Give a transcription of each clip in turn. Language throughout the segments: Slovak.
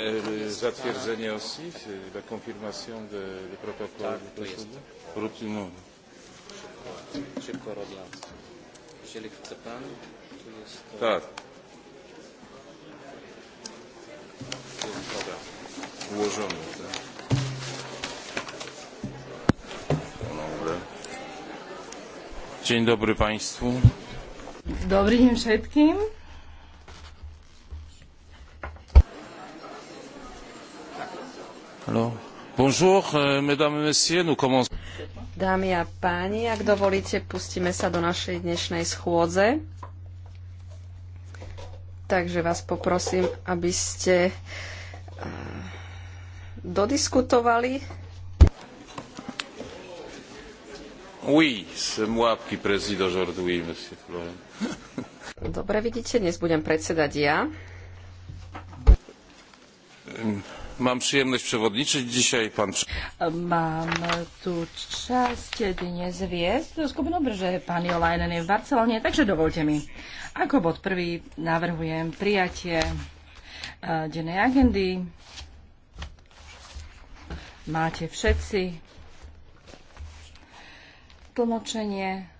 Euh, zatwierdzenie osi, la confirmation de, de protocole Tak, tu jest. Robimy. No. Szybko, szybko Jeżeli chce pan, tu jest... To... Tak. Ułożony, tak. Dzień dobry Państwu. Euh, Dámy a páni, ak dovolíte, pustíme sa do našej dnešnej schôdze. Takže vás poprosím, aby ste eh, dodiskutovali. Oui, c'est moi qui préside aujourd'hui, monsieur Florent. Dobre, vidíte, dnes budem predsedať ja. Mám przyjemność przewodniczyć dzisiaj. Pan... Mám tu časť dnes viesť skupinu, že pán Jolajnen je v Barcelone, takže dovolte mi. Ako bod prvý navrhujem prijatie e, dennej agendy. Máte všetci tlmočenie.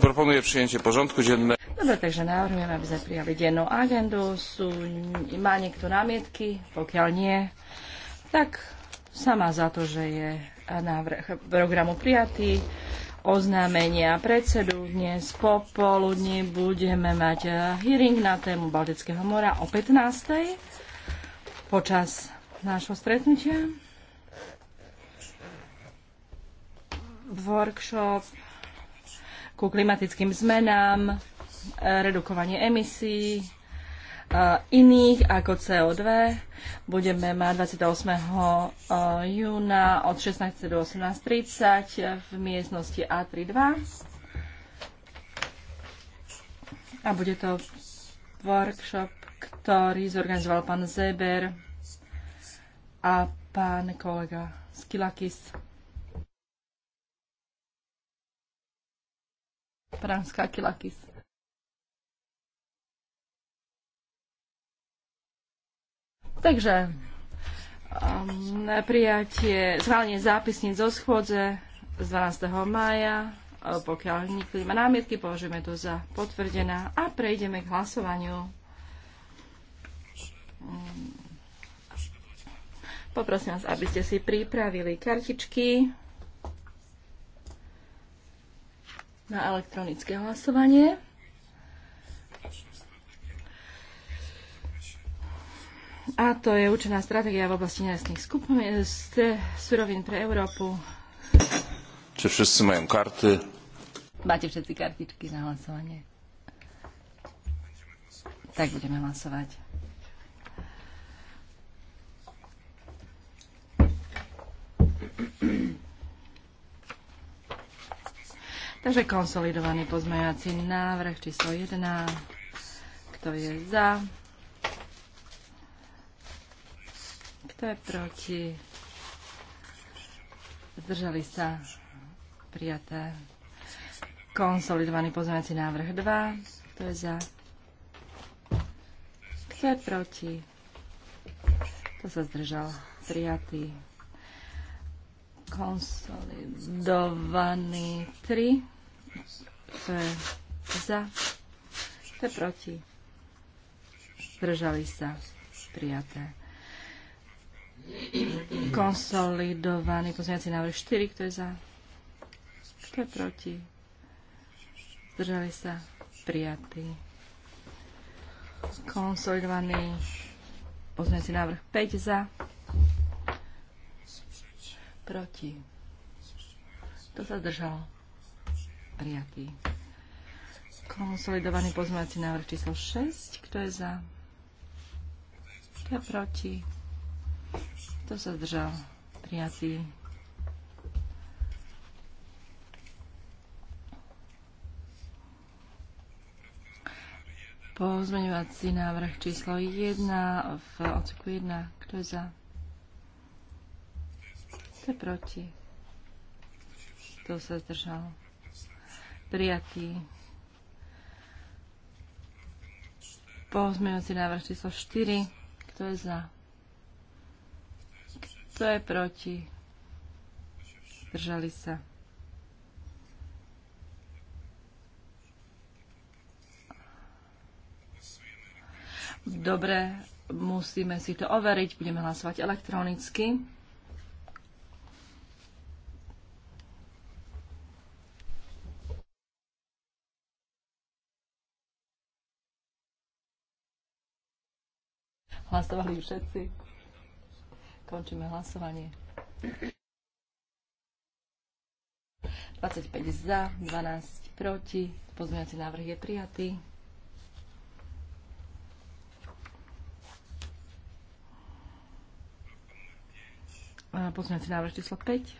Proponuję przyjęcie porządku dziennego. Dobre, takže navrhujem, aby sme prijali dennú agendu. Sú, má niekto námietky? Pokiaľ nie, tak sama za to, že je návrh programu prijatý. Oznámenia predsedu dnes popoludní budeme mať eh, hearing na tému Baltického mora o 15. počas nášho stretnutia. Workshop ku klimatickým zmenám redukovanie emisí e, iných ako CO2. Budeme mať 28. E, júna od 16. do 18.30 v miestnosti A32. A bude to workshop, ktorý zorganizoval pán Zeber a pán kolega Skilakis. Pán Skakilakis. Takže um, prijatie, schválenie zápisníc zo schôdze z 12. mája. E, pokiaľ nikto nemá námietky, považujeme to za potvrdená a prejdeme k hlasovaniu. Um, poprosím vás, aby ste si pripravili kartičky na elektronické hlasovanie. A to je určená stratégia v oblasti nerastných skupin, eh, surovín pre Európu. Či všetci majú karty? Máte všetci kartičky na hlasovanie. Tak budeme hlasovať. Takže konsolidovaný pozmejací návrh číslo 1. Kto je za? Kto je proti, zdržali sa, prijaté. Konsolidovaný pozornací návrh 2, kto je za, kto je proti, kto sa zdržal, prijatý. Konsolidovaný 3, kto je za, kto je proti, zdržali sa, prijaté. Konsolidovaný pozmeňací návrh 4, kto je za? Kto je proti? Zdržali sa prijatí. Konsolidovaný pozmeňací návrh 5 za. Proti. Kto sa zdržal? Prijatý. Konsolidovaný pozmeňací návrh číslo 6. Kto je za? Kto je proti? Kto sa zdržal? Prijatý. Pozmeňovací návrh číslo 1 v odseku 1. Kto je za? Kto je proti? Kto sa zdržal? Prijatý. Pozmeňovací návrh číslo 4. Kto je za? Kto je proti? Držali sa. Dobre, musíme si to overiť. Budeme hlasovať elektronicky. Hlasovali všetci. Končíme hlasovanie. 25 za, 12 proti. Pozmeňací návrh je prijatý. Pozmeňací návrh číslo 5.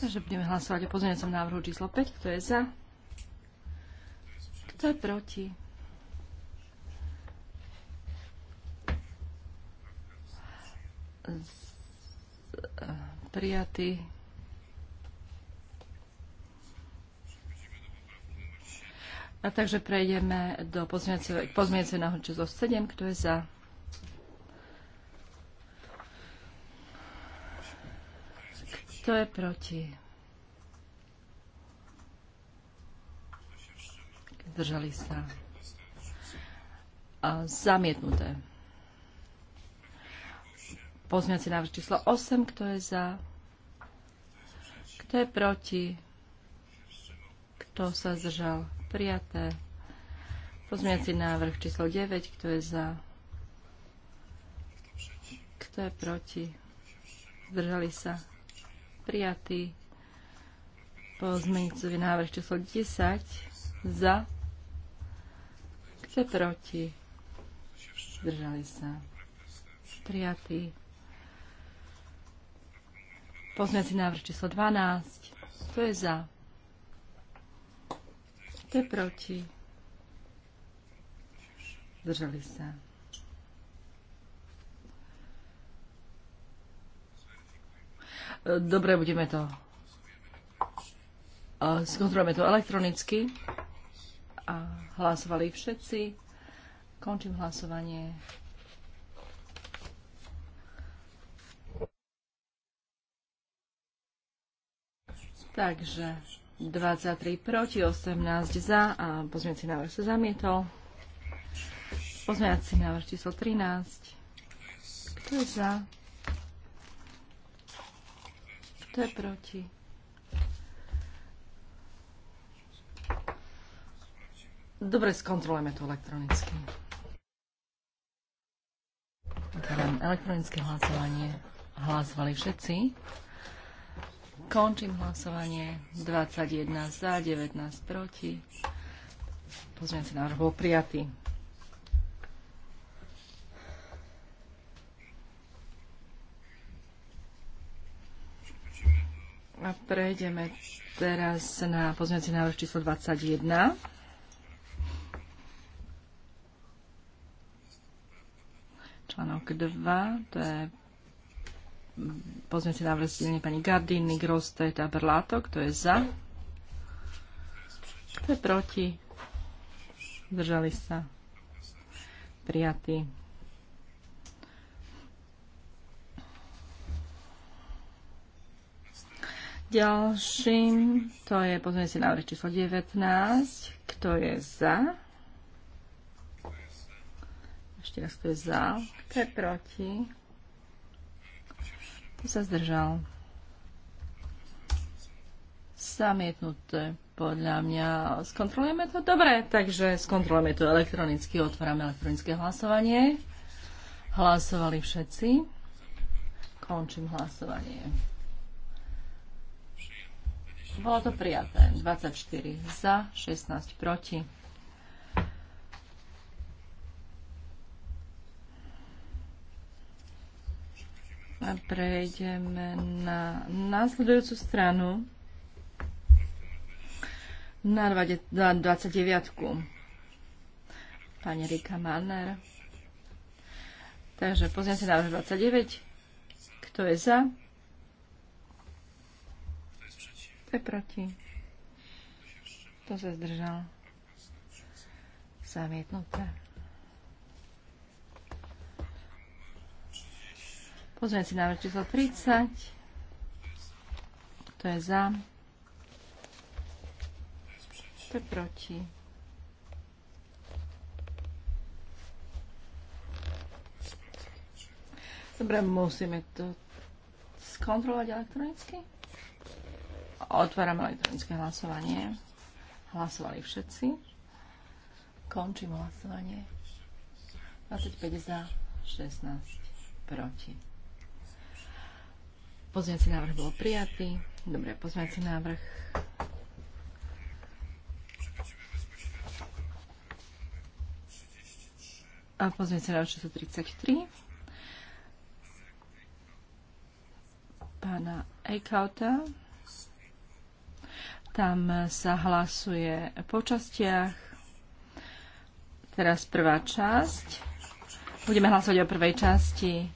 Takže budeme hlasovať o pozmeňovacom návrhu číslo 5. Kto je za? Kto je proti? prijatý. A takže prejdeme do pozmienice na zo 7, kto je za. Kto je proti? Zdržali sa. A zamietnuté. Pozmiaci návrh číslo 8, kto je za? Kto je proti? Kto sa zdržal? Prijaté. Pozmiaci návrh číslo 9, kto je za? Kto je proti? Zdržali sa? Prijatý. Pozmeňujúci návrh číslo 10, za? Kto je proti? Zdržali sa? Prijatý. Pozmeňací návrh číslo 12. Kto je za? Kto je proti? Zdržali sa. Dobre, budeme to. E, skontrolujeme to elektronicky. A hlasovali všetci. Končím hlasovanie. Takže 23 proti, 18 za a pozmeňací návrh sa zamietol. Pozmeňací návrh číslo 13. Kto je za? Kto je proti? Dobre, skontrolujeme to elektronicky. elektronické hlasovanie hlasovali všetci. Končím hlasovanie. 21 za, 19 proti. Pozrieme sa návrh bol prijatý. A prejdeme teraz na pozmeňujúci návrh číslo 21. Článok 2, to je pozmete na vrstvenie pani Gardiny, Grostet a Berlato. Kto je za? Kto je proti? Zdržali sa. Prijatí. Ďalším, to je pozmeňujúci návrh číslo 19. Kto je za? Ešte raz, kto je za? Kto je proti? Kto sa zdržal? Zamietnuté podľa mňa. Skontrolujeme to? Dobre, takže skontrolujeme to elektronicky. Otvárame elektronické hlasovanie. Hlasovali všetci. Končím hlasovanie. Bolo to prijaté. 24 za, 16 proti. A prejdeme na následujúcu stranu na 29. Pani Rika Marner. Takže pozrieme sa na 29. Kto je za? Kto je proti? Kto sa zdržal? Zamietnuté. Pozrieme si návrh číslo 30. Kto je za? Kto je proti? Dobre, musíme to skontrolovať elektronicky. Otváram elektronické hlasovanie. Hlasovali všetci. Končím hlasovanie. 25 za, 16 proti. Pozmeňací návrh bol prijatý. Dobre, pozmeňací návrh. A pozmeňací návrh číslo 33. Pána Eichauta. Tam sa hlasuje po častiach. Teraz prvá časť. Budeme hlasovať o prvej časti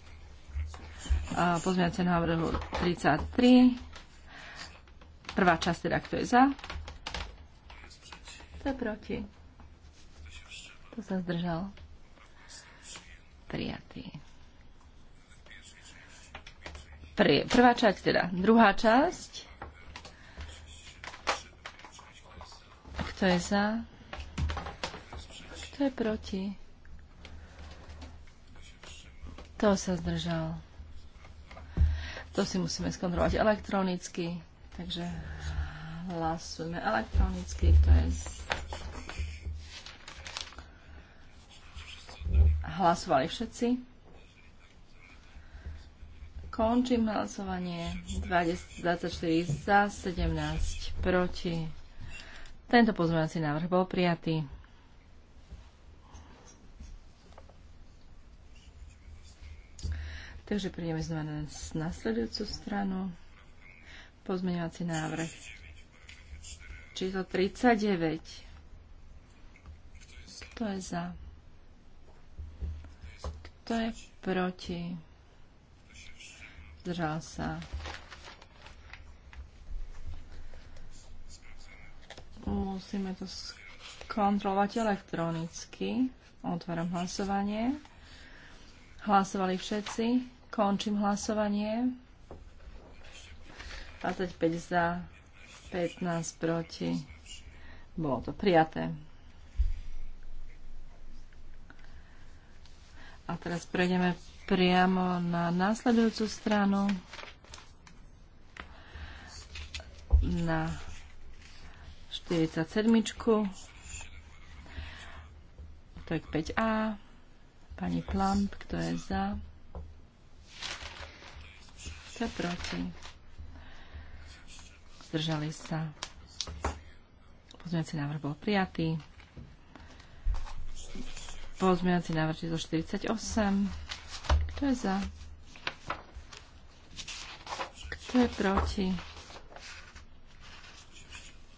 pozmeňujúceho návrhu 33. Prvá časť teda, kto je za? Kto je proti? Kto sa zdržal? Prijatý. Pr- prvá časť teda. Druhá časť. Kto je za? Kto je proti? Kto sa zdržal? To si musíme skontrolovať elektronicky. Takže hlasujeme elektronicky. To je Hlasovali všetci. Končím hlasovanie. 24 za, 17 proti. Tento pozmeňovací návrh bol prijatý. Takže prídeme znova na nasledujúcu stranu. Pozmeňovací návrh. Číslo 39. Kto je za? Kto je proti? Zdržal sa. Musíme to skontrolovať elektronicky. Otváram hlasovanie. Hlasovali všetci. Končím hlasovanie. 25 za, 15 proti. Bolo to prijaté. A teraz prejdeme priamo na následujúcu stranu. Na 47. To je 5A. Pani Plump, kto je za? Kto proti? Zdržali sa. Pozmeňací návrh bol prijatý. Pozmeňací návrh číslo 48. Kto je za? Kto je proti?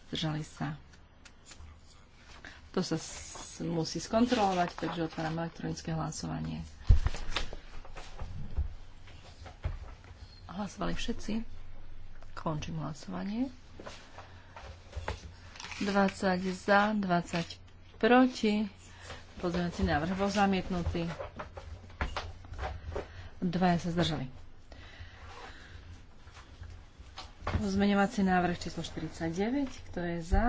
Zdržali sa. To sa musí skontrolovať, takže otváram elektronické hlasovanie. Hlasovali všetci. Končím hlasovanie. 20 za, 20 proti. Pozrieme návrh bol zamietnutý. Dvaja sa zdržali. Zmeňovací návrh číslo 49. Kto je za?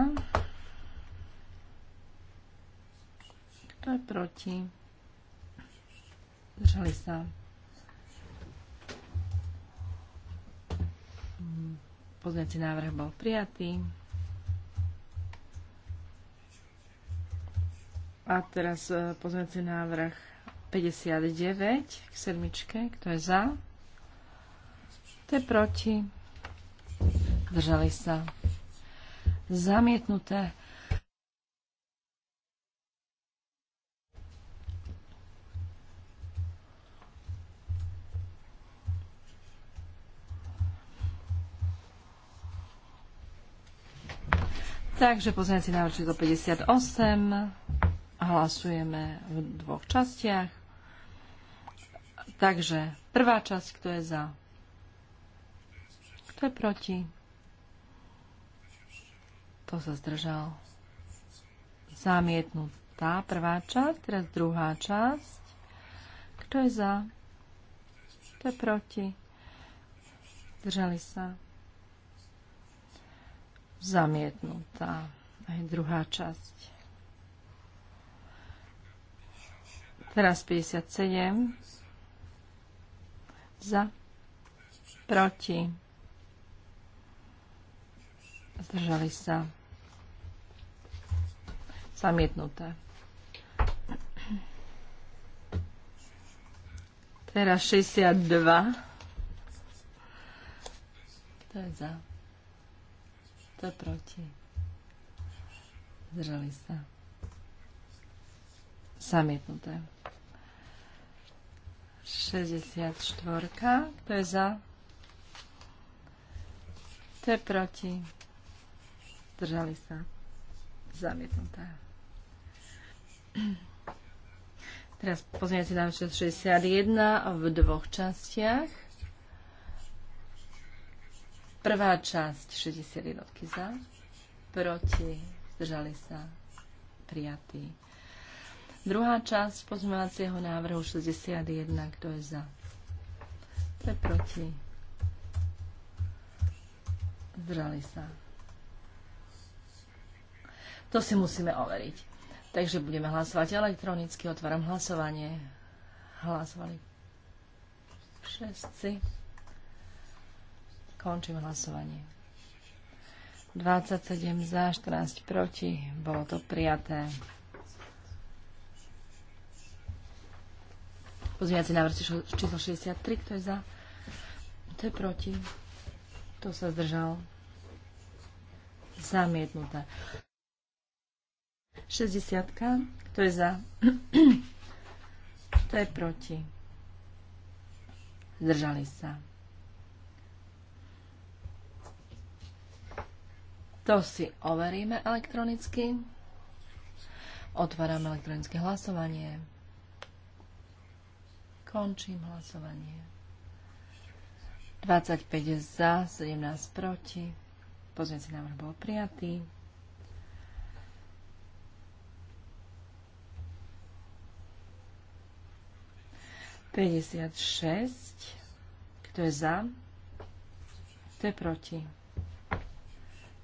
Kto je proti? Zdržali sa. Pozmeňací návrh bol prijatý. A teraz e, pozmeňací návrh 59 k sedmičke. Kto je za? Kto je proti? Držali sa. Zamietnuté. Takže pozrieme si číslo 58. Hlasujeme v dvoch častiach. Takže prvá časť, kto je za? Kto je proti? To sa zdržal. Zamietnutá prvá časť, teraz druhá časť. Kto je za? Kto je proti? Zdržali sa zamietnutá. Aj druhá časť. Teraz 57. Za. Proti. Zdržali sa. Zamietnuté. Teraz 62. To je za kto je proti? Zdržali sa. Samietnuté. 64. Kto je za? Kto je proti? Zdržali sa. Zamietnuté. Teraz pozrieme si na 61 v dvoch častiach. Prvá časť 61 za, proti, zdržali sa, prijatí. Druhá časť pozmeňovacieho návrhu 61, kto je za? Kto je proti? Zdržali sa. To si musíme overiť. Takže budeme hlasovať elektronicky, otváram hlasovanie. Hlasovali všetci. Končím hlasovanie. 27 za, 14 proti. Bolo to prijaté. Pozmiaci návrh číslo 63, kto je za? Kto je proti? Kto sa zdržal? Zamietnuté. 60, kto je za? Kto je proti? Zdržali sa. To si overíme elektronicky. Otváram elektronické hlasovanie. Končím hlasovanie. 25 za, 17 proti. Pozmeňujúci návrh bol prijatý. Päťdesiat šesť. Kto je za? Kto je proti?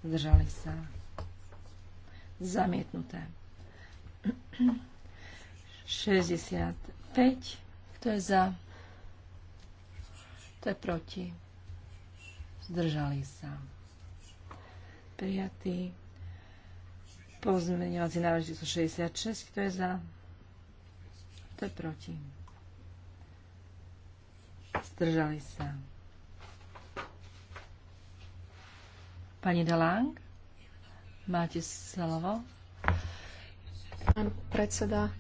zdržali sa zamietnuté. 65, kto je za, kto je proti, zdržali sa. Prijatý pozmeňovací návrh 66, kto je za, kto je proti, zdržali sa Pani Delang, máte slovo. Pán predseda,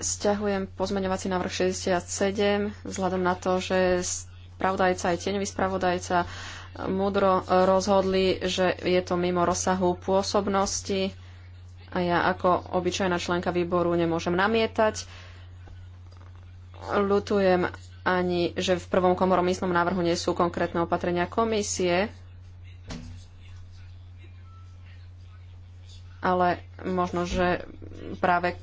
stiahujem pozmeňovací návrh 67 vzhľadom na to, že spravodajca aj tieňový spravodajca múdro rozhodli, že je to mimo rozsahu pôsobnosti a ja ako obyčajná členka výboru nemôžem namietať. Lutujem ani, že v prvom kompromisnom návrhu nie sú konkrétne opatrenia komisie, ale možno, že práve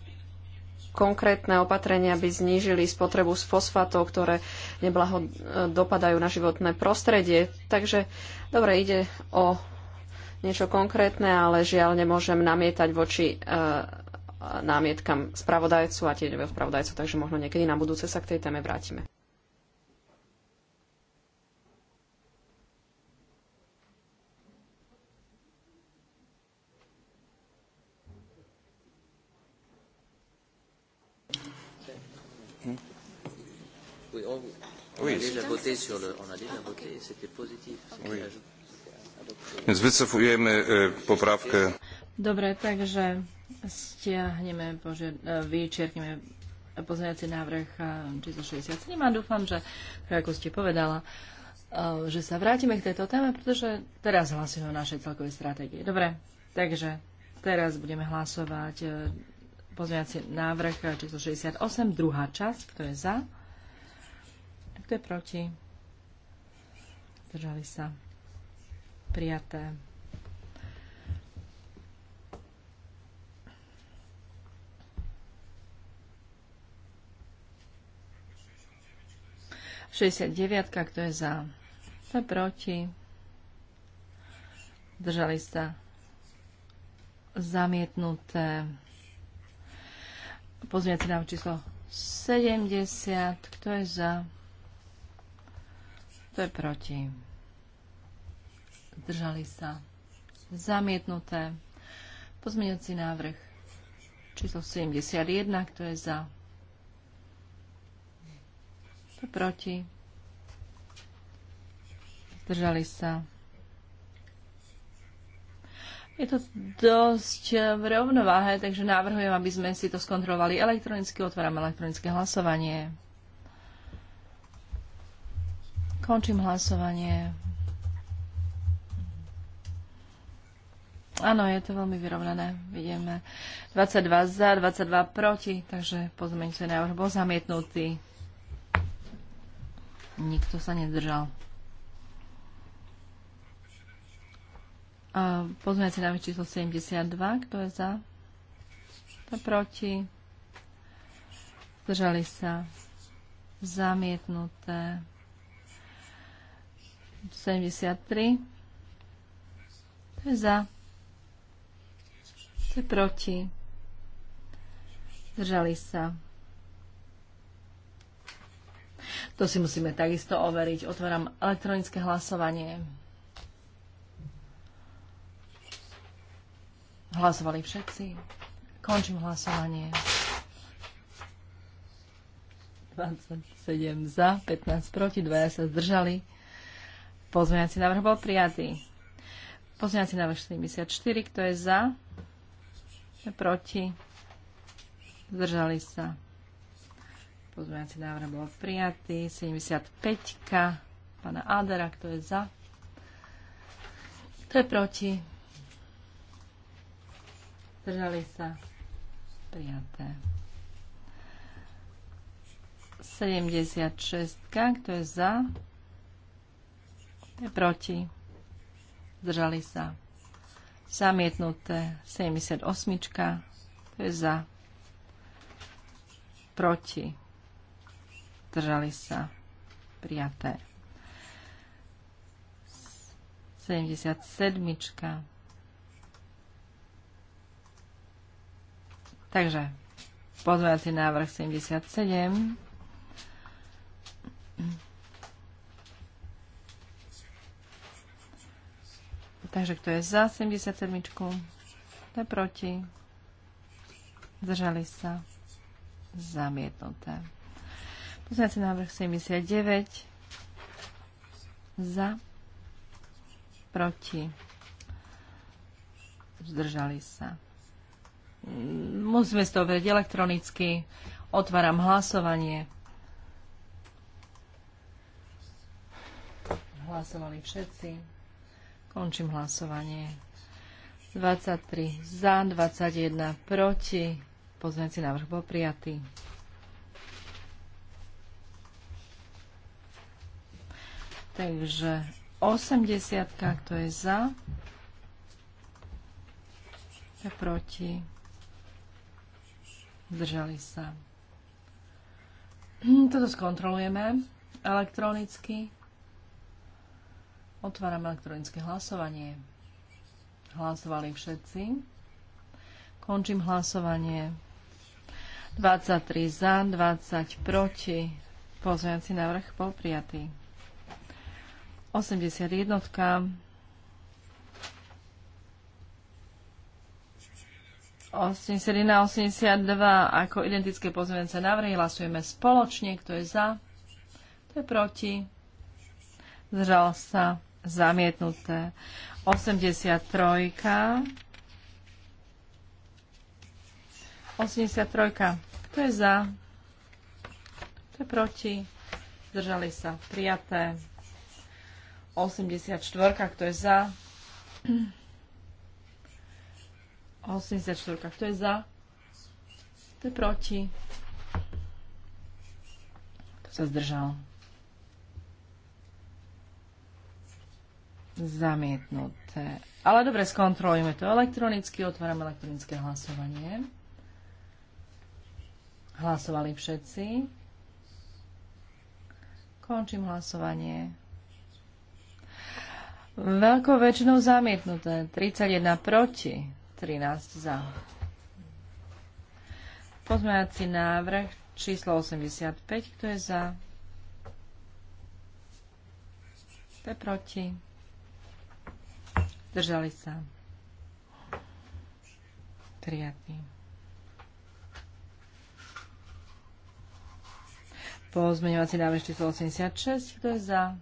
konkrétne opatrenia by znížili spotrebu z fosfátov, ktoré neblaho e, dopadajú na životné prostredie. Takže dobre, ide o niečo konkrétne, ale žiaľ nemôžem namietať voči e, námietkam spravodajcu a tieňového spravodajcu, takže možno niekedy na budúce sa k tej téme vrátime. oui, on, on oui. a déjà voté sur le, on a déjà voté, Okay. c'était positif. Okay. Oui. Euh, Więc wycofujemy e, poprawkę. Dobre, takže stiahneme, vyčerkneme pozmeňovací návrh číslo 67 a dúfam, že, ako ste povedala, že sa vrátime k tejto téme, pretože teraz hlasujeme o našej celkovej stratégii. Dobre, takže teraz budeme hlasovať pozmeňovací návrh číslo 68, druhá časť, kto je za, kto je proti? Zdržali sa. Prijaté. Šesťdesiat kto je za? Kto je proti? Držali sa. Zamietnuté. Pozviaci nám číslo 70. Kto je za? Kto je proti? Zdržali sa. Zamietnuté. Pozmeňujúci návrh číslo 71. Kto je za? Kto je proti? Zdržali sa. Je to dosť v rovnováhe, takže navrhujem, aby sme si to skontrolovali elektronicky. Otváram elektronické hlasovanie. Končím hlasovanie. Áno, je to veľmi vyrovnané. Vidíme 22 za, 22 proti, takže pozmeňte návrh bol zamietnutý. Nikto sa nedržal. Pozmeňte návrh číslo 72, kto je za? Kto je proti? Zdržali sa. Zamietnuté. 73. To je za. To je proti. Zdržali sa. To si musíme takisto overiť. Otváram elektronické hlasovanie. Hlasovali všetci. Končím hlasovanie. 27 za, 15 proti, 2 sa zdržali. Pozmeňací návrh bol prijatý. Pozmeňací návrh 74, kto je za? Proti? Zdržali sa. Pozmeňací návrh bol prijatý. 75, pána Adera, kto je za? Kto je proti? Zdržali sa. Prijaté. 76, kto je za? Proti. Zdržali sa. Zamietnuté. 78. To je za. Proti. Zdržali sa. Prijaté. 77. Takže pozvajací návrh 77. Takže kto je za 77? Kto je proti? Zdržali sa? Zamietnuté. Poznáte návrh 79. Za. Proti. Zdržali sa. Musíme si to overiť elektronicky. Otváram hlasovanie. Hlasovali všetci. Končím hlasovanie. 23 za, 21 proti. Pozvenci návrh bol prijatý. Takže 80, kto je za, kto je proti, zdržali sa. Toto skontrolujeme elektronicky. Otváram elektronické hlasovanie. Hlasovali všetci. Končím hlasovanie. 23 za, 20 proti. Pozmeňací návrh bol prijatý. 81. na 82 ako identické pozmeňujúce návrhy. Hlasujeme spoločne. Kto je za? Kto je proti? Zdržal sa zamietnuté. 83. 83. Kto je za? Kto je proti? Zdržali sa. Prijaté. 84. Kto je za? 84. Kto je za? Kto je proti? Kto sa zdržal? Zamietnuté. Ale dobre, skontrolujeme to elektronicky. Otváram elektronické hlasovanie. Hlasovali všetci. Končím hlasovanie. Veľkou väčšinou zamietnuté. 31 proti, 13 za. Pozmeňací návrh číslo 85. Kto je za? Kto je proti? Držali sa. Po zmeňovací návrh číslo 86. Kto je za?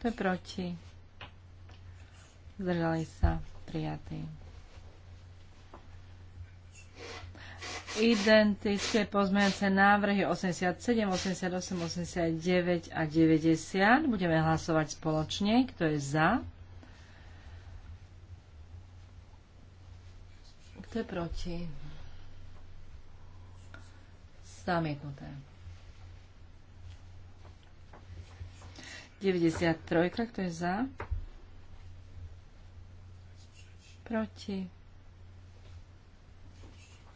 Kto je proti? Zdržali sa. Prijatý. identické pozmeňujúce návrhy 87, 88, 89 a 90. Budeme hlasovať spoločne. Kto je za? Kto je proti? Zamietnuté. 93. Kto je za? Proti.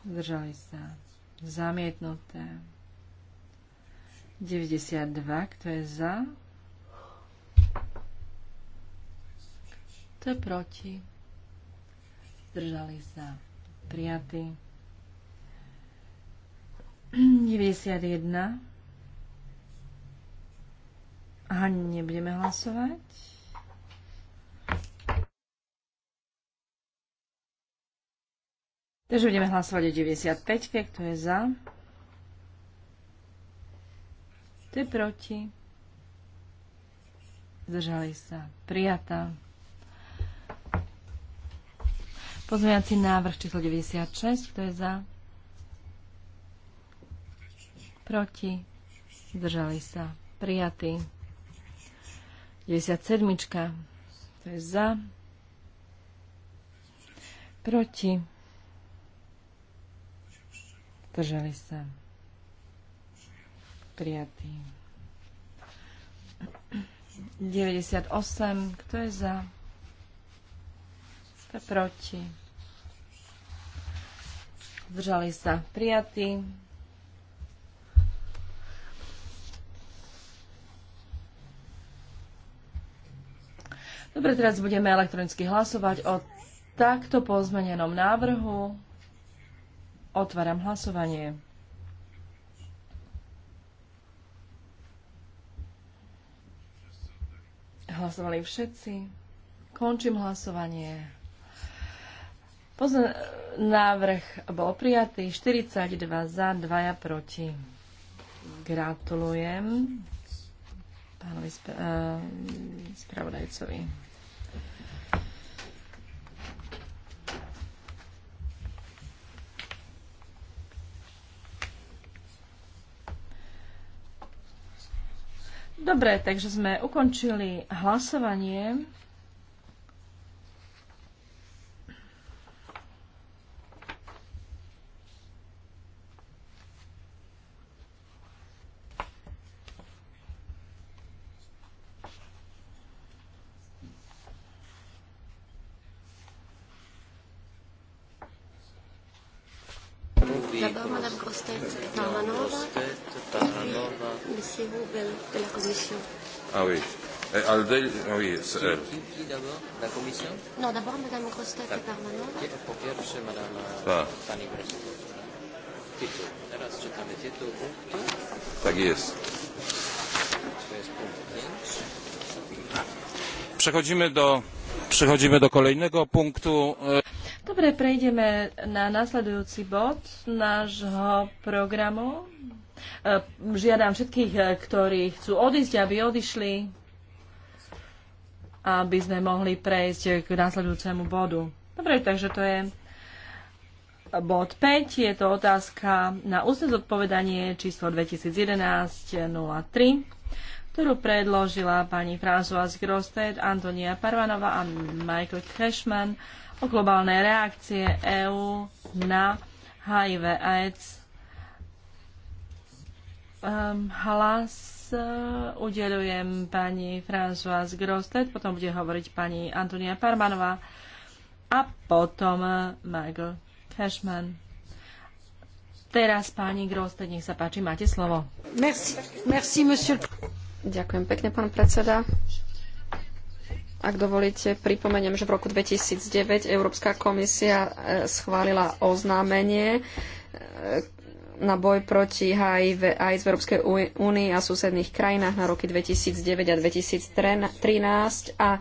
Zdržali sa. Zamietnuté. 92, kto je za? Kto je proti? Zdržali sa. Prijatý. 91. Ani nebudeme hlasovať. Takže budeme hlasovať o 95, kto je za. Kto je proti? Zdržali sa. Prijatá. Pozmeňací návrh číslo 96, kto je za? Proti? Zdržali sa. Prijatý. 97. Kto je za? Proti? Držali sa. Prijatý. 98. Kto je za? Kto je proti? Držali sa. Prijatý. Dobre, teraz budeme elektronicky hlasovať o takto pozmenenom návrhu. Otváram hlasovanie. Hlasovali všetci. Končím hlasovanie. Pozn- návrh bol prijatý. 42 za, 2 proti. Gratulujem pánovi sp- uh, spravodajcovi. Dobre, takže sme ukončili hlasovanie. Euh, qui, qui, d'abord La d'abord Grostet Teraz czytamy tytuł punktu. Przechodzimy do, przechodzimy do kolejnego punktu. E, Dobre, prejdeme na nasledujúci bod nášho programu. E, žiadam všetkých, e, ktorí chcú odísť, aby odišli aby sme mohli prejsť k následujúcemu bodu. Dobre, takže to je bod 5. Je to otázka na ústne zodpovedanie číslo 2011-03, ktorú predložila pani Françoise Grosted, Antonia Parvanova a Michael Cashman o globálnej reakcie EÚ na HIV AIDS. Um, ehm, hlas Eh, udelujem pani Françoise Grostet, potom bude hovoriť pani Antonia Parmanová a potom eh, Michael Cashman. Teraz pani Grostet, nech sa páči, máte slovo. Merci, merci, monsieur. Ďakujem pekne, pán predseda. Ak dovolíte, pripomeniem, že v roku 2009 Európska komisia eh, schválila oznámenie, na boj proti HIV aj z Európskej únii a susedných krajinách na roky 2009 a 2013 a e,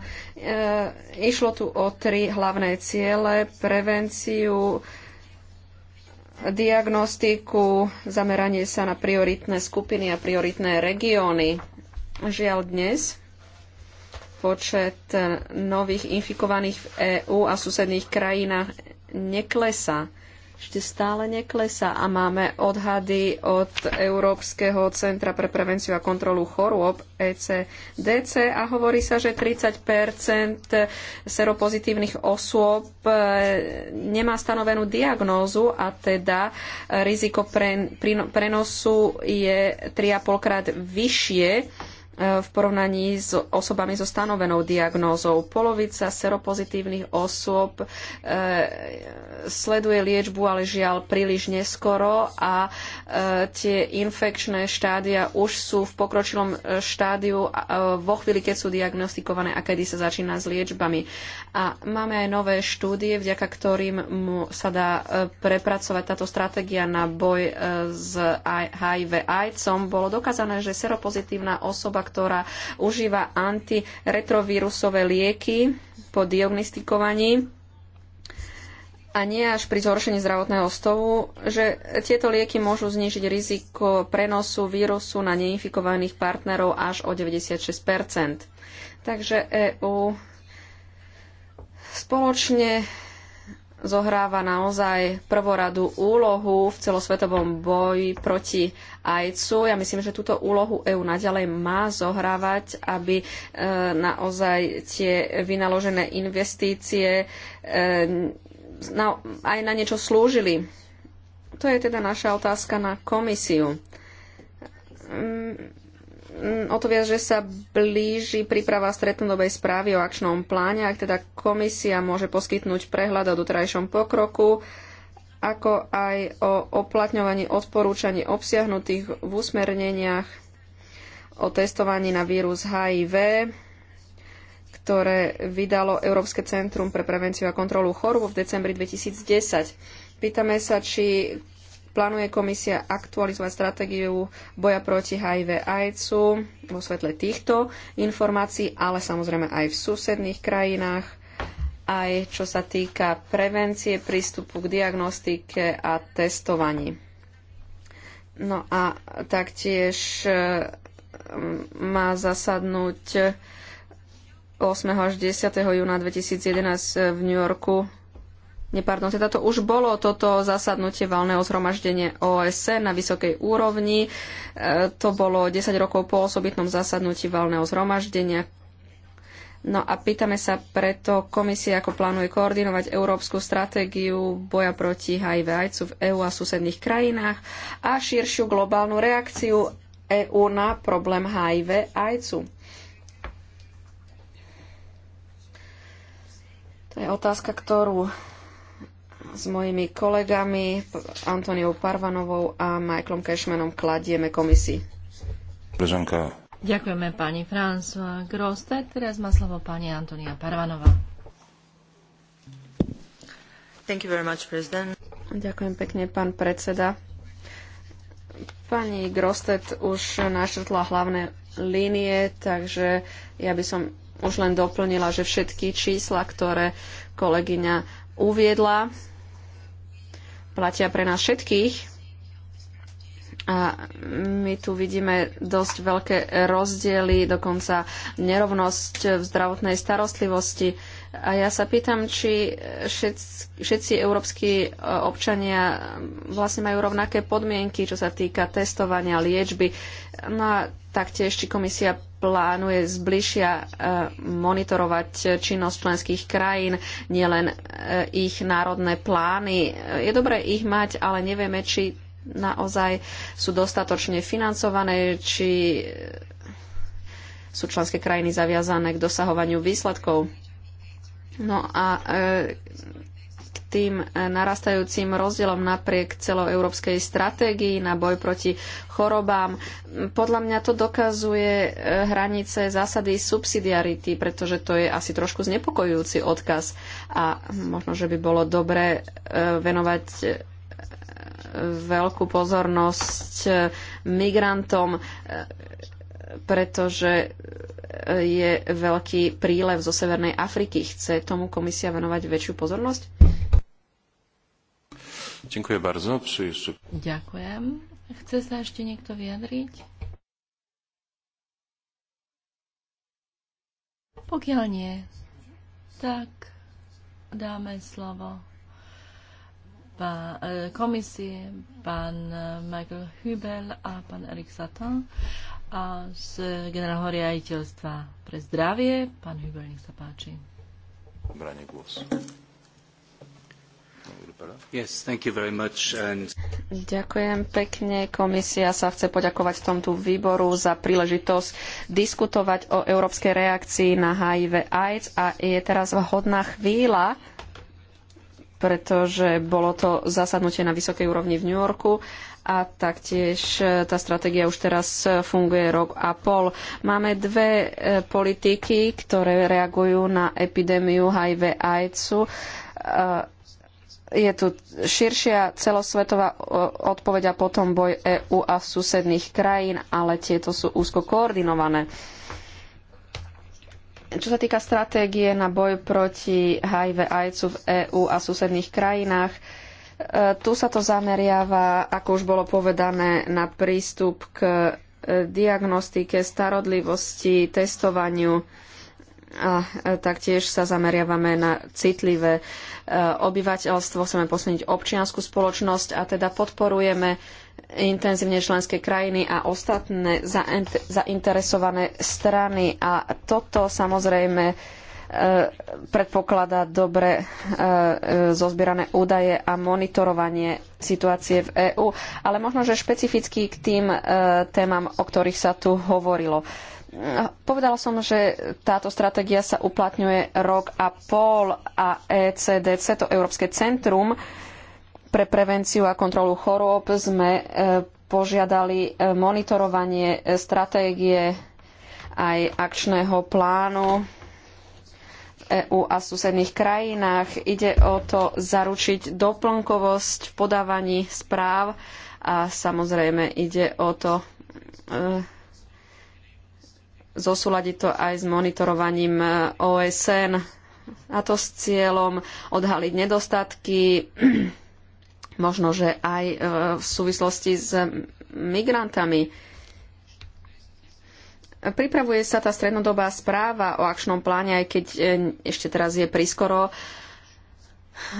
išlo tu o tri hlavné ciele, prevenciu, diagnostiku, zameranie sa na prioritné skupiny a prioritné regióny. Žiaľ dnes počet e, nových infikovaných v EÚ a susedných krajinách neklesá ešte stále neklesá a máme odhady od Európskeho centra pre prevenciu a kontrolu chorôb ECDC a hovorí sa, že 30 seropozitívnych osôb e, nemá stanovenú diagnózu a teda riziko prenosu je 3,5 krát vyššie v porovnaní s osobami so stanovenou diagnózou. Polovica seropozitívnych osôb e, sleduje liečbu, ale žiaľ príliš neskoro a e, tie infekčné štádia už sú v pokročilom štádiu vo chvíli, keď sú diagnostikované a kedy sa začína s liečbami. A máme aj nové štúdie, vďaka ktorým sa dá e, prepracovať táto stratégia na boj s HIV AIDSom. Bolo dokázané, že seropozitívna osoba, ktorá užíva antiretrovírusové lieky po diagnostikovaní a nie až pri zhoršení zdravotného stavu, že tieto lieky môžu znížiť riziko prenosu vírusu na neinfikovaných partnerov až o 96 Takže EU spoločne zohráva naozaj prvoradú úlohu v celosvetovom boji proti ajcu. Ja myslím, že túto úlohu EÚ naďalej má zohrávať, aby e, naozaj tie vynaložené investície e, aj na niečo slúžili. To je teda naša otázka na komisiu mm, Mm, o to viac, že sa blíži príprava stretnodobej správy o akčnom pláne, ak teda komisia môže poskytnúť prehľad o doterajšom pokroku, ako aj o oplatňovaní odporúčaní obsiahnutých v usmerneniach o testovaní na vírus HIV, ktoré vydalo Európske centrum pre prevenciu a kontrolu chorôb v decembri 2010. Pýtame sa, či Plánuje komisia aktualizovať stratégiu boja proti HIV AIDSu vo svetle týchto informácií, ale samozrejme aj v susedných krajinách, aj čo sa týka prevencie prístupu k diagnostike a testovaní. No a taktiež mm, má zasadnúť 8. až 10. júna 2011 v New Yorku pardon, teda to už bolo toto zasadnutie valného zhromaždenie OSN na vysokej úrovni. E, to bolo 10 rokov po osobitnom zasadnutí valného zhromaždenia. No a pýtame sa preto komisia, ako plánuje koordinovať európsku stratégiu boja proti HIV ajcu v EÚ a susedných krajinách a širšiu globálnu reakciu EÚ na problém HIV ajcu. To je otázka, ktorú s mojimi kolegami Antoniou Parvanovou a Michaelom Cashmanom kladieme komisii. Prezenka. Ďakujeme pani François Groste. Teraz má slovo pani Antonia Parvanová. Thank you very much, President. Ďakujem pekne, pán predseda. Pani Grostet už našetla hlavné línie, takže ja by som už len doplnila, že všetky čísla, ktoré kolegyňa uviedla, platia pre nás všetkých. A my tu vidíme dosť veľké rozdiely, dokonca nerovnosť v zdravotnej starostlivosti. A ja sa pýtam, či všetci, všetci európsky e, občania vlastne majú rovnaké podmienky, čo sa týka testovania, liečby. No a taktiež, či komisia plánuje zbližia e, monitorovať činnosť členských krajín, nielen e, ich národné plány. E, je dobré ich mať, ale nevieme, či naozaj sú dostatočne financované, či sú členské krajiny zaviazané k dosahovaniu výsledkov. No a tým e, narastajúcim rozdielom napriek celoeurópskej stratégii na boj proti chorobám. Podľa mňa to dokazuje e, hranice zásady subsidiarity, pretože to je asi trošku znepokojujúci odkaz a možno, že by bolo dobre e, venovať veľkú pozornosť migrantom, pretože je veľký prílev zo Severnej Afriky. Chce tomu komisia venovať väčšiu pozornosť? Ďakujem bardzo. Či ešte... Ďakujem. Chce sa ešte niekto vyjadriť? Pokiaľ nie, tak dáme slovo pá, e, komisie, pán Michael Hübel a pán Erik Satan a z generálneho riaditeľstva pre zdravie. Pán Hübel, nech sa páči. Branie głos. Ďakujem pekne. Komisia sa chce poďakovať tomto výboru za príležitosť diskutovať o európskej reakcii na HIV AIDS a je teraz vhodná chvíľa, pretože bolo to zasadnutie na vysokej úrovni v New Yorku a taktiež e, tá stratégia už teraz funguje rok a pol. Máme dve e, politiky, ktoré reagujú na epidémiu HIV AIDSu. E, je tu širšia celosvetová odpoveď a potom boj EÚ a susedných krajín, ale tieto sú úzko koordinované. Čo sa týka stratégie na boj proti HIV AIDSu v EÚ a susedných krajinách, e, tu sa to zameriava, ako už bolo povedané, na prístup k e, diagnostike, starodlivosti, testovaniu a e, taktiež sa zameriavame na citlivé e, obyvateľstvo, chceme posilniť občianskú spoločnosť a teda podporujeme intenzívne členské krajiny a ostatné zainteresované strany. A toto samozrejme e, predpokladá dobre zozbierané údaje a monitorovanie situácie v EÚ, ale možno, že špecificky k tým témam, o ktorých sa tu hovorilo. Povedala som, že táto stratégia sa uplatňuje rok a pol a ECDC, to Európske centrum pre prevenciu a kontrolu chorôb, sme e, požiadali e, monitorovanie e, stratégie aj akčného plánu EÚ a susedných krajinách. Ide o to zaručiť doplnkovosť v podávaní správ a samozrejme ide o to zosúľadiť to aj s monitorovaním e, OSN a to s cieľom odhaliť nedostatky, možno, že aj e, v súvislosti s migrantami. Pripravuje sa tá strednodobá správa o akčnom pláne, aj keď e, ešte teraz je priskoro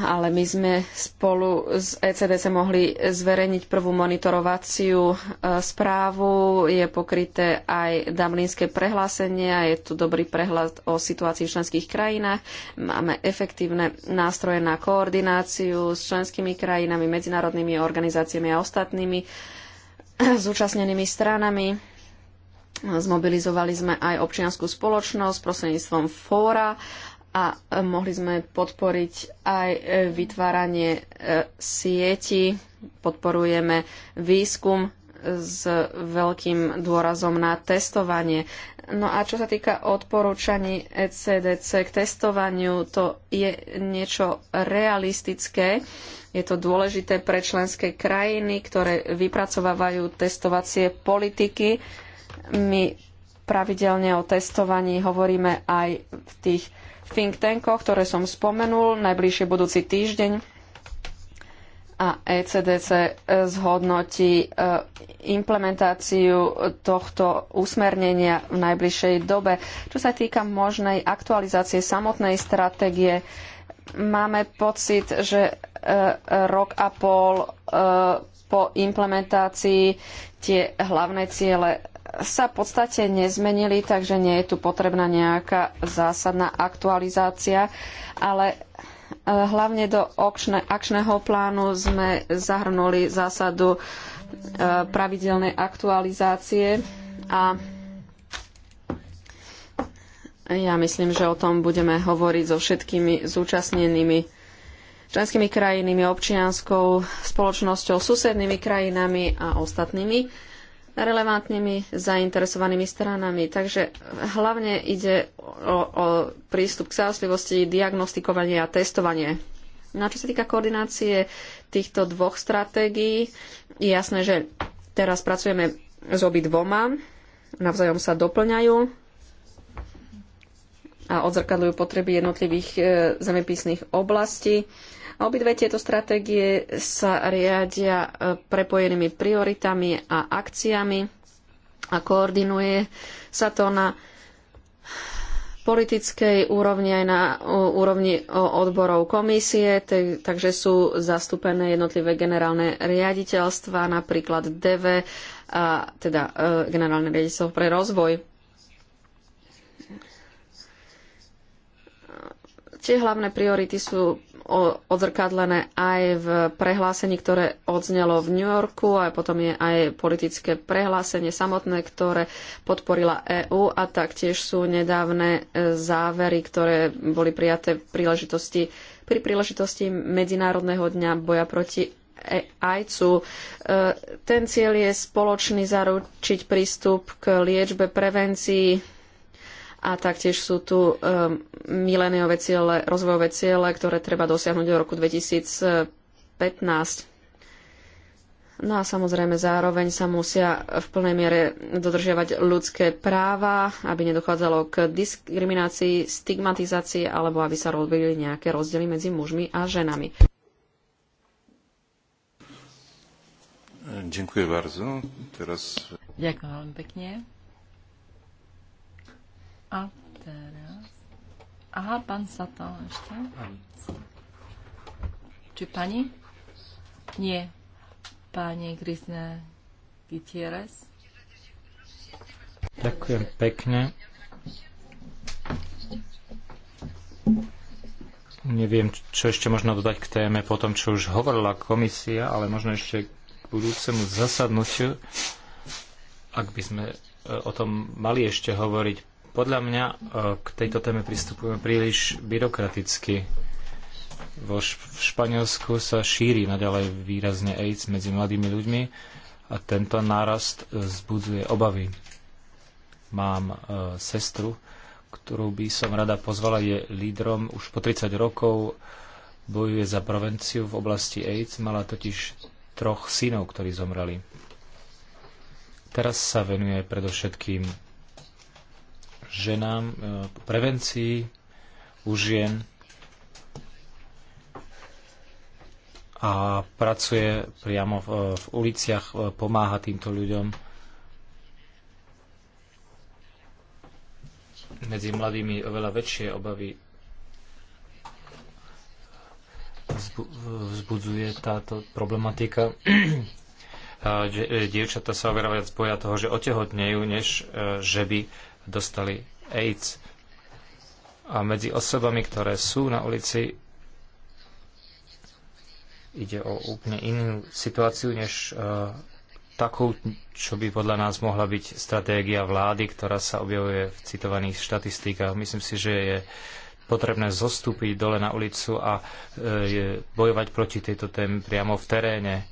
ale my sme spolu s ECDC mohli zverejniť prvú monitorovaciu e, správu. Je pokryté aj Dublinské prehlásenie a je tu dobrý prehľad o situácii v členských krajinách. Máme efektívne nástroje na koordináciu s členskými krajinami, medzinárodnými organizáciami a ostatnými zúčastnenými stranami. Zmobilizovali sme aj občianskú spoločnosť prostredníctvom fóra a e, mohli sme podporiť aj e, vytváranie e, sieti. Podporujeme výskum s veľkým dôrazom na testovanie. No a čo sa týka odporúčaní ECDC k testovaniu, to je niečo realistické. Je to dôležité pre členské krajiny, ktoré vypracovávajú testovacie politiky. My pravidelne o testovaní hovoríme aj v tých think tankoch, ktoré som spomenul, najbližšie budúci týždeň. A ECDC e, zhodnotí e, implementáciu tohto usmernenia v najbližšej dobe. Čo sa týka možnej aktualizácie samotnej stratégie, máme pocit, že e, rok a pol po implementácii tie hlavné ciele sa v podstate nezmenili, takže nie je tu potrebná nejaká zásadná aktualizácia, ale e, hlavne do akčného plánu sme zahrnuli zásadu e, pravidelnej aktualizácie a ja myslím, že o tom budeme hovoriť so všetkými zúčastnenými členskými krajinami, občianskou spoločnosťou, susednými krajinami a ostatnými relevantnými zainteresovanými stranami. Takže hlavne ide o, o prístup k starostlivosti, diagnostikovanie a testovanie. Na no čo sa týka koordinácie týchto dvoch stratégií, je jasné, že teraz pracujeme s obi dvoma, navzájom sa doplňajú a odzrkadľujú potreby jednotlivých e, zemepisných oblastí. A obidve tieto stratégie sa riadia e, prepojenými prioritami a akciami a koordinuje sa to na politickej úrovni aj na úrovni odborov komisie, takže sú zastúpené jednotlivé generálne riaditeľstva, napríklad DV, a, teda e, generálne riaditeľstvo pre rozvoj. Tie hlavné priority sú odzrkadlené aj v prehlásení, ktoré odznelo v New Yorku a potom je aj politické prehlásenie samotné, ktoré podporila EÚ a taktiež sú nedávne e, závery, ktoré boli prijaté príležitosti, pri príležitosti Medzinárodného dňa boja proti ajcu. E, ten cieľ je spoločný zaručiť prístup k liečbe, prevencii a taktiež sú tu um, miléniové ciele, rozvojové ciele, ktoré treba dosiahnuť do roku 2015. No a samozrejme zároveň sa musia v plnej miere dodržiavať ľudské práva, aby nedochádzalo k diskriminácii, stigmatizácii alebo aby sa robili nejaké rozdiely medzi mužmi a ženami. Ďakujem bardzo. Teraz... Ďakujem veľmi pekne. A teraz... Aha, pán Satal ešte. Pani. Či pani? Nie. Pani Grisne Gutierrez. Ďakujem pekne. Neviem, čo ešte možno dodať k téme po tom, čo už hovorila komisia, ale možno ešte k budúcemu zasadnutiu, ak by sme e, o tom mali ešte hovoriť podľa mňa e, k tejto téme pristupujeme príliš byrokraticky. Vo Španielsku sa šíri naďalej výrazne AIDS medzi mladými ľuďmi a tento nárast e, zbudzuje obavy. Mám e, sestru, ktorú by som rada pozvala, je lídrom už po 30 rokov, bojuje za prevenciu v oblasti AIDS, mala totiž troch synov, ktorí zomreli. Teraz sa venuje predovšetkým ženám, e, prevencii u žien a pracuje priamo v, e, v uliciach, e, pomáha týmto ľuďom. Medzi mladými oveľa väčšie obavy vzbudzuje táto problematika. Dievčata sa oveľa viac boja toho, že otehotnejú, než že by dostali AIDS. A medzi osobami, ktoré sú na ulici, ide o úplne inú situáciu, než uh, takú, čo by podľa nás mohla byť stratégia vlády, ktorá sa objavuje v citovaných štatistikách. Myslím si, že je potrebné zostúpiť dole na ulicu a e, bojovať proti tejto téme priamo v teréne.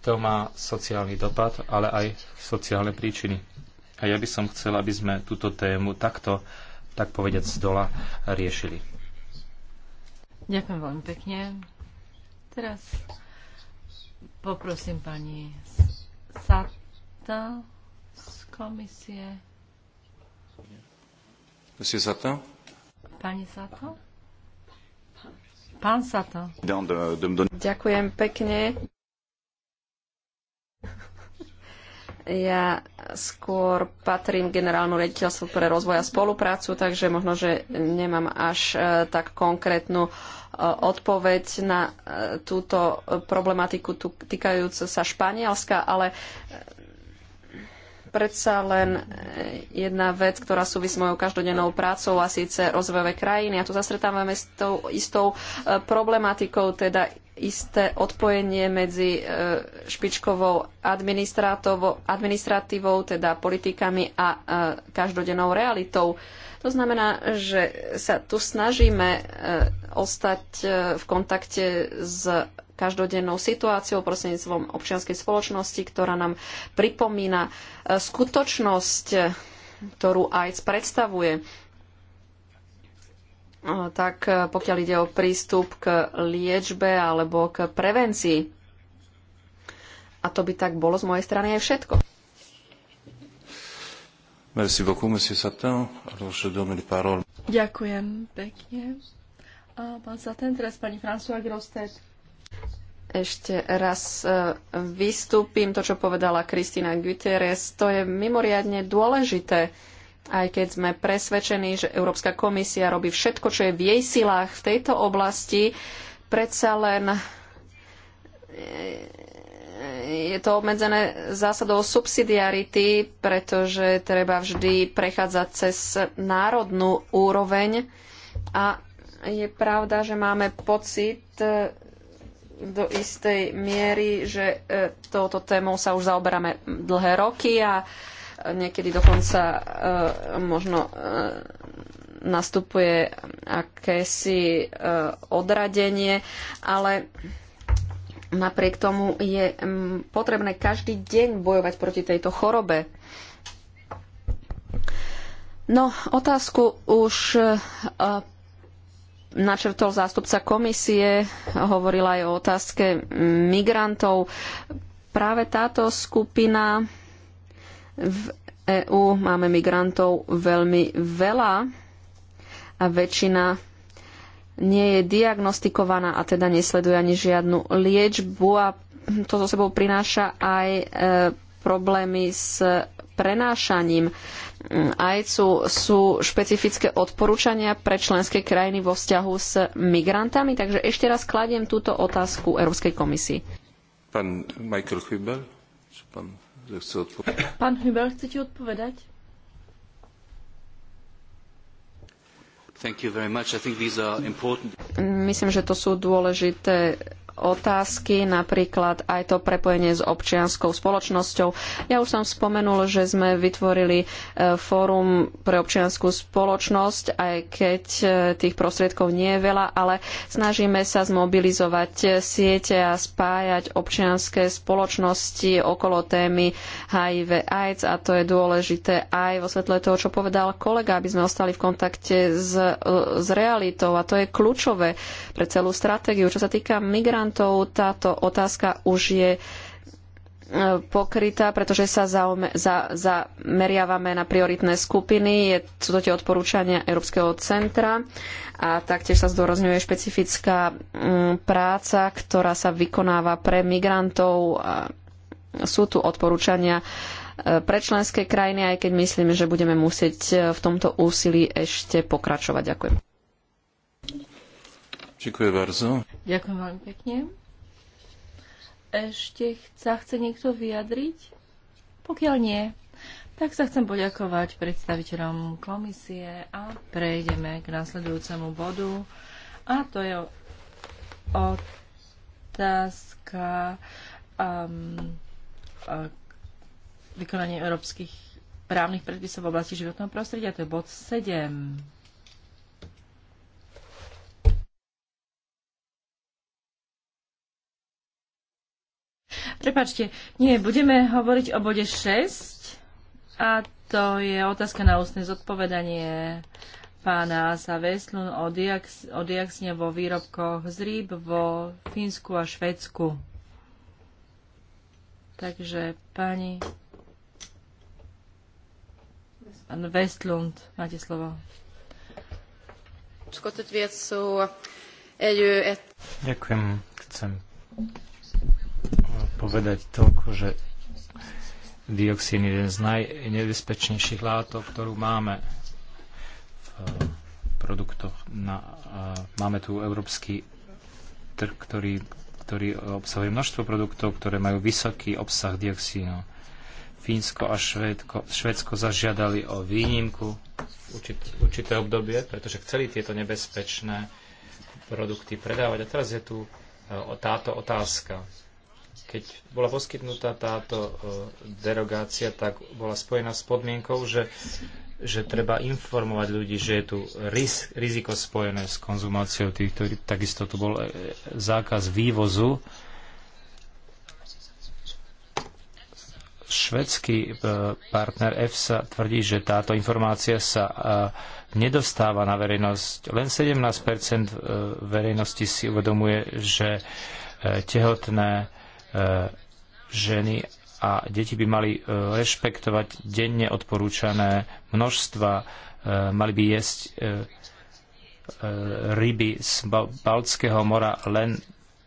To má sociálny dopad, ale aj sociálne príčiny. A ja by som chcel, aby sme túto tému takto, tak povedať, z dola riešili. Ďakujem veľmi pekne. Teraz poprosím pani Sata z komisie. Monsieur Sata? Pani Sato? Pán Sato. Ďakujem pekne. Ja skôr patrím generálnu rediteľstvu pre rozvoj a spoluprácu, takže možno, že nemám až e, tak konkrétnu e, odpoveď na e, túto problematiku týkajúcu sa Španielska, ale predsa len jedna vec, ktorá súvisí s mojou každodennou prácou a síce rozvojové krajiny. A tu zasretávame s tou istou problematikou, teda isté odpojenie medzi e, špičkovou administratívou, teda politikami a e, každodennou realitou. To znamená, že sa tu snažíme e, ostať v kontakte s každodennou situáciou prostredníctvom občianskej spoločnosti, ktorá nám pripomína skutočnosť, ktorú AIDS predstavuje tak e, pokiaľ ide o prístup k liečbe alebo k prevencii. A to by tak bolo z mojej strany aj všetko. Merci beaucoup, monsieur Satin. Alors, je donne les paroles. Ďakujem pekne. A pán Satin, teraz pani François Grostet. Ešte raz e, vystúpim to, čo povedala Kristina Guterres. To je mimoriadne dôležité aj keď sme presvedčení, že Európska komisia robí všetko, čo je v jej silách v tejto oblasti, predsa len e, e, je to obmedzené zásadou subsidiarity, pretože treba vždy prechádzať cez národnú úroveň a je pravda, že máme pocit e, do istej miery, že touto témou sa už zaoberáme dlhé roky a Niekedy dokonca e, možno e, nastupuje akési e, odradenie, ale Napriek tomu je potrebné každý deň bojovať proti tejto chorobe. No, otázku už načrtol zástupca komisie, hovorila aj o otázke migrantov. Práve táto skupina v EÚ máme migrantov veľmi veľa a väčšina nie je diagnostikovaná a teda nesleduje ani žiadnu liečbu a to so sebou prináša aj e, problémy s prenášaním Aj sú špecifické odporúčania pre členské krajiny vo vzťahu s migrantami. Takže ešte raz kladiem túto otázku Európskej komisii. Pán Michael Hübel, pán chce odpovedať. Pán Hübel, chcete odpovedať? Thank you very much. I think these are important. Myslím, že to sú dôležité otázky, napríklad aj to prepojenie s občianskou spoločnosťou. Ja už som spomenul, že sme vytvorili e, fórum pre občianskú spoločnosť, aj keď e, tých prostriedkov nie je veľa, ale snažíme sa zmobilizovať siete a spájať občianske spoločnosti okolo témy HIV AIDS a to je dôležité aj vo svetle toho, čo povedal kolega, aby sme ostali v kontakte s, e, s realitou a to je kľúčové pre celú stratégiu. Čo sa týka migrantov, migrantov. Táto otázka už je e, pokrytá, pretože sa zameriavame na prioritné skupiny. Je, sú to tie odporúčania Európskeho centra a taktiež sa zdôrazňuje špecifická mm, práca, ktorá sa vykonáva pre migrantov. a Sú tu odporúčania e, pre členské krajiny, aj keď myslím, že budeme musieť e, v tomto úsilí ešte pokračovať. Ďakujem. Ďakujem bardzo. Ďakujem veľmi pekne. Ešte sa chce niekto vyjadriť? Pokiaľ nie, tak sa chcem poďakovať predstaviteľom komisie a prejdeme k následujúcemu bodu. A to je otázka um, vykonania európskych právnych predpisov v oblasti životného prostredia. To je bod 7. Prepačte, nie, budeme hovoriť o bode 6 a to je otázka na ústne zodpovedanie pána Asa Veslun o, diax, o diaxne vo výrobkoch z rýb vo Fínsku a Švedsku. Takže pani Pán Vestlund, máte slovo. Ďakujem. Chcem povedať toľko, že dioxín je jeden z najnebezpečnejších látok, ktorú máme v eh, produktoch. Na, eh, máme tu európsky trh, ktorý, ktorý obsahuje množstvo produktov, ktoré majú vysoký obsah dioxínu. Fínsko a Švédko, Švédsko zažiadali o výnimku v určit, určité obdobie, pretože chceli tieto nebezpečné produkty predávať. A teraz je tu eh, táto otázka. Keď bola poskytnutá táto e, derogácia, tak bola spojená s podmienkou, že, že treba informovať ľudí, že je tu riz, riziko spojené s konzumáciou týchto Takisto tu bol e, e, zákaz vývozu. Švedský partner EFSA tvrdí, že táto informácia sa nedostáva na verejnosť. Len 17 verejnosti si uvedomuje, že tehotné E, ženy a deti by mali e, rešpektovať denne odporúčané množstva, e, mali by jesť ryby z Baltského mora len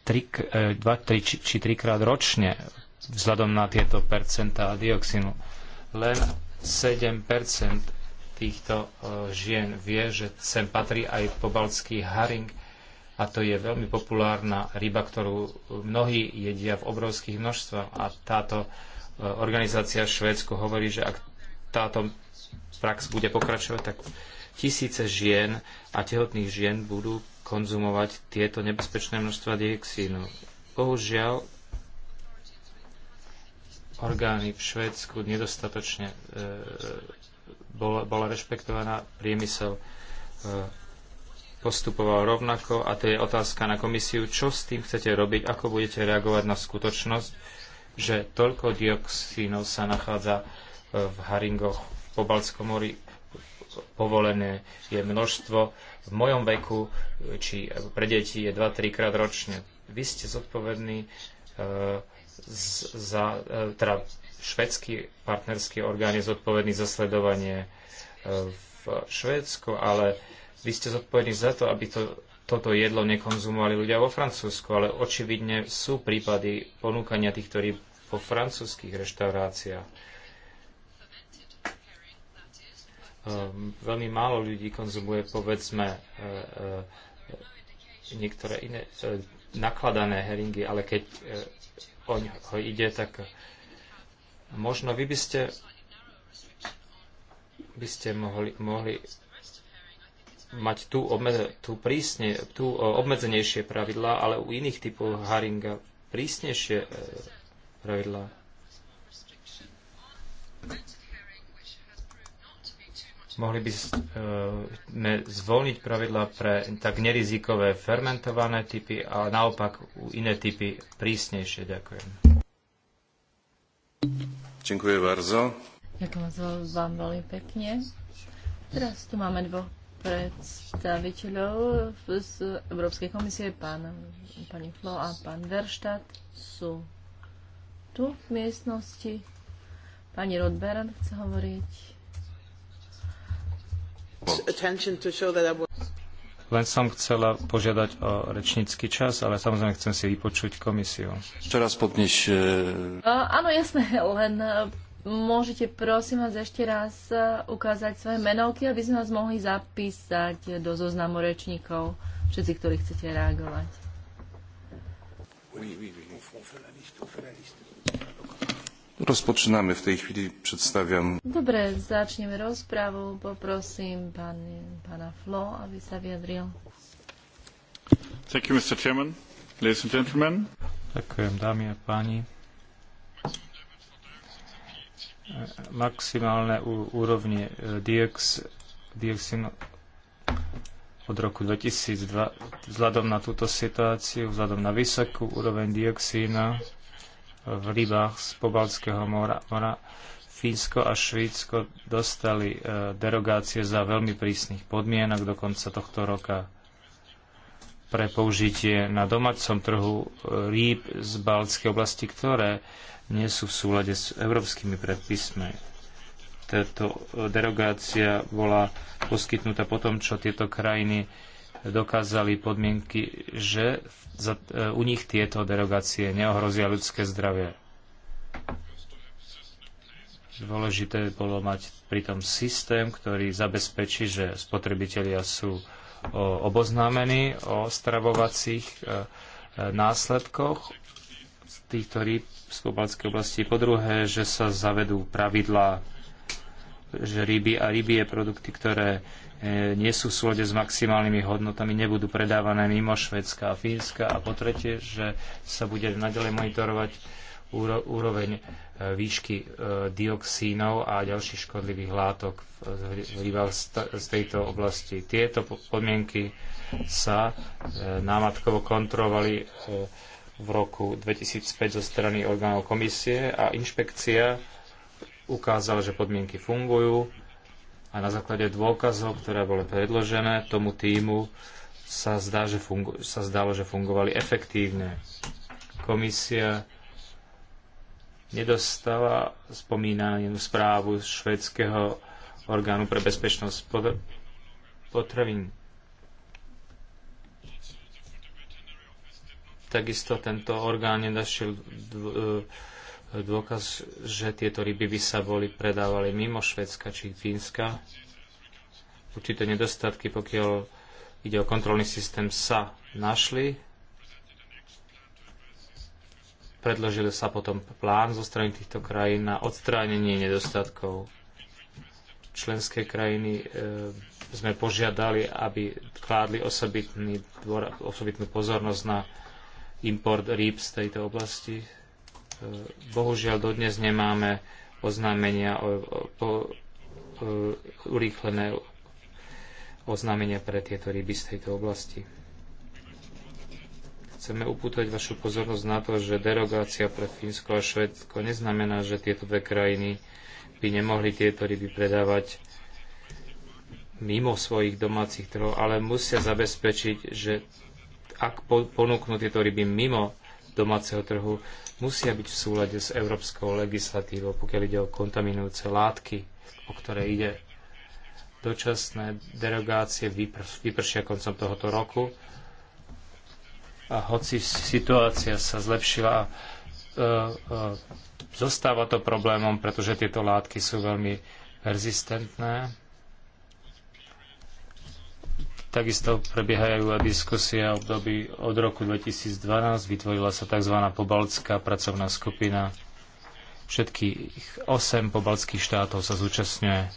3, 2, 3 či 3 krát ročne vzhľadom na tieto percentá dioxinu. Len 7 týchto žien vie, že sem patrí aj pobalský haring a to je veľmi populárna ryba, ktorú mnohí jedia v obrovských množstvách a táto e, organizácia v Švédsku hovorí, že ak táto prax bude pokračovať, tak tisíce žien a tehotných žien budú konzumovať tieto nebezpečné množstva dioxínov. Bohužiaľ, orgány v Švédsku nedostatočne e, e bola, bola rešpektovaná priemysel e, postupoval rovnako a to je otázka na komisiu, čo s tým chcete robiť, ako budete reagovať na skutočnosť, že toľko dioxínov sa nachádza e, v haringoch v Balskom mori povolené je množstvo. V mojom veku, e, či pre deti je 2-3 krát ročne. Vy ste zodpovední e, za, teda švedský partnerský orgán je zodpovedný za sledovanie v Švédsku, ale vy ste zodpovední za to, aby to, toto jedlo nekonzumovali ľudia vo Francúzsku, ale očividne sú prípady ponúkania týchto rýb vo francúzských reštauráciách. Um, veľmi málo ľudí konzumuje, povedzme, uh, uh, niektoré iné uh, nakladané heringy, ale keď o ho ide, tak možno vy by ste by ste mohli, mohli mať tu, obme, tu, prísne, tu e, obmedzenejšie pravidlá, ale u iných typov haringa prísnejšie e, pravidlá. Mohli by sme e, zvolniť pravidlá pre tak nerizikové fermentované typy a naopak u iné typy prísnejšie. Ďakujem. Ďakujem bardzo. Ďakujem vám veľmi pekne. Teraz tu máme dvoch predstaviteľov z Európskej komisie, pán, pani Flo a pán Verštát sú tu v miestnosti. Pani Rodberan chce hovoriť. Len som chcela požiadať o rečnícky čas, ale samozrejme chcem si vypočuť komisiu. Čoraz raz podniš... E, áno, jasné, len Môžete prosím vás ešte raz e, ukázať svoje menovky, aby sme vás mohli zapísať do zoznamu rečníkov, všetci, ktorí chcete reagovať. Rozpočíname v tej chvíli, predstaviam. Dobre, začneme rozprávu. Poprosím pán, pána Flo, aby sa vyjadril. Thank you, Mr. Chairman. Ladies and gentlemen. Ďakujem, dámy a páni maximálne úrovne dioxínu od roku 2002 vzhľadom na túto situáciu, vzhľadom na vysokú úroveň dioxína v rybách z Pobalského mora, mora Fínsko a Švédsko dostali e, derogácie za veľmi prísnych podmienok do konca tohto roka pre použitie na domácom trhu e, rýb z Baltskej oblasti, ktoré nie sú v súlade s európskymi predpismi. Táto e, derogácia bola poskytnutá potom, čo tieto krajiny dokázali podmienky, že za, e, u nich tieto derogácie neohrozia ľudské zdravie. Dôležité bolo mať pritom systém, ktorý zabezpečí, že spotrebitelia sú o, oboznámení o stravovacích e, e, následkoch týchto rýb Skobalskej oblasti. Po druhé, že sa zavedú pravidlá, že ryby a rybie produkty, ktoré e, nie sú v súlade s maximálnymi hodnotami, nebudú predávané mimo Švedska a Fínska. A po tretie, že sa bude naďalej monitorovať úroveň e, výšky e, dioxínov a ďalších škodlivých látok v rybách z tejto oblasti. Tieto podmienky sa námatkovo kontrolovali v roku 2005 zo strany orgánov komisie a inšpekcia ukázala, že podmienky fungujú a na základe dôkazov, ktoré boli predložené tomu týmu, sa, zdá, že fungu- sa zdalo, že fungovali efektívne. Komisia nedostala spomínanú správu z švedského orgánu pre bezpečnosť potravín Takisto tento orgán nenašiel e, dôkaz, že tieto ryby by sa boli predávali mimo Švedska či Fínska. Určité nedostatky, pokiaľ ide o kontrolný systém, sa našli. Predložil sa potom plán zo strany týchto krajín na odstránenie nedostatkov. Členské krajiny e, sme požiadali, aby kládli osobitný dvor, osobitnú pozornosť na import rýb z tejto oblasti. E, bohužiaľ, dodnes nemáme oznámenia o, o, o, e, urýchlené oznámenia pre tieto ryby z tejto oblasti. Chceme upútať vašu pozornosť na to, že derogácia pre Fínsko a Švedsko neznamená, že tieto dve krajiny by nemohli tieto ryby predávať mimo svojich domácich trhov, ale musia zabezpečiť, že ak ponúknú tieto ryby mimo domáceho trhu, musia byť v súlade s európskou legislatívou, pokiaľ ide o kontaminujúce látky, o ktoré ide. Dočasné derogácie vypr vypršia koncom tohoto roku a hoci situácia sa zlepšila, e, e, zostáva to problémom, pretože tieto látky sú veľmi rezistentné Takisto prebiehajú aj diskusie o období od roku 2012. Vytvorila sa tzv. pobaltská pracovná skupina. Všetkých 8 pobaltských štátov sa zúčastňuje.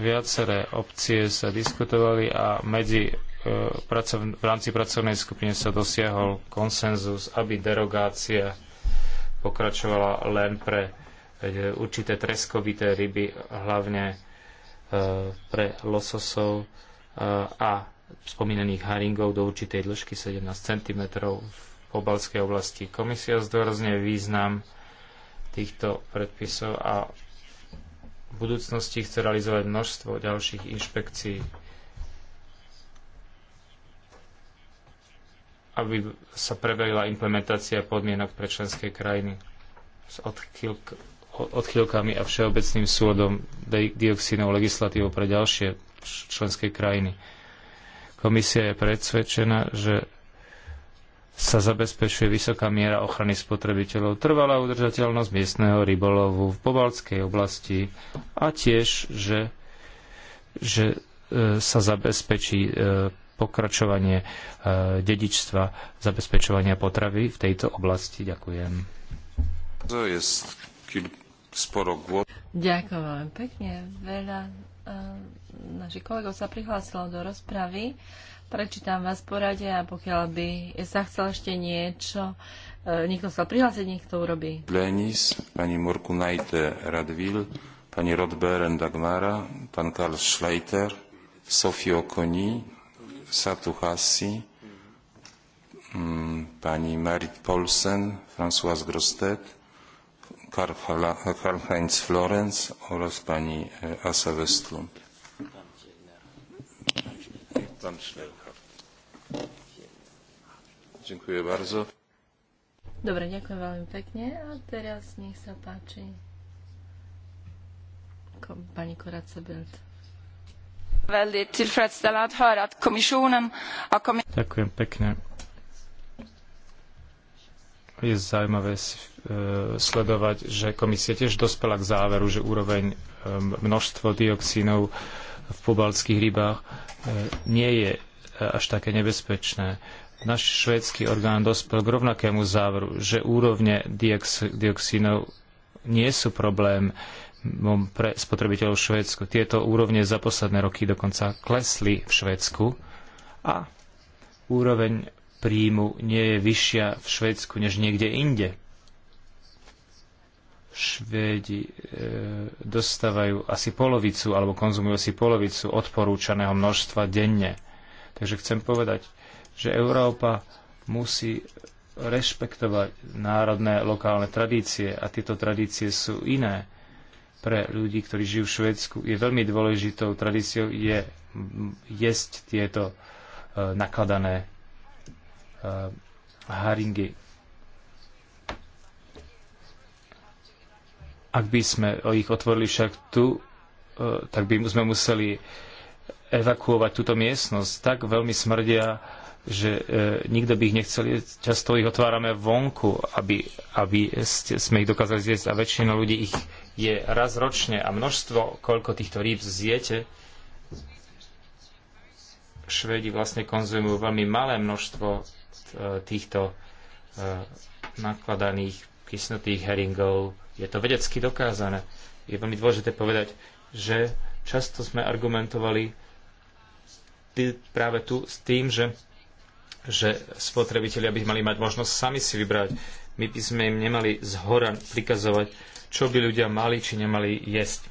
Viaceré opcie sa diskutovali a medzi, e, v rámci pracovnej skupiny sa dosiahol konsenzus, aby derogácia pokračovala len pre e, určité treskovité ryby, hlavne e, pre lososov a spomínaných haringov do určitej dĺžky 17 cm v pobalskej oblasti. Komisia zdôrazňuje význam týchto predpisov a v budúcnosti chce realizovať množstvo ďalších inšpekcií, aby sa preverila implementácia podmienok pre členské krajiny s odchýlkami a všeobecným súdom dioxínov legislatívou pre ďalšie členskej krajiny. Komisia je predsvedčená, že sa zabezpečuje vysoká miera ochrany spotrebiteľov, trvalá udržateľnosť miestneho rybolovu v pobalskej oblasti a tiež, že, že e, sa zabezpečí e, pokračovanie e, dedičstva, zabezpečovania potravy v tejto oblasti. Ďakujem. Ďakujem pekne. Veľa naši kolegov sa prihlásilo do rozpravy. Prečítam vás porade a pokiaľ by sa chcel ešte niečo, e, niekto sa prihlásiť, niekto urobí. Lenis, pani Morkunajte Radvil, pani Rodberen Dagmara, pan Karl Schleiter, Sofio Koni, Satu Hassi, mm, pani Marit Polsen, François Grostet, Karl, Heinz Florenz oraz pani e, Asa Westlund. Pan Dziękuję bardzo. Dobre, ďakujem veľmi pekne. A teraz nech sa pani Koradca Bild. Ďakujem pekne je zaujímavé e, sledovať, že komisia tiež dospela k záveru, že úroveň e, množstvo dioxínov v pobaltských rybách e, nie je až také nebezpečné. Náš švédsky orgán dospel k rovnakému záveru, že úrovne dioxínov nie sú problém pre spotrebiteľov v Švédsku. Tieto úrovne za posledné roky dokonca klesli v Švédsku a úroveň príjmu nie je vyššia v Švédsku než niekde inde. Švédi e, dostávajú asi polovicu alebo konzumujú asi polovicu odporúčaného množstva denne. Takže chcem povedať, že Európa musí rešpektovať národné lokálne tradície a tieto tradície sú iné. Pre ľudí, ktorí žijú v Švedsku. je veľmi dôležitou tradíciou je jesť tieto e, nakladané Eh, haringy. Ak by sme ich otvorili však tu, eh, tak by sme museli evakuovať túto miestnosť. Tak veľmi smrdia, že eh, nikto by ich nechcel jesť. Často ich otvárame vonku, aby, aby sme ich dokázali zjesť. A väčšina ľudí ich je raz ročne a množstvo, koľko týchto rýb zjete, Švedi vlastne konzumujú veľmi malé množstvo Eh, týchto eh, nakladaných kysnutých heringov. Je to vedecky dokázané. Je veľmi dôležité povedať, že často sme argumentovali práve tu s tým, že, že spotrebitelia by mali mať možnosť sami si vybrať. My by sme im nemali zhora prikazovať, čo by ľudia mali či nemali jesť.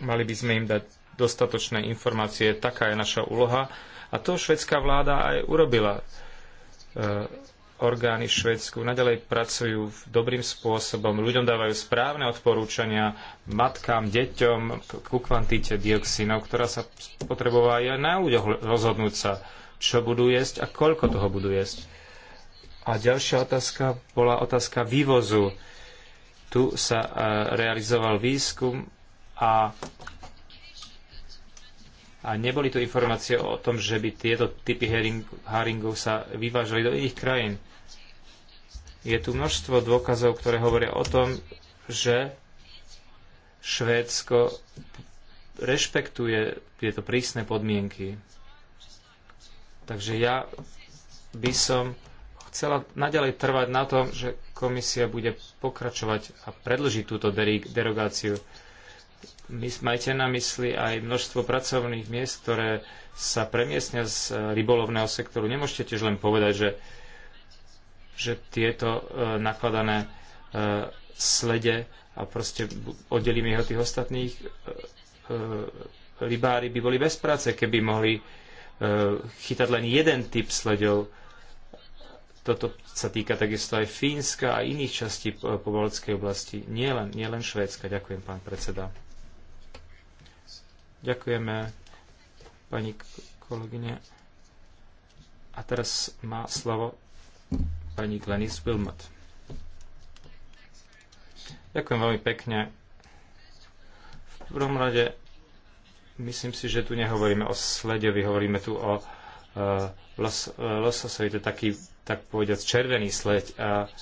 Mali by sme im dať dostatočné informácie, taká je naša úloha. A to švedská vláda aj urobila Eh, orgány v Švedsku naďalej pracujú dobrým spôsobom, ľuďom dávajú správne odporúčania, matkám, deťom ku kvantite dioxínov, ktorá sa potrebovala aj na ľuďoch rozhodnúť sa, čo budú jesť a koľko toho budú jesť. A ďalšia otázka bola otázka vývozu. Tu sa eh, realizoval výskum a a neboli tu informácie o tom, že by tieto typy haringov sa vyvážali do iných krajín. Je tu množstvo dôkazov, ktoré hovoria o tom, že Švédsko rešpektuje tieto prísne podmienky. Takže ja by som chcela naďalej trvať na tom, že komisia bude pokračovať a predlžiť túto derogáciu majte na mysli aj množstvo pracovných miest, ktoré sa premiestnia z e, rybolovného sektoru. Nemôžete tiež len povedať, že, že tieto e, nakladané e, slede a proste oddelíme ich od tých ostatných rybári by boli bez práce, keby mohli chytať len jeden typ sledov. Toto sa týka takisto aj Fínska a iných častí pobaltskej oblasti, nielen nie len Švédska. Ďakujem, pán predseda. Ďakujeme pani kolegyne. A teraz má slovo pani Glenis Wilmot. Ďakujem veľmi pekne. V prvom rade myslím si, že tu nehovoríme o sledovi, hovoríme tu o uh, los, uh, lososovi, to je taký, tak povediac, červený sled. A,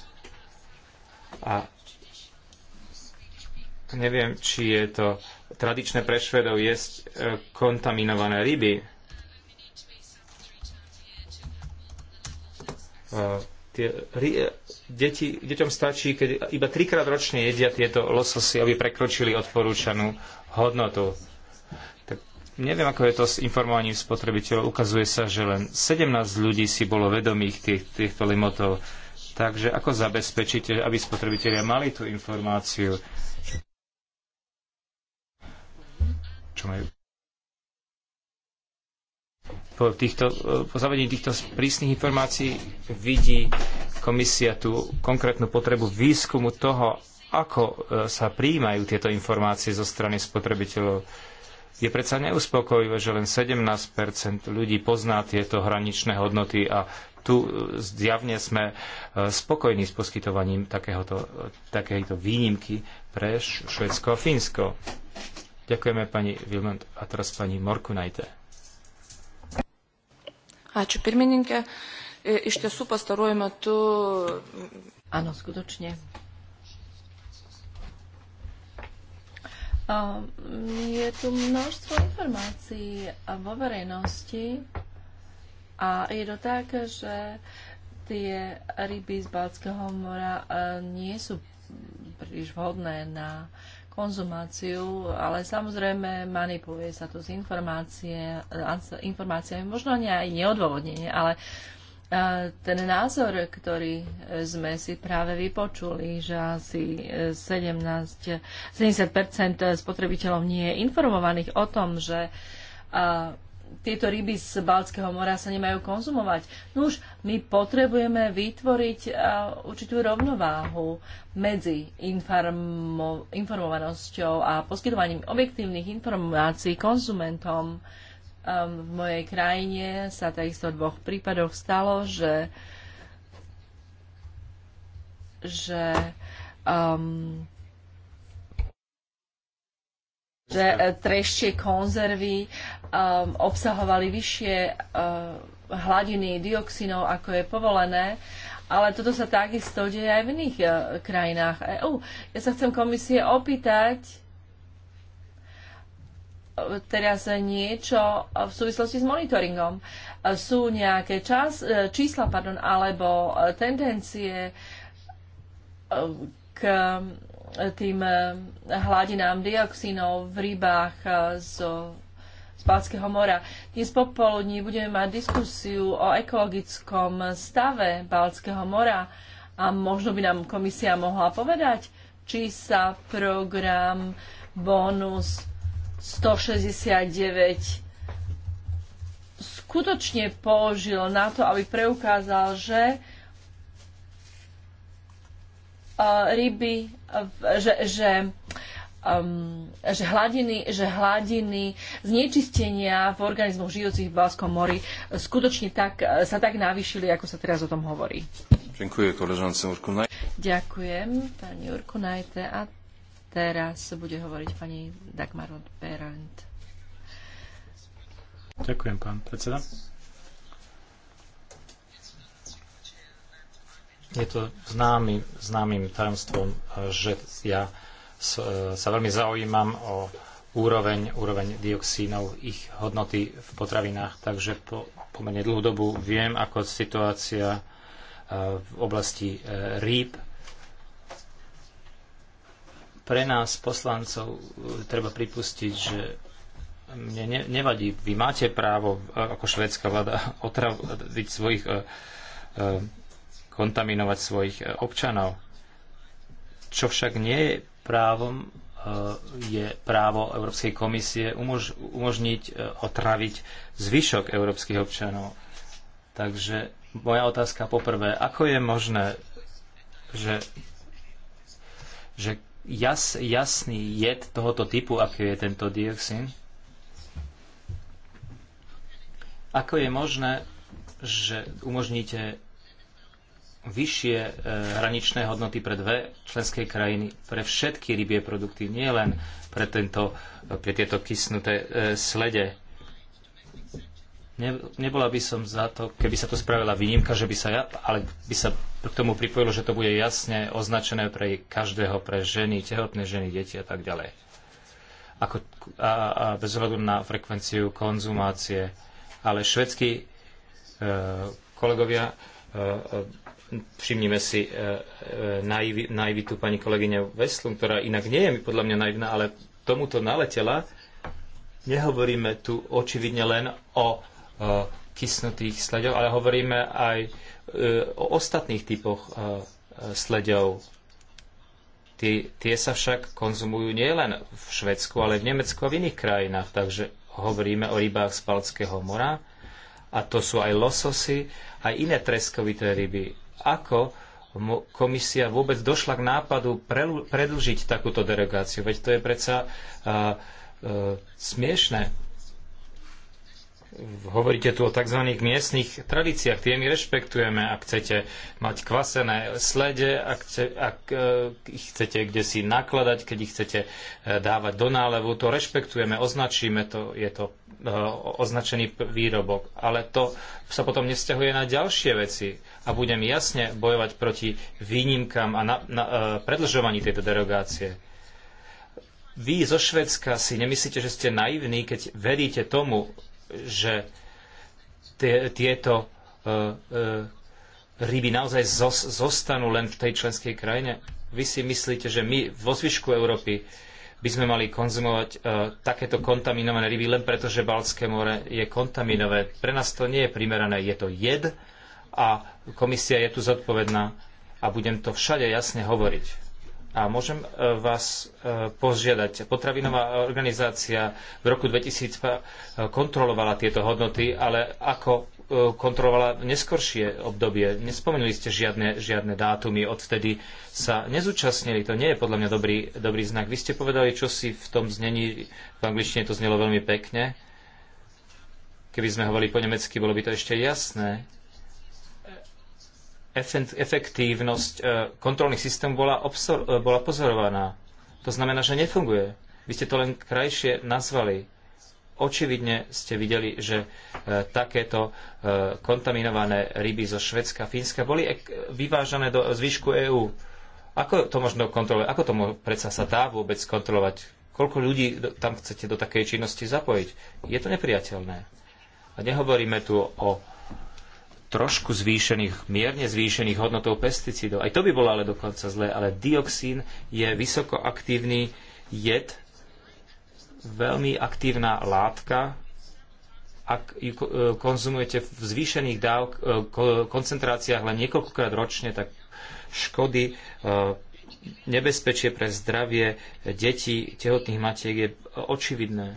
a neviem, či je to tradičné pre Švedov jesť e, kontaminované ryby. E, tie, ry, e, deti, deťom stačí, keď iba trikrát ročne jedia tieto lososy, aby prekročili odporúčanú hodnotu. Tak neviem, ako je to s informovaním spotrebiteľov. Ukazuje sa, že len 17 ľudí si bolo vedomých tých, týchto limotov. Takže ako zabezpečíte, aby spotrebitelia mali tú informáciu? čo majú po, týchto, po zavedení týchto prísnych informácií vidí komisia tú konkrétnu potrebu výskumu toho, ako e, sa prijímajú tieto informácie zo strany spotrebiteľov. Je predsa neuspokojivé, že len 17 ľudí pozná tieto hraničné hodnoty a tu e, zjavne sme e, spokojní s poskytovaním takéhoto, takéto výnimky pre Švedsko a Fínsko. Ďakujeme pani a teraz pani Morkunajte. Ačiū Iš e, tiesų pastaruoju metu. skutočne. Je tu množstvo informácií vo verejnosti a je to tak, že tie ryby z Balckého mora e, nie sú príliš vhodné na konzumáciu, ale samozrejme manipuluje sa tu s informácie, informáciami, možno nie aj neodôvodnenie, ale e, ten názor, ktorý sme si práve vypočuli, že asi 17, 70 spotrebiteľov nie je informovaných o tom, že tieto ryby z Balckého mora sa nemajú konzumovať. No už my potrebujeme vytvoriť eh, určitú rovnováhu medzi informo- informovanosťou a poskytovaním objektívnych informácií konzumentom. Ehm, v mojej krajine sa takisto v dvoch prípadoch stalo, že že um, že eh, treštie konzervy Um, obsahovali vyššie um, hladiny dioxinov, ako je povolené, ale toto sa takisto deje aj v iných uh, krajinách EÚ. Ja sa chcem komisie opýtať uh, teraz niečo uh, v súvislosti s monitoringom. Sú nejaké čas, čísla pardon, alebo tendencie k um, tým hladinám dioxínov v rybách zo z Balckého mora. Dnes popoludní budeme mať diskusiu o ekologickom stave Balckého mora a možno by nám komisia mohla povedať, či sa program bonus 169 skutočne položil na to, aby preukázal, že ryby, že, že um, že, hladiny, že hladiny znečistenia v organizmoch žijúcich v Balskom mori e, skutočne tak, e, sa tak navýšili, ako sa teraz o tom hovorí. Ďakujem, koležance Urkunajte. Ďakujem, pani Urkunajte. A teraz bude hovoriť pani Dagmar Berend. Ďakujem, pán predseda. Je to známy, známym tajomstvom, e, že ja E, sa veľmi zaujímam o úroveň, úroveň dioxínov, ich hodnoty v potravinách, takže po pomerne dlhú dobu viem, ako situácia e, v oblasti e, rýb. Pre nás, poslancov, treba pripustiť, že mne nevadí, vy máte právo ako švédska vláda otraviť svojich, kontaminovať svojich občanov. Čo však nie je právom e, je právo Európskej komisie umož- umožniť e, otraviť zvyšok európskych občanov. Takže moja otázka poprvé, ako je možné, že, že jas, jasný jed tohoto typu, aký je tento dioxín, ako je možné, že umožníte vyššie e, hraničné hodnoty pre dve členské krajiny, pre všetky rybie produkty, nie len pre, tento, pre tieto kysnuté e, slede. nebola by som za to, keby sa tu spravila výnimka, že by sa ja, ale by sa k tomu pripojilo, že to bude jasne označené pre každého, pre ženy, tehotné ženy, deti a tak ďalej. Ako, a, a bez ohľadu na frekvenciu konzumácie. Ale švedskí e, kolegovia e, e Všimnime si e, e, naivitu pani kolegyňa Veslu, ktorá inak nie je podľa mňa naivná, ale tomuto naletela. Nehovoríme tu očividne len o e, kysnutých sleďov, ale hovoríme aj o ostatných typoch sleďov. Tie, tie sa však konzumujú nielen v Švedsku, ale v Nemecku a v iných krajinách. Takže hovoríme o rybách z Balckého mora a to sú aj lososy, aj iné treskovité ryby ako komisia vôbec došla k nápadu predlžiť takúto derogáciu. Veď to je predsa uh, uh, smiešné. Hovoríte tu o tzv. miestnych tradíciách, tie my rešpektujeme, ak chcete mať kvasené slede, ak, chce, ak uh, ich chcete kde si nakladať, keď ich chcete e, dávať do nálevu, to rešpektujeme, označíme to, je to e, označený výrobok, ale to sa potom nevzťahuje na ďalšie veci a budem jasne bojovať proti výnimkám a na, na, e, predlžovaní tejto derogácie. Vy zo Švedska si nemyslíte, že ste naivní, keď veríte tomu, že tie, tieto uh, uh, ryby naozaj zos, zostanú len v tej členskej krajine? Vy si myslíte, že my vo zvyšku Európy by sme mali konzumovať uh, takéto kontaminované ryby len preto, že Baltské more je kontaminové. Pre nás to nie je primerané. Je to jed a Komisia je tu zodpovedná a budem to všade jasne hovoriť. A môžem e, vás e, požiadať, potravinová organizácia v roku 2000 e, kontrolovala tieto hodnoty, ale ako kontrolovala neskoršie obdobie. Nespomenuli ste žiadne, žiadne dátumy, odvtedy sa nezúčastnili. To nie je podľa mňa dobrý, dobrý znak. Vy ste povedali, čo si v tom znení, v angličtine to znelo veľmi pekne. Keby sme hovorili po nemecky, bolo by to ešte jasné efektívnosť e, kontrolných systémov bola, e, bola pozorovaná. To znamená, že nefunguje. Vy ste to len krajšie nazvali. Očividne ste videli, že e, takéto kontaminované ryby zo Švedska a Fínska boli vyvážané do zvyšku EÚ. Ako to možno kontrolovať? Ako to predsa sa dá vôbec kontrolovať? Koľko ľudí tam chcete do takej činnosti zapojiť? Je to nepriateľné. A nehovoríme tu o trošku zvýšených, mierne zvýšených hodnotou pesticídov. Aj to by bolo ale dokonca zlé, ale dioxín je vysoko aktívny jed, veľmi aktívna látka. Ak ju e, konzumujete v zvýšených dáv e, koncentráciách len niekoľkokrát ročne, tak škody, e, nebezpečie pre zdravie detí, tehotných matiek je očividné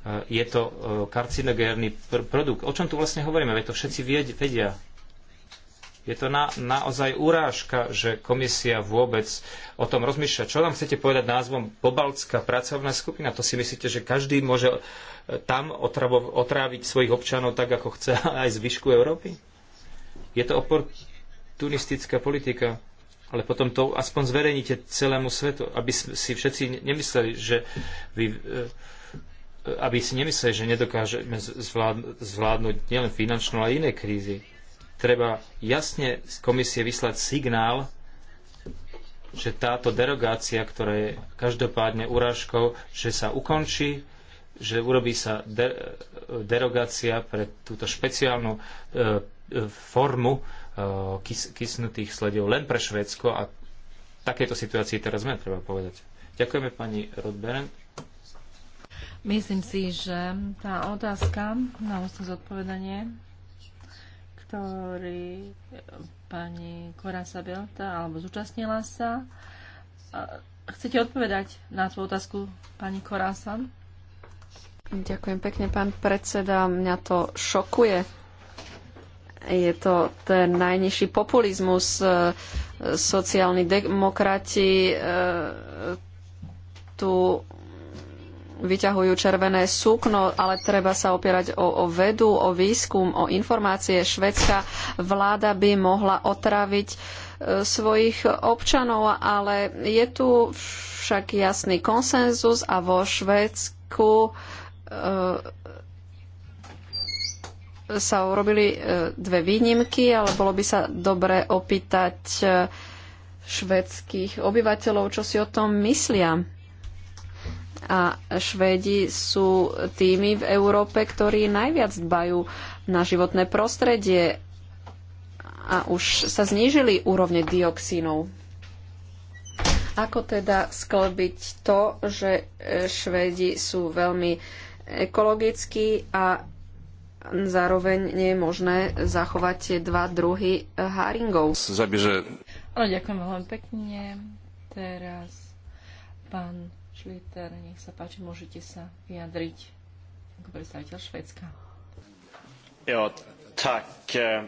Eh, je to eh, karcinogérny pr- produkt. O čom tu vlastne hovoríme? Veď to všetci vedia. Je to na, naozaj urážka, že komisia vôbec o tom rozmýšľa. Čo nám chcete povedať názvom Pobaltská pracovná skupina? To si myslíte, že každý môže eh, tam otravo, otráviť svojich občanov tak, ako chce aj zvyšku Európy? Je to oportunistická politika ale potom to aspoň zverejnite celému svetu, aby si všetci nemysleli, že vy aby si nemysleli, že nedokážeme zvládnuť nielen finančnú, ale aj iné krízy. Treba jasne z komisie vyslať signál, že táto derogácia, ktorá je každopádne urážkou, že sa ukončí, že urobí sa de derogácia pre túto špeciálnu e, e formu e, kysnutých sledov len pre Švédsko a v takejto situácii teraz sme, treba povedať. Ďakujeme pani Rodberen. Myslím si, že tá otázka na ústne zodpovedanie, ktorý pani Korasa Sabelta, alebo zúčastnila sa, chcete odpovedať na tú otázku pani Korasa? Ďakujem pekne, pán predseda. Mňa to šokuje. Je to ten najnižší populizmus. E, sociálni demokrati e, tu vyťahujú červené sukno, ale treba sa opierať o, o vedu, o výskum, o informácie. Švedská vláda by mohla otraviť e, svojich občanov, ale je tu však jasný konsenzus a vo Švédsku e, sa urobili e, dve výnimky, ale bolo by sa dobre opýtať e, švedských obyvateľov, čo si o tom myslia. A Švédi sú tými v Európe, ktorí najviac dbajú na životné prostredie a už sa znížili úrovne dioxínov. Ako teda sklbiť to, že e, Švédi sú veľmi ekologickí a zároveň nie je možné zachovať tie dva druhy e, haringov. Zabíže. Ale ďakujem veľmi pekne. Teraz pán Schlitter, nech sa páči, môžete sa vyjadriť ako predstaviteľ Švedska. Jo, tak. Eh,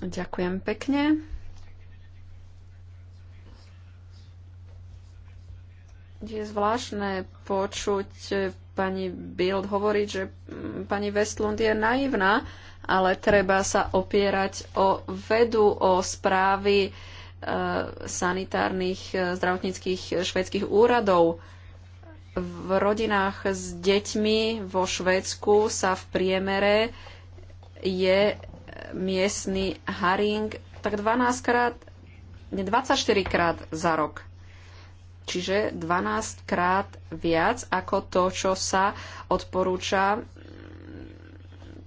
Ďakujem pekne. Je zvláštne počuť pani Bild hovoriť, že mm, pani Westlund je naivná, ale treba sa opierať o vedu, o správy e, sanitárnych e, zdravotníckých švedských úradov. E, v rodinách s deťmi vo Švédsku sa v priemere je miestny haring tak 12 krát, 24 krát za rok. Čiže 12 krát viac ako to, čo sa odporúča,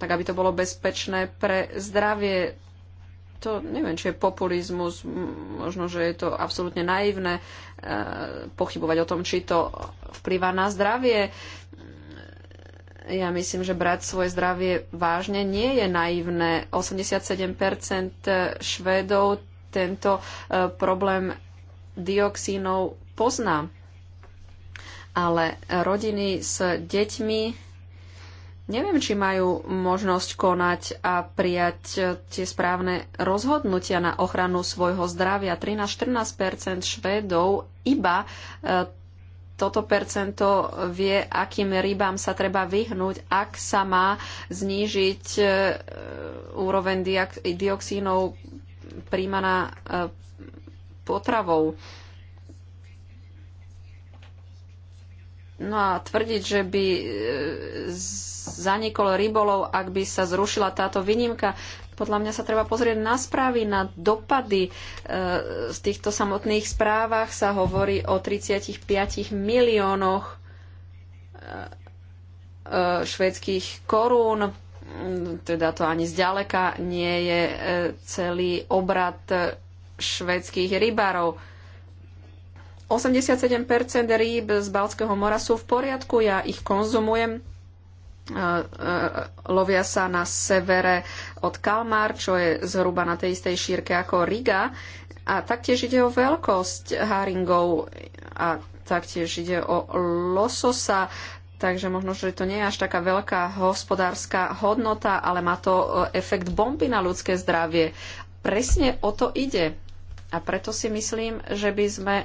tak aby to bolo bezpečné pre zdravie to neviem, či je populizmus, možno, že je to absolútne naivné, Eh, pochybovať o tom, či to vplýva na zdravie. Ja myslím, že brať svoje zdravie vážne nie je naivné. 87% Švédov tento eh, problém dioxínov pozná. Ale rodiny s deťmi neviem, či majú možnosť konať a prijať e, tie správne rozhodnutia na ochranu svojho zdravia. 13-14 Švédov iba e, toto percento vie, akým rybám sa treba vyhnúť, ak sa má znížiť e, úroveň dioxínov príjmaná potravou. No a tvrdiť, že by zanikol rybolov, ak by sa zrušila táto výnimka. Podľa mňa sa treba pozrieť na správy, na dopady. E, z týchto samotných správach sa hovorí o 35 miliónoch e, e, švedských korún. Teda to ani zďaleka nie je celý obrad švedských rybárov. 87% rýb z Balckého mora sú v poriadku, ja ich konzumujem lovia sa na severe od Kalmar, čo je zhruba na tej istej šírke ako Riga. A taktiež ide o veľkosť haringov a taktiež ide o lososa, takže možno, že to nie je až taká veľká hospodárska hodnota, ale má to e, efekt bomby na ľudské zdravie. Presne o to ide. A preto si myslím, že by sme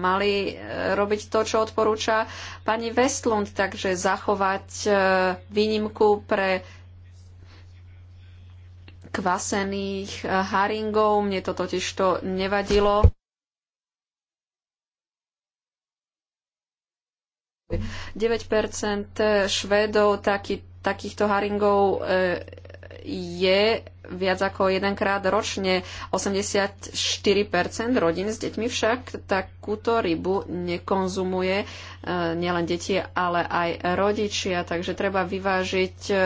mali e, robiť to, čo odporúča pani Westlund, takže zachovať e, výnimku pre kvasených e, haringov. Mne to totiž to nevadilo. 9% Švédov taký, takýchto haringov e, je viac ako jedenkrát ročne. 84% rodín s deťmi však takúto rybu nekonzumuje e, nielen deti, ale aj rodičia. Takže treba vyvážiť e,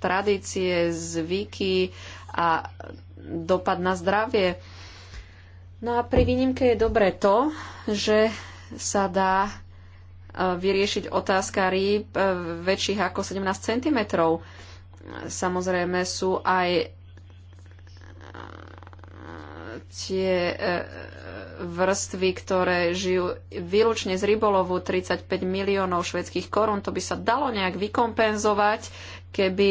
tradície, zvyky a dopad na zdravie. No a pri výnimke je dobré to, že sa dá vyriešiť otázka rýb e, väčších ako 17 cm. Samozrejme sú aj e, tie e, vrstvy, ktoré žijú výlučne z rybolovu 35 miliónov švedských korún. To by sa dalo nejak vykompenzovať, keby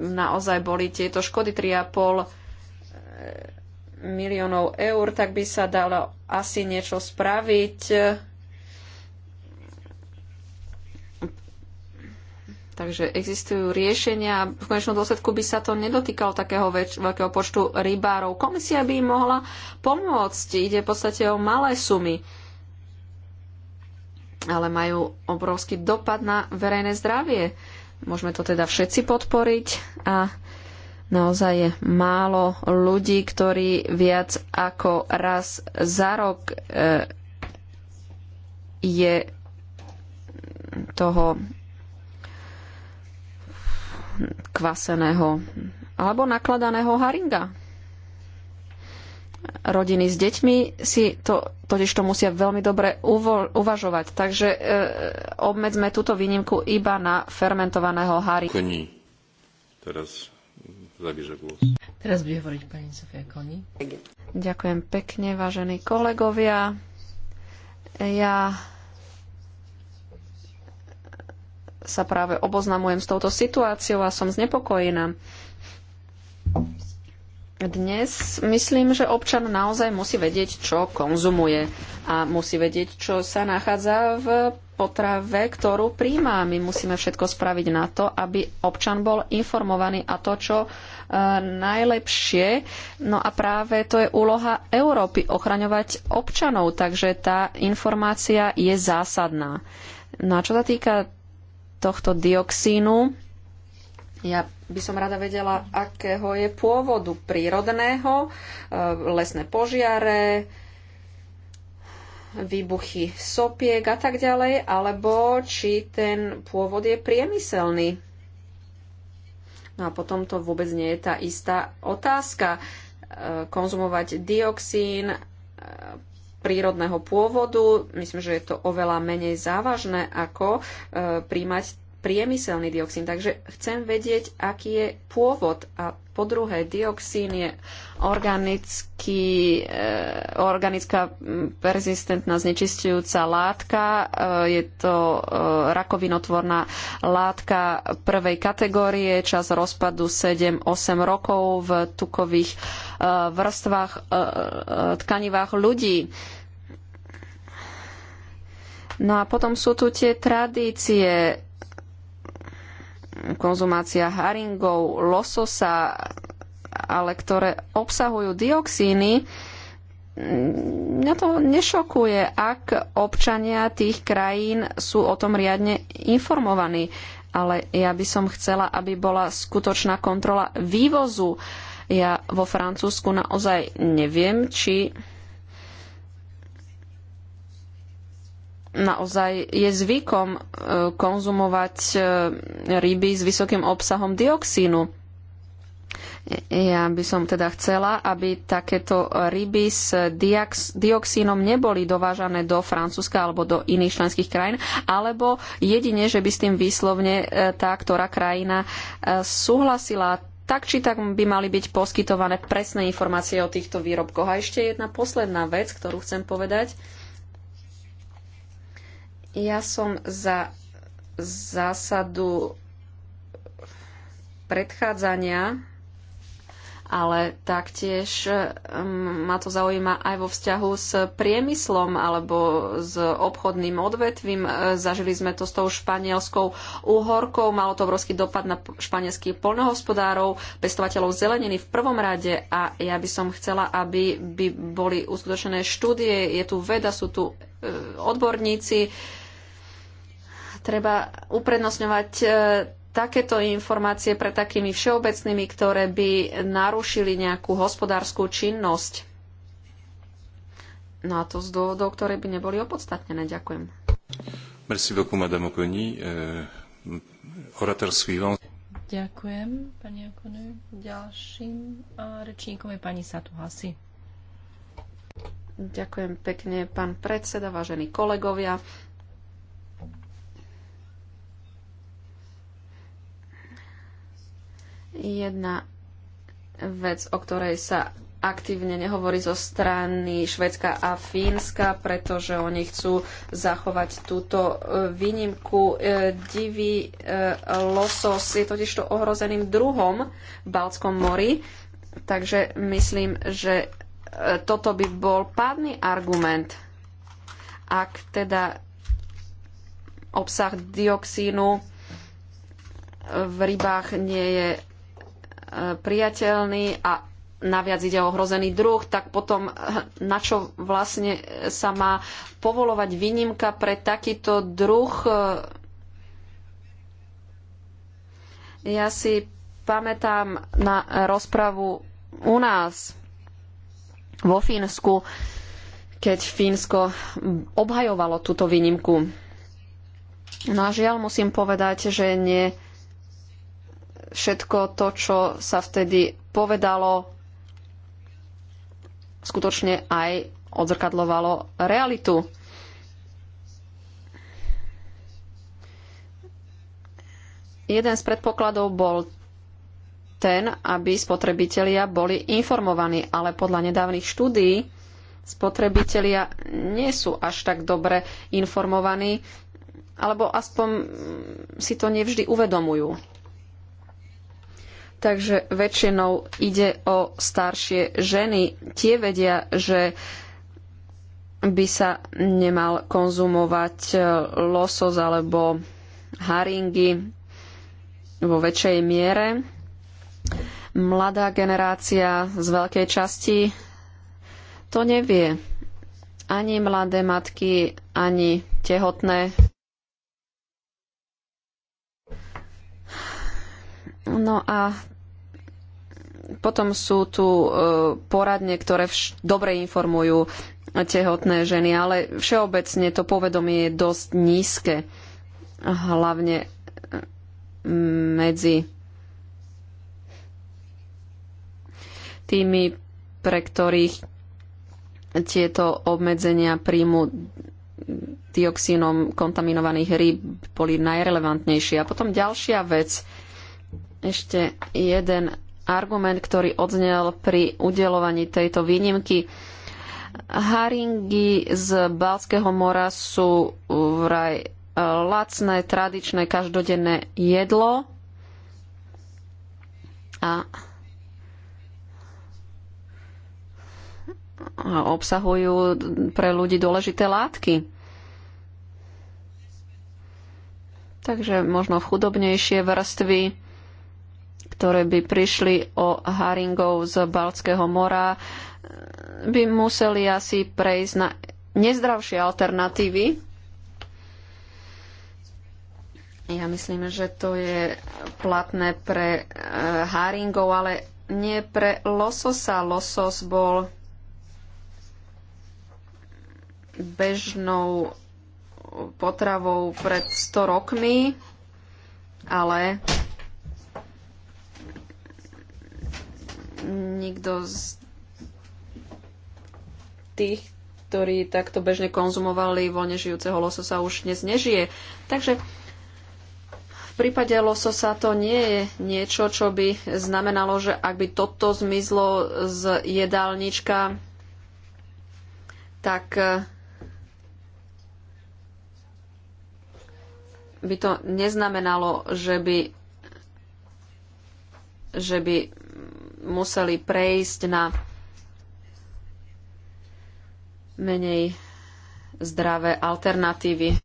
naozaj boli tieto škody 3,5 miliónov eur, tak by sa dalo asi niečo spraviť Takže existujú riešenia. V konečnom dôsledku by sa to nedotýkalo takého väč- veľkého počtu rybárov. Komisia by im mohla pomôcť. Ide v podstate o malé sumy ale majú obrovský dopad na verejné zdravie. Môžeme to teda všetci podporiť a naozaj je málo ľudí, ktorí viac ako raz za rok e, je toho kvaseného alebo nakladaného haringa. Rodiny s deťmi si to totiž to musia veľmi dobre uvo- uvažovať, takže e, obmedzme túto výnimku iba na fermentovaného haringa. Koní. Teraz zabíže głos. Teraz bude hovoriť pani Sofia Koní. Ďakujem pekne, vážení kolegovia. Ja sa práve oboznamujem s touto situáciou a som znepokojená. Dnes myslím, že občan naozaj musí vedieť, čo konzumuje a musí vedieť, čo sa nachádza v potrave, ktorú príjma. My musíme všetko spraviť na to, aby občan bol informovaný a to, čo e, najlepšie. No a práve to je úloha Európy, ochraňovať občanov, takže tá informácia je zásadná. No a čo sa týka tohto dioxínu. Ja by som rada vedela, akého je pôvodu prírodného, e, lesné požiare, výbuchy sopiek a tak ďalej, alebo či ten pôvod je priemyselný. No a potom to vôbec nie je tá istá otázka. E, konzumovať dioxín e, prírodného pôvodu. Myslím, že je to oveľa menej závažné, ako e, príjmať priemyselný dioxín. Takže chcem vedieť, aký je pôvod. A po druhé, dioxín je organický, e, organická mm, persistentná znečistujúca látka. E, je to e, rakovinotvorná látka prvej kategórie, čas rozpadu 7-8 rokov v tukových e, vrstvách, e, e, tkanivách ľudí. No a potom sú tu tie tradície konzumácia haringov, lososa, ale ktoré obsahujú dioxíny, mňa to nešokuje, ak občania tých krajín sú o tom riadne informovaní. Ale ja by som chcela, aby bola skutočná kontrola vývozu. Ja vo Francúzsku naozaj neviem, či naozaj je zvykom e, konzumovať e, ryby s vysokým obsahom dioxínu. Ja by som teda chcela, aby takéto ryby s dioxínom neboli dovážané do Francúzska alebo do iných členských krajín, alebo jedine, že by s tým výslovne e, tá, ktorá krajina súhlasila. Tak či tak by mali byť poskytované presné informácie o týchto výrobkoch. A ešte jedna posledná vec, ktorú chcem povedať ja som za zásadu predchádzania, ale taktiež um, ma to zaujíma aj vo vzťahu s priemyslom alebo s obchodným odvetvím. E, zažili sme to s tou španielskou úhorkou, malo to obrovský dopad na španielských polnohospodárov, pestovateľov zeleniny v prvom rade a ja by som chcela, aby by boli uskutočené štúdie, je tu veda, sú tu e, odborníci, Treba uprednostňovať e, takéto informácie pre takými všeobecnými, ktoré by narušili nejakú hospodárskú činnosť. No a to z dôvodov, ktoré by neboli opodstatnené. Ďakujem. Merci beaucoup, madame Okoni. Euh, orateur suivant. Ďakujem, pani Okoni. Ďalším rečníkom je pani Satu Hasi. Ďakujem pekne, pán predseda, vážení kolegovia. Jedna vec, o ktorej sa aktívne nehovorí zo strany Švedska a Fínska, pretože oni chcú zachovať túto e, výnimku. E, divý e, losos je totiž to ohrozeným druhom v Balckom mori, takže myslím, že toto by bol pádny argument, ak teda obsah dioxínu v rybách nie je priateľný a naviac ide o ohrozený druh, tak potom na čo vlastne sa má povolovať výnimka pre takýto druh? Ja si pamätám na rozpravu u nás vo Fínsku, keď Fínsko obhajovalo túto výnimku. No a žiaľ musím povedať, že nie všetko to, čo sa vtedy povedalo, skutočne aj odzrkadlovalo realitu. Jeden z predpokladov bol ten, aby spotrebitelia boli informovaní, ale podľa nedávnych štúdií spotrebitelia nie sú až tak dobre informovaní, alebo aspoň si to nevždy uvedomujú takže väčšinou ide o staršie ženy. Tie vedia, že by sa nemal konzumovať e, losos alebo haringy vo väčšej miere. Mladá generácia z veľkej časti to nevie. Ani mladé matky, ani tehotné No a potom sú tu e, poradne, ktoré dobre informujú tehotné ženy, ale všeobecne to povedomie je dosť nízke, hlavne e, medzi tými, pre ktorých tieto obmedzenia príjmu dioxínom kontaminovaných rýb boli najrelevantnejšie. A potom ďalšia vec, ešte jeden argument, ktorý odznel pri udelovaní tejto výnimky. Haringy z Balského mora sú vraj lacné, tradičné, každodenné jedlo. A obsahujú pre ľudí dôležité látky. Takže možno v chudobnejšie vrstvy ktoré by prišli o haringov z Balckého mora, by museli asi prejsť na nezdravšie alternatívy. Ja myslím, že to je platné pre eh, haringov, ale nie pre lososa. Losos bol bežnou potravou pred 100 rokmi, ale nikto z tých, ktorí takto bežne konzumovali voľne žijúceho lososa, už dnes nežije. Takže v prípade lososa to nie je niečo, čo by znamenalo, že ak by toto zmizlo z jedálnička, tak eh, by to neznamenalo, že by, že by museli prejsť na menej zdravé alternatívy.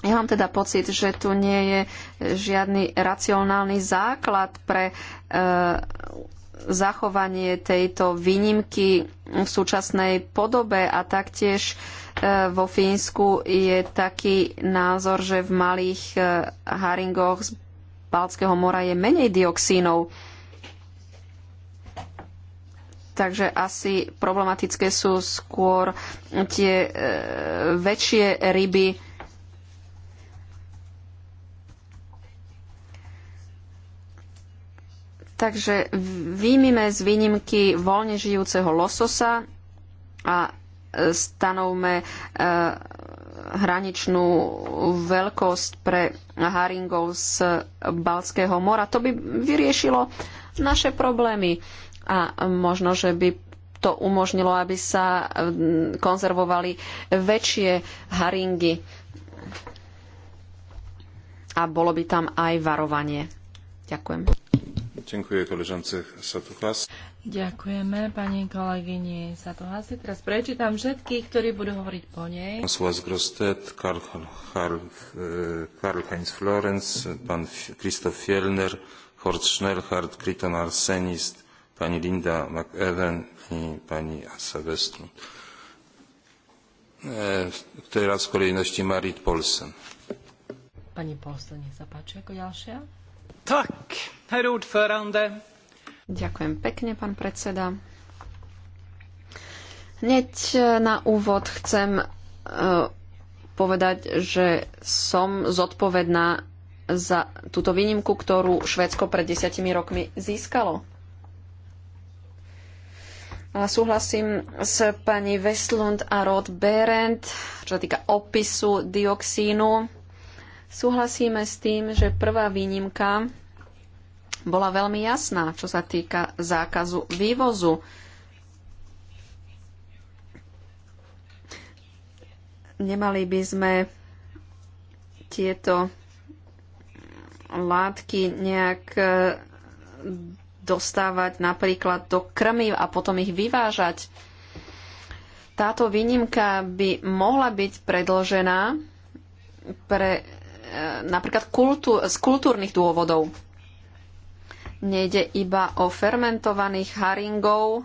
Ja mám teda pocit, že tu nie je žiadny racionálny základ pre e, zachovanie tejto výnimky v súčasnej podobe a taktiež E, vo Fínsku je taký názor, že v malých e, haringoch z Balckého mora je menej dioxínov. Takže asi problematické sú skôr tie e, väčšie ryby. Takže výmime z výnimky voľne žijúceho lososa a stanovme eh, hraničnú veľkosť pre haringov z Balského mora. To by vyriešilo naše problémy a možno, že by to umožnilo, aby sa mm, konzervovali väčšie haringy a bolo by tam aj varovanie. Ďakujem. Ďakujem koleżance Satuhas. Ďakujeme pani kolegyni Satuhasi. Teraz prečítam všetkých, ktorí budú hovoriť po nej. François Grostet, Karl, Karl, e, Karl Heinz Florenz, pan Christoph Fjellner, Horst Schnellhardt, Kriton Arsenist, pani Linda McEwen i pani Asa Westlund. E, teraz w kolejności Marit Polsen. Pani Polsen, nech sa páči ako ďalšia. Ďakujem pekne, pán predseda. Hneď e, na úvod chcem e, povedať, že som zodpovedná za túto výnimku, ktorú Švédsko pred desiatimi rokmi získalo. A súhlasím s pani Westlund a Rod Berend, čo sa týka opisu dioxínu Súhlasíme s tým, že prvá výnimka bola veľmi jasná, čo sa týka zákazu vývozu. Nemali by sme tieto látky nejak e, dostávať napríklad do krmiv a potom ich vyvážať. Táto výnimka by mohla byť predložená pre napríklad kultú, z kultúrnych dôvodov. Nejde iba o fermentovaných haringov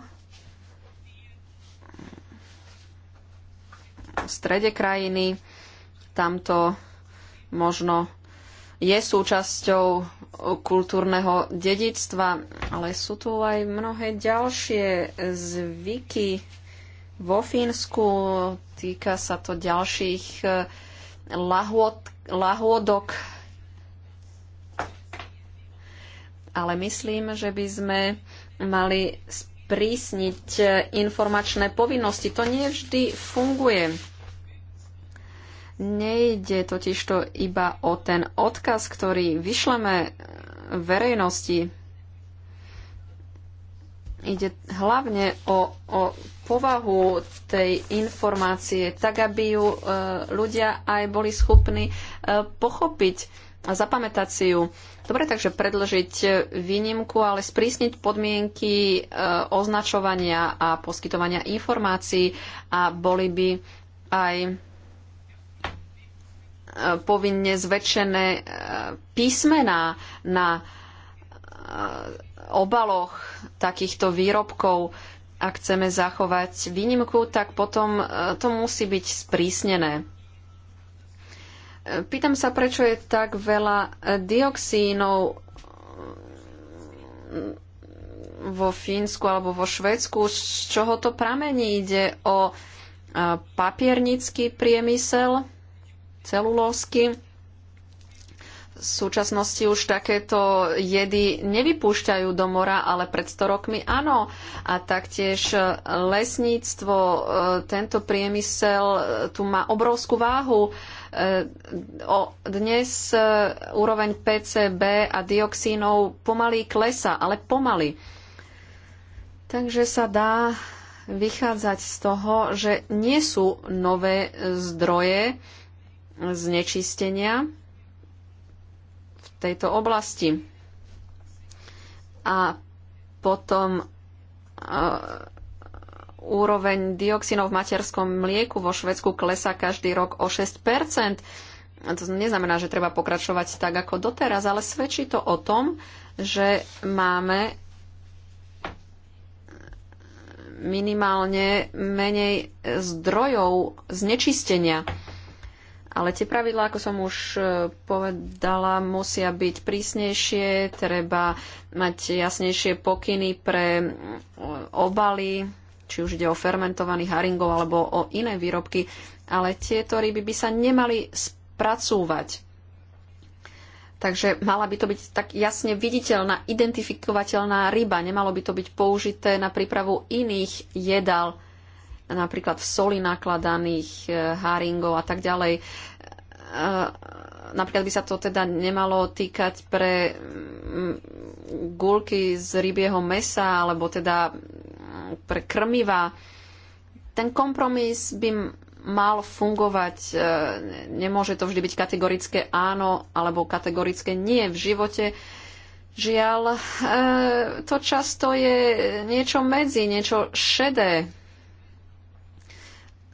v strede krajiny. Tamto možno je súčasťou kultúrneho dedictva, ale sú tu aj mnohé ďalšie zvyky vo Fínsku. Týka sa to ďalších eh, lahôd, lahôdok. Ale myslím, že by sme mali sprísniť informačné povinnosti. To nie vždy funguje. Nejde totiž to iba o ten odkaz, ktorý vyšleme verejnosti. Ide hlavne o, o povahu tej informácie, tak aby ju e, ľudia aj boli schopní pochopiť a zapamätať si ju. Dobre, takže predložiť výnimku, ale sprísniť podmienky e, označovania a poskytovania informácií a boli by aj e, povinne zväčšené e, písmená na obaloch takýchto výrobkov. Ak chceme zachovať výnimku, tak potom to musí byť sprísnené. Pýtam sa, prečo je tak veľa e, dioxínov mm, vo Fínsku alebo vo Švedsku. Z čoho to pramení? Ide o e, papiernický priemysel, celulovský. V súčasnosti už takéto jedy nevypúšťajú do mora, ale pred 100 rokmi áno. A taktiež e, lesníctvo, tento priemysel tu má obrovskú váhu dnes e, úroveň PCB a dioxínov pomaly klesa, ale pomaly. Takže sa dá vychádzať z toho, že nie sú nové zdroje znečistenia v tejto oblasti. A potom e, úroveň dioxinov v materskom mlieku vo Švedsku klesá každý rok o 6 to neznamená, že treba pokračovať tak ako doteraz, ale svedčí to o tom, že máme minimálne menej zdrojov znečistenia. Ale tie pravidlá, ako som už e, povedala, musia byť prísnejšie, treba mať jasnejšie pokyny pre obaly, či už ide o fermentovaných haringov alebo o iné výrobky, ale tieto ryby by sa nemali spracúvať. Takže mala by to byť tak jasne viditeľná, identifikovateľná ryba. Nemalo by to byť použité na prípravu iných jedál, napríklad v soli nakladaných e, haringov a tak ďalej. E, napríklad by sa to teda nemalo týkať pre mm, gulky z rybieho mesa alebo teda pre krmiva. Ten kompromis by mal fungovať. E, nemôže to vždy byť kategorické áno alebo kategorické nie v živote. Žiaľ, e, to často je niečo medzi, niečo šedé.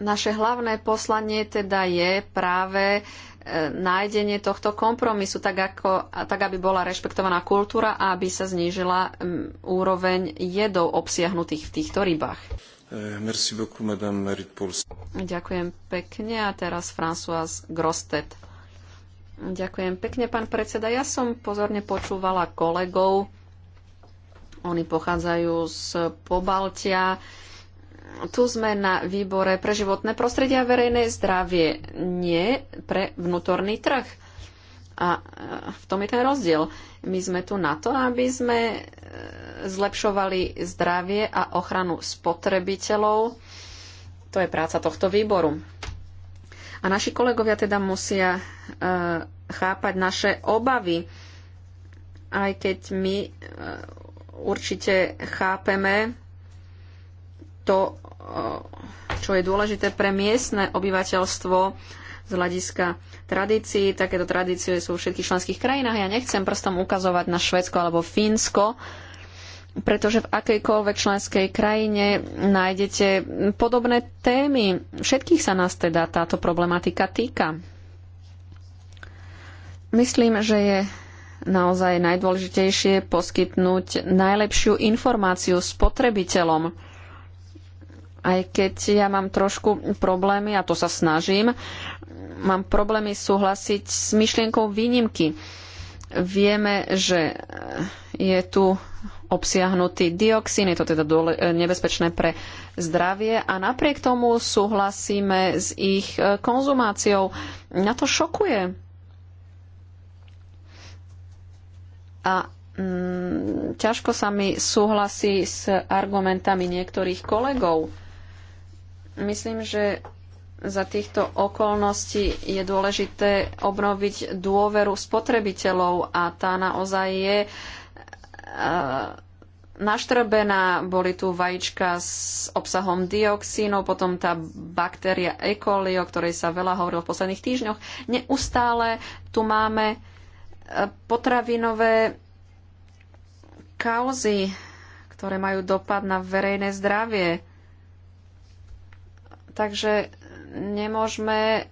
Naše hlavné poslanie teda je práve nájdenie tohto kompromisu, tak, ako, tak aby bola rešpektovaná kultúra a aby sa znížila mm, úroveň jedov obsiahnutých v týchto rybách. Eh, merci beaucoup, madame Ďakujem pekne a teraz François Grostet. Ďakujem pekne, pán predseda. Ja som pozorne počúvala kolegov. Oni pochádzajú z Pobaltia. E, tu sme na výbore pre životné prostredie a verejné zdravie, nie pre vnútorný trh. A e, v tom je ten rozdiel. My sme tu na to, aby sme e, zlepšovali zdravie a ochranu spotrebiteľov. To je práca tohto výboru. A naši kolegovia teda musia e, chápať naše obavy, aj keď my určite chápeme to, čo je dôležité pre miestne obyvateľstvo z hľadiska tradícií. Takéto tradície sú v všetkých členských krajinách. Ja nechcem prstom ukazovať na Švedsko alebo Fínsko, pretože v akejkoľvek členskej krajine nájdete podobné témy. Všetkých sa nás teda táto problematika týka. Myslím, že je naozaj najdôležitejšie poskytnúť najlepšiu informáciu spotrebiteľom aj keď ja mám trošku problémy, a to sa snažím, mám problémy súhlasiť s myšlienkou výnimky. Vieme, že je tu obsiahnutý dioxín, je to teda dole, nebezpečné pre zdravie a napriek tomu súhlasíme s ich e, konzumáciou. Na to šokuje. A mm, ťažko sa mi súhlasí s argumentami niektorých kolegov. Myslím, že za týchto okolností je dôležité obnoviť dôveru spotrebiteľov a tá naozaj je e, naštrbená. Boli tu vajíčka s obsahom dioxínov, potom tá baktéria E. coli, o ktorej sa veľa hovorilo v posledných týždňoch. Neustále tu máme e, potravinové kauzy, ktoré majú dopad na verejné zdravie Takže nemôžeme e,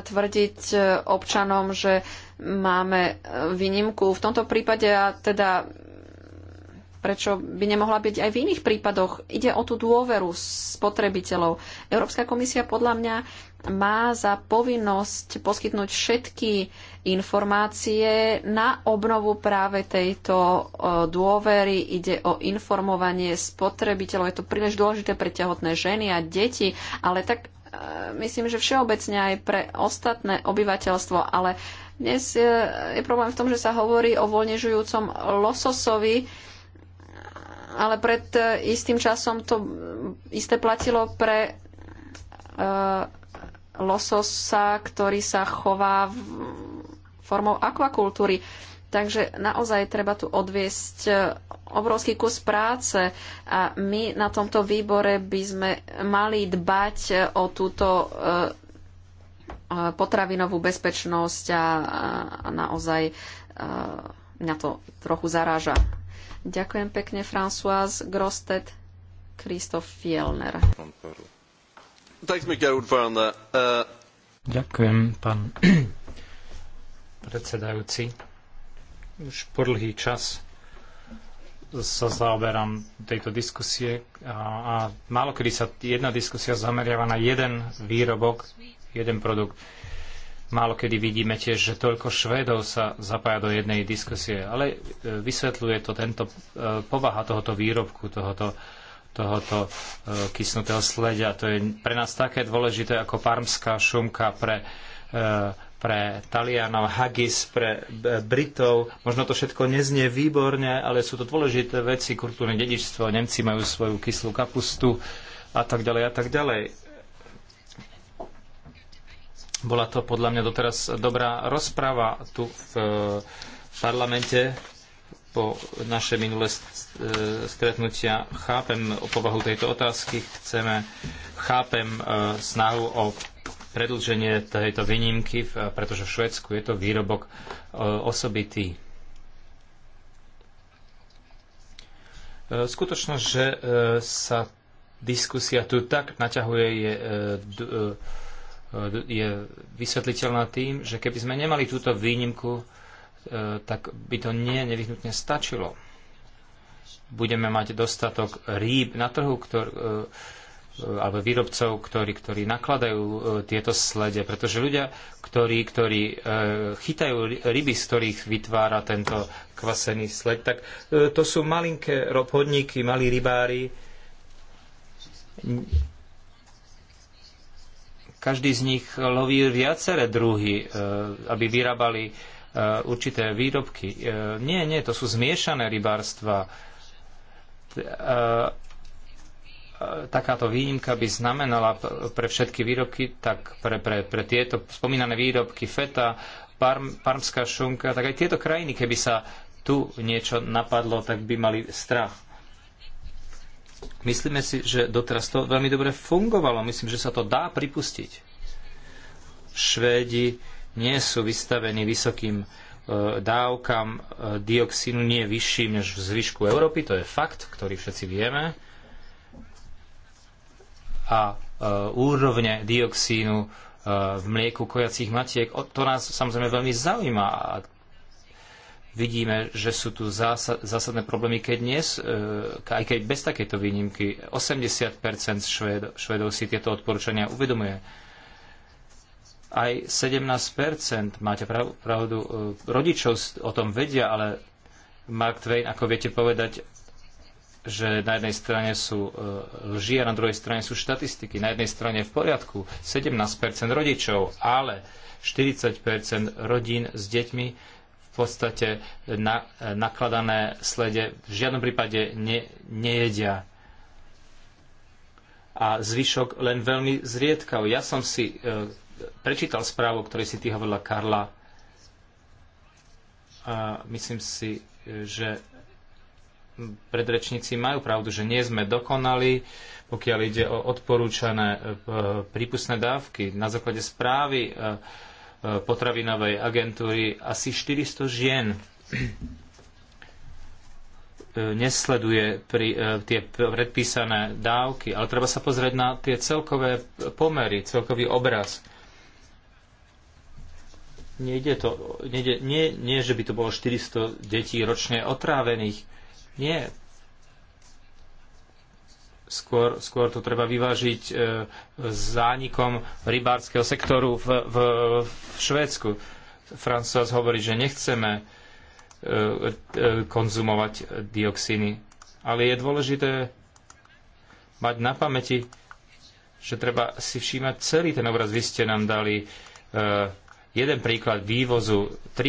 tvrdiť e, občanom, že máme e, výnimku v tomto prípade ja teda prečo by nemohla byť aj v iných prípadoch. Ide o tú dôveru spotrebiteľov. Európska komisia podľa mňa má za povinnosť poskytnúť všetky informácie na obnovu práve tejto e, dôvery. Ide o informovanie spotrebiteľov. Je to príliš dôležité pre tehotné ženy a deti, ale tak e, myslím, že všeobecne aj pre ostatné obyvateľstvo, ale dnes je, je problém v tom, že sa hovorí o voľnežujúcom lososovi, ale pred e, istým časom to isté platilo pre e, lososa, ktorý sa chová v formou akvakultúry. Takže naozaj treba tu odviesť e, obrovský kus práce a my na tomto výbore by sme mali dbať o túto potravinovú bezpečnosť a naozaj mňa to trochu zaráža. Ďakujem pekne, François Grostet, Kristof Fielner. Uh, Ďakujem, pán predsedajúci. Už po dlhý čas sa zaoberám tejto diskusie a, a málo kedy sa jedna diskusia zameriava na jeden výrobok, jeden produkt. Málo kedy vidíme tiež, že toľko Švédov sa zapája do jednej diskusie, ale e, vysvetľuje to tento, e, povaha tohoto výrobku, tohoto, tohoto e, kysnutého sledia. To je pre nás také dôležité ako parmská šumka pre, pre Talianov, haggis pre Britov. Možno to všetko neznie výborne, ale sú to dôležité veci, kultúrne dedičstvo. Nemci majú svoju kyslú kapustu a tak ďalej a tak ďalej bola to podľa mňa doteraz dobrá rozprava tu v e, parlamente po naše minulé e, stretnutia. Chápem o povahu tejto otázky, chceme, chápem e, snahu o predlženie tejto výnimky, pretože v Švedsku je to výrobok osobitý. Skutočnosť, že sa diskusia tu tak naťahuje, je E, je vysvetliteľná tým, že keby sme nemali túto výnimku, e, tak by to nie nevyhnutne stačilo. Budeme mať dostatok rýb na trhu, ktorý, e, alebo výrobcov, ktorí, ktorí nakladajú tieto slede, pretože ľudia, ktorí, ktorí chytajú ryby, z ktorých vytvára tento kvasený sled, tak to sú malinké podniky, malí rybári každý z nich loví viaceré druhy, e, aby vyrábali e, určité výrobky. E, nie, nie, to sú zmiešané rybárstva. Takáto výnimka by znamenala pre všetky výrobky, tak pre, pre, pre tieto spomínané výrobky feta, parm, parmská šunka, tak aj tieto krajiny, keby sa tu niečo napadlo, tak by mali strach. Myslíme si, že doteraz to veľmi dobre fungovalo. Myslím, že sa to dá pripustiť. Švédi nie sú vystavení vysokým e, dávkam e, dioxínu nie vyšším než v zvyšku Európy, to je fakt, ktorý všetci vieme. A e, úrovne dioxínu v mlieku kojacích matiek, to nás samozrejme veľmi zaujíma a vidíme, že sú tu zásadné problémy, keď dnes, e, aj keď bez takejto výnimky 80 Švéd, Švédov si tieto odporúčania uvedomuje. Aj 17 máte pravdu, e, rodičov o tom vedia, ale Mark Twain, ako viete povedať, že na jednej strane sú e, lži a na druhej strane sú štatistiky. Na jednej strane je v poriadku 17 rodičov, ale 40 rodín s deťmi podstate na, nakladané slede v žiadnom prípade ne, nejedia. A zvyšok len veľmi zriedkav. Ja som si e, prečítal správu, o ktorej si ty hovorila, Karla. A myslím si, že predrečníci majú pravdu, že nie sme dokonali, pokiaľ ide o odporúčané e, prípustné dávky. Na základe správy e, E, potravinovej agentúry asi 400 žien e, nesleduje pri, e, tie predpísané dávky, ale treba sa pozrieť na tie celkové pomery, celkový obraz. Nejde to, nejde, nie, nie, že by to bolo 400 detí ročne otrávených. Nie, skôr, skôr to treba vyvážiť e, zánikom rybárskeho sektoru v, v, v Švédsku. Francúz hovorí, že nechceme e, e, konzumovať dioxíny, ale je dôležité mať na pamäti, že treba si všímať celý ten obraz. Vy ste nám dali e, jeden príklad vývozu 300 e,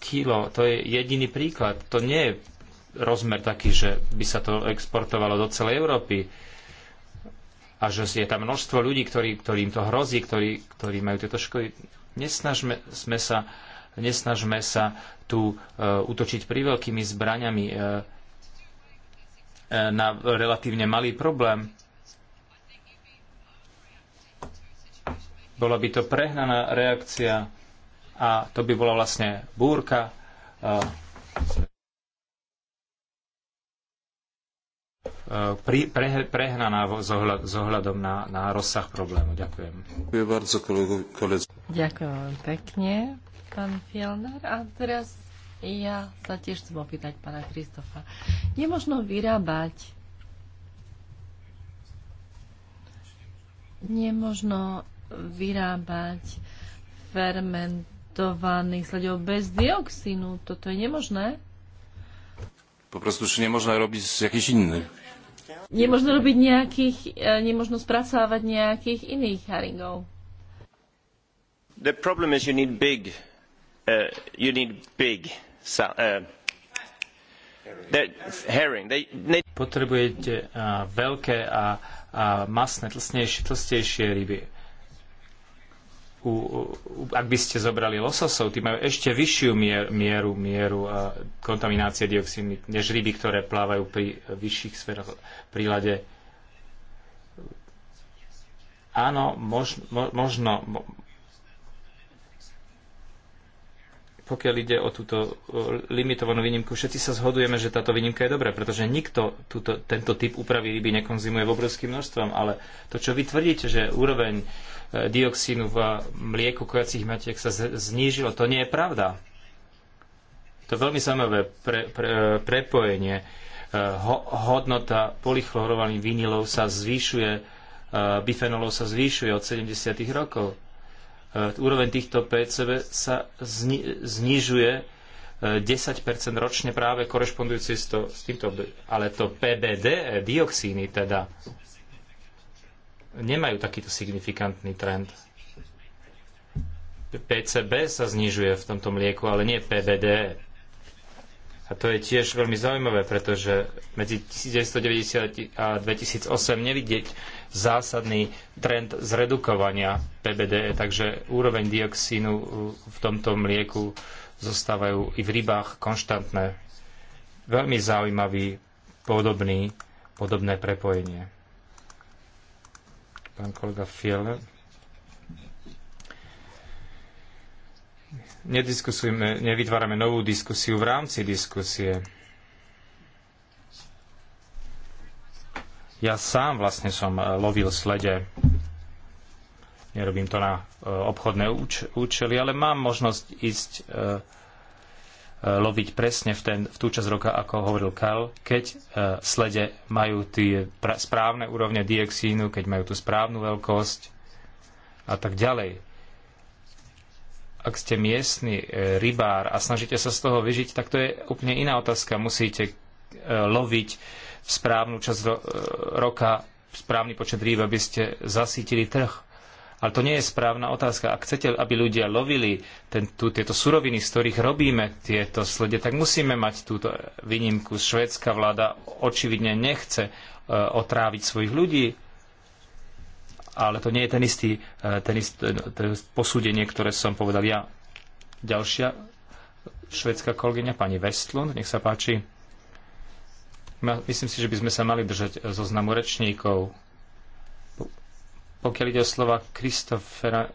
kilo, to je jediný príklad. To nie je rozmer taký, že by sa to exportovalo do celej Európy a že je tam množstvo ľudí, ktorí, ktorým to hrozí, ktorí, ktorí majú tieto škody. Nesnažme sme sa, nesnažme sa tu e, útočiť pri veľkými zbraňami e, e, na relatívne malý problém. Bola by to prehnaná reakcia a to by bola vlastne búrka. E, prehnaná s ohľadom na, na rozsah problému. Ďakujem. Ďakujem veľmi pekne, pán Fielner. A teraz ja sa tiež chcem opýtať pána Kristofa. Je možno vyrábať nemožno vyrábať fermentovaný sledov bez dioxínu. Toto je nemožné? Po prostu, czy nemožné robiť z jakýchž iných? Nemožno robiť nejakých, e, nemožno spracovávať nejakých iných haringov. The problem is you need big, uh, you need big, uh, herring. They, they... Potrebujete uh, veľké a, a masné, tlstnejšie, tlstejšie ryby u, u, ak by ste zobrali lososov, tí majú ešte vyššiu mier, mieru, mieru a kontaminácie dioxínmi, než ryby, ktoré plávajú pri vyšších sférach prílade. Áno, mož, mo, možno, pokiaľ ide o túto limitovanú výnimku, všetci sa zhodujeme, že táto výnimka je dobrá, pretože nikto túto, tento typ úpravy ryby nekonzumuje v obrovským množstvom, ale to, čo vy tvrdíte, že úroveň e, dioxínu v mlieku kojacích matiek sa znížilo, to nie je pravda. To je veľmi zaujímavé pre, pre, e, prepojenie. E, ho, hodnota polychlorovaných vinilov sa zvyšuje, bifenolov sa zvyšuje od 70. rokov E, úroveň týchto PCB sa zni- znižuje 10 e, ročne práve korešpondujúci s, to, s týmto. Ale to PBD, e, dioxíny teda, nemajú takýto signifikantný trend. PCB sa znižuje v tomto mlieku, ale nie PBD. A to je tiež veľmi zaujímavé, pretože medzi 1990 a 2008 nevidieť zásadný trend zredukovania PBD, takže úroveň dioxínu v tomto mlieku zostávajú i v rybách konštantné. Veľmi zaujímavý, podobný, podobné prepojenie. Pán kolega nediskusujme, nevytvárame novú diskusiu v rámci diskusie. Ja sám vlastne som e, lovil slede. Nerobím to na e, obchodné úč účely, ale mám možnosť ísť e, e, loviť presne v, ten, v tú časť roka, ako hovoril Karl, keď e, slede majú tie správne úrovne dioxínu, keď majú tú správnu veľkosť a tak ďalej ak ste miestny e, rybár a snažíte sa z toho vyžiť, tak to je úplne iná otázka. Musíte e, loviť v správnu časť e, roka správny počet rýb, aby ste zasítili trh. Ale to nie je správna otázka. Ak chcete, aby ľudia lovili ten, tú, tieto suroviny, z ktorých robíme tieto slede, tak musíme mať túto výnimku. Švédska vláda očividne nechce otráviť svojich ľudí ale to nie je ten istý, eh, ten istý eh, no, ten posúdenie, ktoré som povedal ja. Ďalšia švedská kolegyňa, pani Westlund, nech sa páči. Myslím si, že by sme sa mali držať eh, zoznamu rečníkov. Pokiaľ ide o slova Kristofera,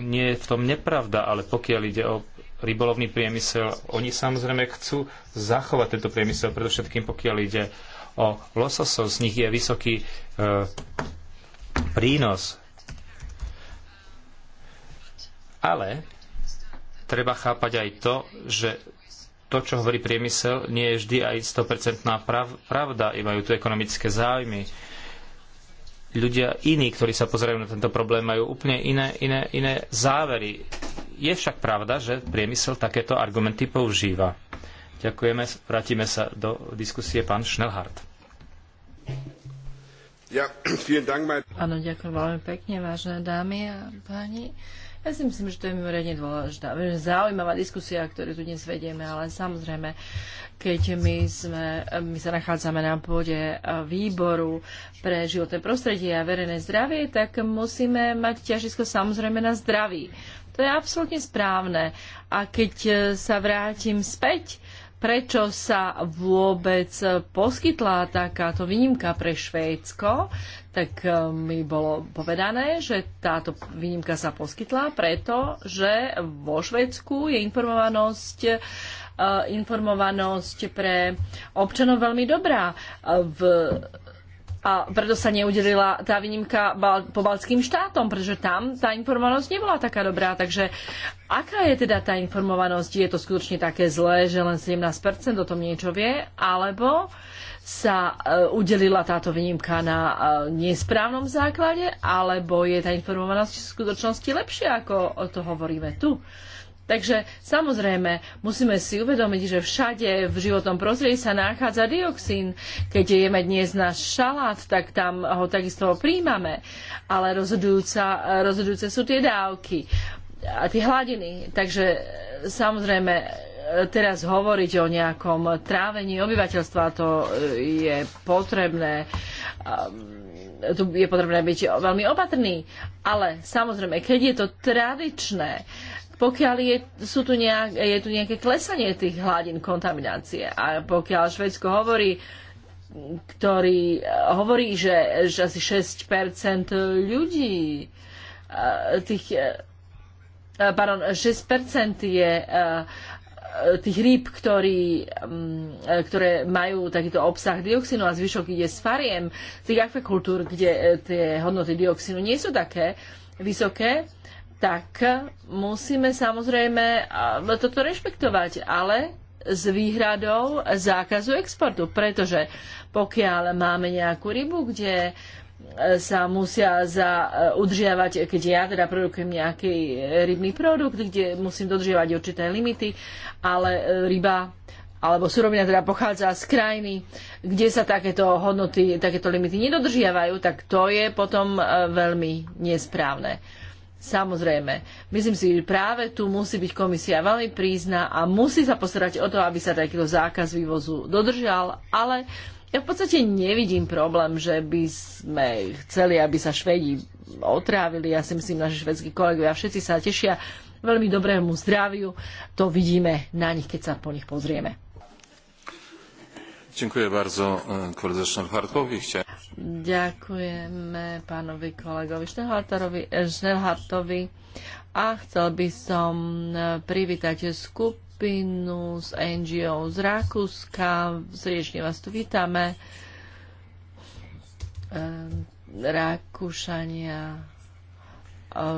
nie je v tom nepravda, ale pokiaľ ide o rybolovný priemysel, oni samozrejme chcú zachovať tento priemysel, predovšetkým pokiaľ ide o lososov, z nich je vysoký e, prínos. Ale treba chápať aj to, že to, čo hovorí priemysel, nie je vždy aj 100% prav- pravda. I majú tu ekonomické záujmy. Ľudia iní, ktorí sa pozerajú na tento problém, majú úplne iné, iné, iné závery. Je však pravda, že priemysel takéto argumenty používa. Ďakujeme. Vrátime sa do diskusie pán Schnellhardt. Ja, Áno, ďakujem veľmi pekne, vážené dámy a páni. Ja si myslím, že to je mimoriadne dôležitá, zaujímavá diskusia, ktorú tu dnes vedieme, ale samozrejme, keď my, sme, my sa nachádzame na pôde e, výboru pre životné prostredie a verejné zdravie, tak musíme mať ťažisko samozrejme na zdraví. To je absolútne správne. A keď e, sa vrátim späť, prečo sa vôbec poskytla takáto výnimka pre Švédsko, tak e, mi bolo povedané, že táto výnimka sa poskytla preto, že vo Švédsku je informovanosť e, informovanosť pre občanov veľmi dobrá. E, v a preto sa neudelila tá výnimka po baltským štátom, pretože tam tá informovanosť nebola taká dobrá. Takže aká je teda tá informovanosť? Je to skutočne také zlé, že len 17% o tom niečo vie? Alebo sa e, udelila táto výnimka na e, nesprávnom základe? Alebo je tá informovanosť v skutočnosti lepšia, ako o to hovoríme tu? Takže samozrejme, musíme si uvedomiť, že všade v životnom prostredí sa nachádza dioxín. Keď jeme dnes náš šalát, tak tam ho takisto príjmame. Ale rozhodujúce sú tie dávky a tie hladiny. Takže samozrejme, teraz hovoriť o nejakom trávení obyvateľstva, to je potrebné um, tu je potrebné byť veľmi opatrný. Ale samozrejme, keď je to tradičné, pokiaľ je, sú tu nejak, je tu nejaké klesanie tých hladín kontaminácie. A pokiaľ Švedsko hovorí, ktorý hovorí, že, že asi 6% ľudí tých e, pardon, 6% je e, tých rýb, ktorý, e, ktoré majú takýto obsah dioxínu a zvyšok ide z fariem, z tých akvakultúr, kde tie hodnoty dioxínu nie sú také vysoké, tak musíme samozrejme toto rešpektovať, ale s výhradou zákazu exportu, pretože pokiaľ máme nejakú rybu, kde e, sa musia za, e, udržiavať, keď ja teda produkujem nejaký rybný produkt, kde musím dodržiavať určité limity, ale e, ryba alebo surovina teda pochádza z krajiny, kde sa takéto hodnoty, takéto limity nedodržiavajú, tak to je potom veľmi nesprávne. Samozrejme, myslím si, že práve tu musí byť komisia veľmi prízna a musí sa postarať o to, aby sa takýto zákaz vývozu dodržal, ale ja v podstate nevidím problém, že by sme chceli, aby sa Švedi otrávili. Ja si myslím, naši švedskí kolegovia všetci sa tešia veľmi dobrému zdraviu. To vidíme na nich, keď sa po nich pozrieme. Dziękuję bardzo e, koleżance Hartowi. Ďakujeme pánovi kolegovi Šnelhartovi a chcel by som e, privítať skupinu z NGO z Rakúska. Zriečne vás tu vítame. E, Rakúšania e,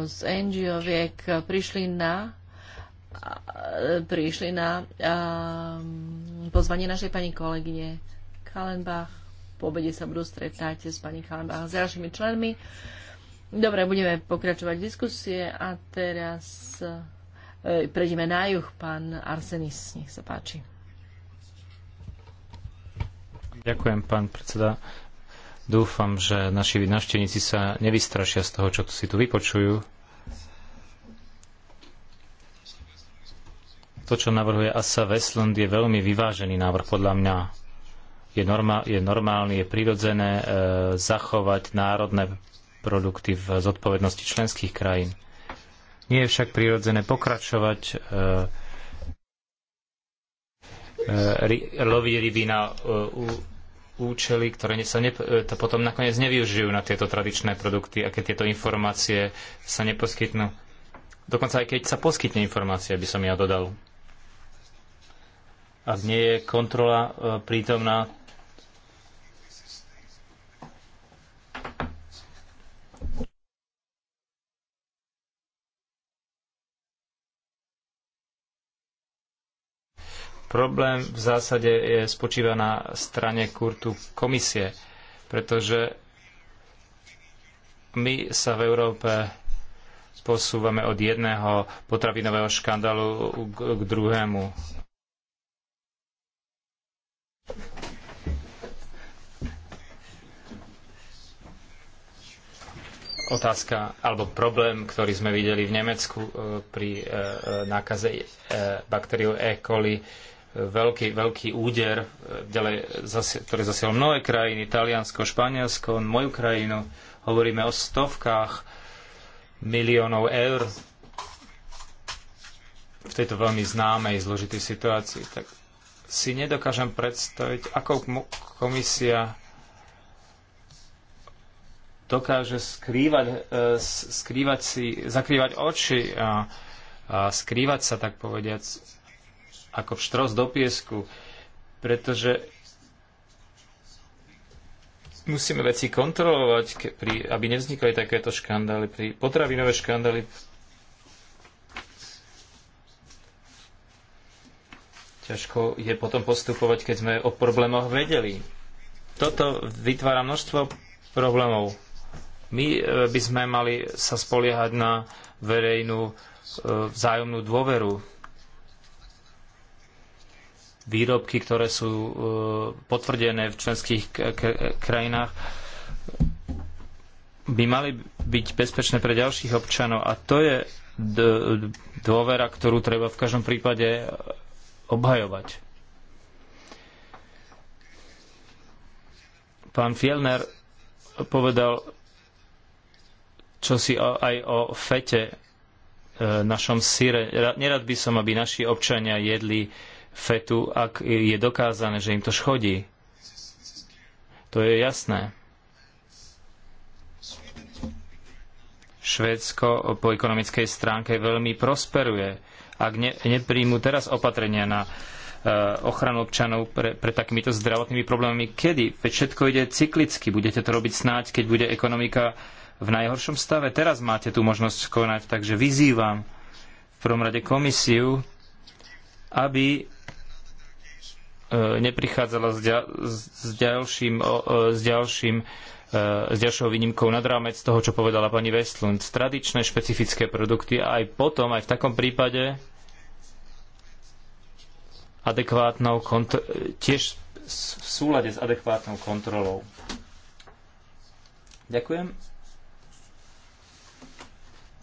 z NGO viek prišli na prišli na pozvanie našej pani kolegyne Kalenbach po obede sa budú stretať s pani Kalembach a s ďalšími členmi. Dobre, budeme pokračovať diskusie a teraz e, prejdeme na juh. Pán Arsenis, nech sa páči. Ďakujem, pán predseda. Dúfam, že naši návštevníci sa nevystrašia z toho, čo tu si tu vypočujú. To, čo navrhuje Asa Westland, je veľmi vyvážený návrh podľa mňa je, normál, je normálne, je prirodzené e, zachovať národné produkty v zodpovednosti členských krajín. Nie je však prirodzené pokračovať e, e, loví ryby na e, u, účely, ktoré sa ne, e, to potom nakoniec nevyužijú na tieto tradičné produkty a keď tieto informácie sa neposkytnú. Dokonca aj keď sa poskytne informácia, by som ja dodal. Ak nie je kontrola e, prítomná, Problém v zásade je, spočíva na strane kurtu komisie, pretože my sa v Európe posúvame od jedného potravinového škandálu k, druhému. Otázka alebo problém, ktorý sme videli v Nemecku e, pri e, e, nákaze baktériou E. coli, veľký, veľký úder, e, ďalej, ktorý zasiahol mnohé krajiny, Taliansko, Španielsko, moju krajinu. Hovoríme o stovkách miliónov eur v tejto veľmi známej, zložitej situácii. Tak si nedokážem predstaviť, ako komisia dokáže skrývať, e, skrývať si, zakrývať oči a, a skrývať sa, tak povediať ako štros do piesku, pretože musíme veci kontrolovať, pri, aby nevznikali takéto škandály, pri potravinové škandály. Ťažko je potom postupovať, keď sme o problémoch vedeli. Toto vytvára množstvo problémov. My e, by sme mali sa spoliehať na verejnú e, vzájomnú dôveru výrobky, ktoré sú e, potvrdené v členských krajinách, by mali byť bezpečné pre ďalších občanov. A to je dôvera, ktorú treba v každom prípade obhajovať. Pán Fielner povedal čosi aj o fete, e, našom syre. Nerad by som, aby naši občania jedli fetu, ak je dokázané, že im to škodí. To je jasné. Švédsko po ekonomickej stránke veľmi prosperuje. Ak ne, nepríjmu teraz opatrenia na e, ochranu občanov pre, pre takýmito zdravotnými problémami, kedy? Veď všetko ide cyklicky. Budete to robiť snáď, keď bude ekonomika v najhoršom stave. Teraz máte tú možnosť konať, takže vyzývam v prvom rade komisiu, aby E, neprichádzala s, ďalším, s ďalším e, e, s ďalšou výnimkou nad rámec toho, čo povedala pani Westlund. Tradičné špecifické produkty a aj potom, aj v takom prípade adekvátnou tiež v súlade s adekvátnou kontrolou. Ďakujem.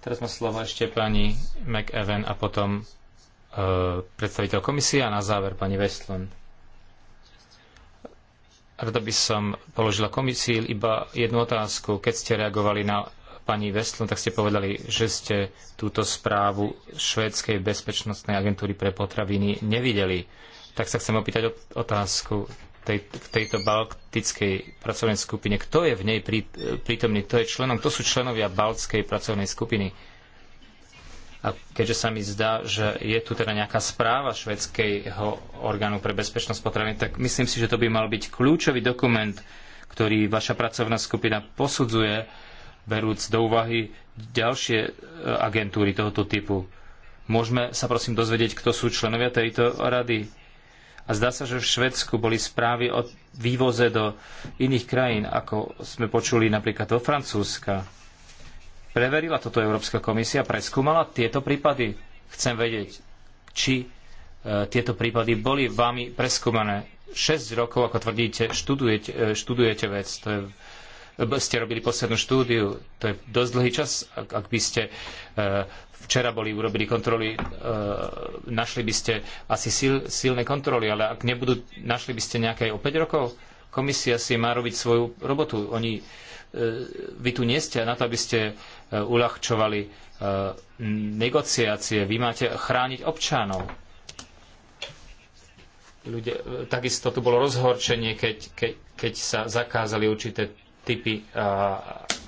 Teraz má slovo ešte pani McEwen a potom e, predstaviteľ komisie a na záver pani Westlund. Rada by som položila komisii iba jednu otázku. Keď ste reagovali na pani Vestlund, tak ste povedali, že ste túto správu švédskej bezpečnostnej agentúry pre potraviny nevideli. Tak sa chcem opýtať otázku tej, tejto baltickej pracovnej skupine. Kto je v nej prítomný? Kto je členom? Kto sú členovia baltskej pracovnej skupiny? A keďže sa mi zdá, že je tu teda nejaká správa švedského orgánu pre bezpečnosť potravín, tak myslím si, že to by mal byť kľúčový dokument, ktorý vaša pracovná skupina posudzuje, berúc do úvahy ďalšie e, agentúry tohoto typu. Môžeme sa prosím dozvedieť, kto sú členovia tejto rady. A zdá sa, že v Švedsku boli správy o vývoze do iných krajín, ako sme počuli napríklad do Francúzska Preverila toto Európska komisia, preskúmala tieto prípady. Chcem vedieť, či e, tieto prípady boli vami preskúmané. 6 rokov, ako tvrdíte, študujete, e, študujete vec. To je, e, ste robili poslednú štúdiu, to je dosť dlhý čas, ak, ak by ste včera boli, urobili kontroly, našli by ste asi sil, silné kontroly, ale ak nebudú, našli by ste nejaké o 5 rokov? Komisia si má robiť svoju robotu. Oni E, vy tu nie ste na to, aby ste e, uľahčovali e, negociácie. Vy máte chrániť občanov. Ľudia, takisto tu bolo rozhorčenie, keď, keď, keď sa zakázali určité typy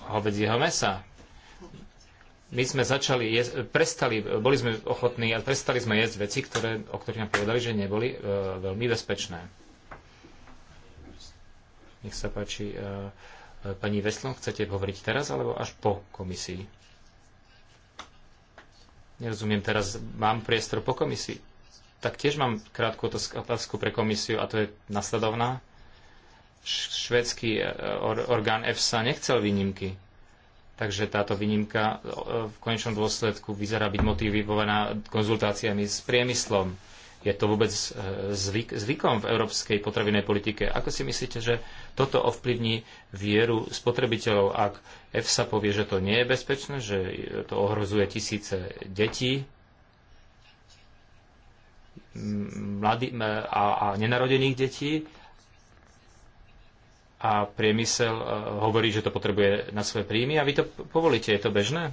hovedzieho mesa. My sme začali jesť, prestali, boli sme ochotní a prestali sme jesť veci, ktoré, o ktorých nám povedali, že neboli e, veľmi bezpečné. Nech sa páči. E, Pani veslom, chcete hovoriť teraz alebo až po komisii? Nerozumiem teraz, mám priestor po komisii? Tak tiež mám krátku otázku pre komisiu a to je nasledovná. E, or- orgán EFSA nechcel výnimky. Takže táto výnimka e, v konečnom dôsledku vyzerá byť motivovaná konzultáciami s priemyslom je to vôbec e, zvyk, zvykom v európskej potravinej politike. Ako si myslíte, že toto ovplyvní vieru spotrebiteľov, ak EFSA povie, že to nie je bezpečné, že to ohrozuje tisíce detí mladý, a, a nenarodených detí a priemysel e, hovorí, že to potrebuje na svoje príjmy a vy to povolíte, je to bežné?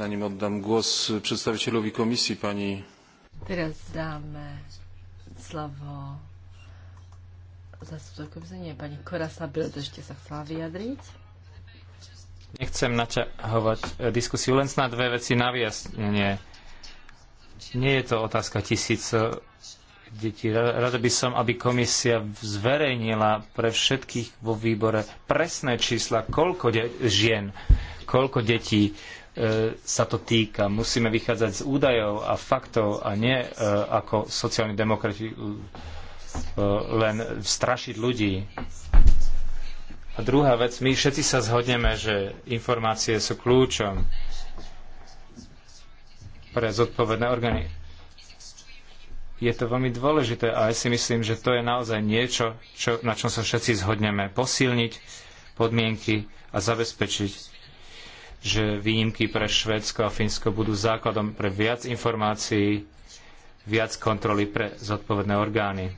zanim oddam głos przedstawicielowi komisji, pani... Teraz dáme slovo zastupcov Nie, pani Korasa Bildo ešte sa chcela vyjadriť. Nechcem naťahovať e, diskusiu, len snad dve veci naviasnenie. Nie je to otázka tisíc detí. Rada by som, aby komisia zverejnila pre všetkých vo výbore presné čísla, koľko žien, koľko detí E, sa to týka. Musíme vychádzať z údajov a faktov a nie e, ako sociálni demokrati e, len strašiť ľudí. A druhá vec, my všetci sa zhodneme, že informácie sú kľúčom pre zodpovedné orgány. Je to veľmi dôležité a ja si myslím, že to je naozaj niečo, čo, na čom sa všetci zhodneme. Posilniť podmienky a zabezpečiť že výnimky pre Švédsko a Fínsko budú základom pre viac informácií, viac kontroly pre zodpovedné orgány.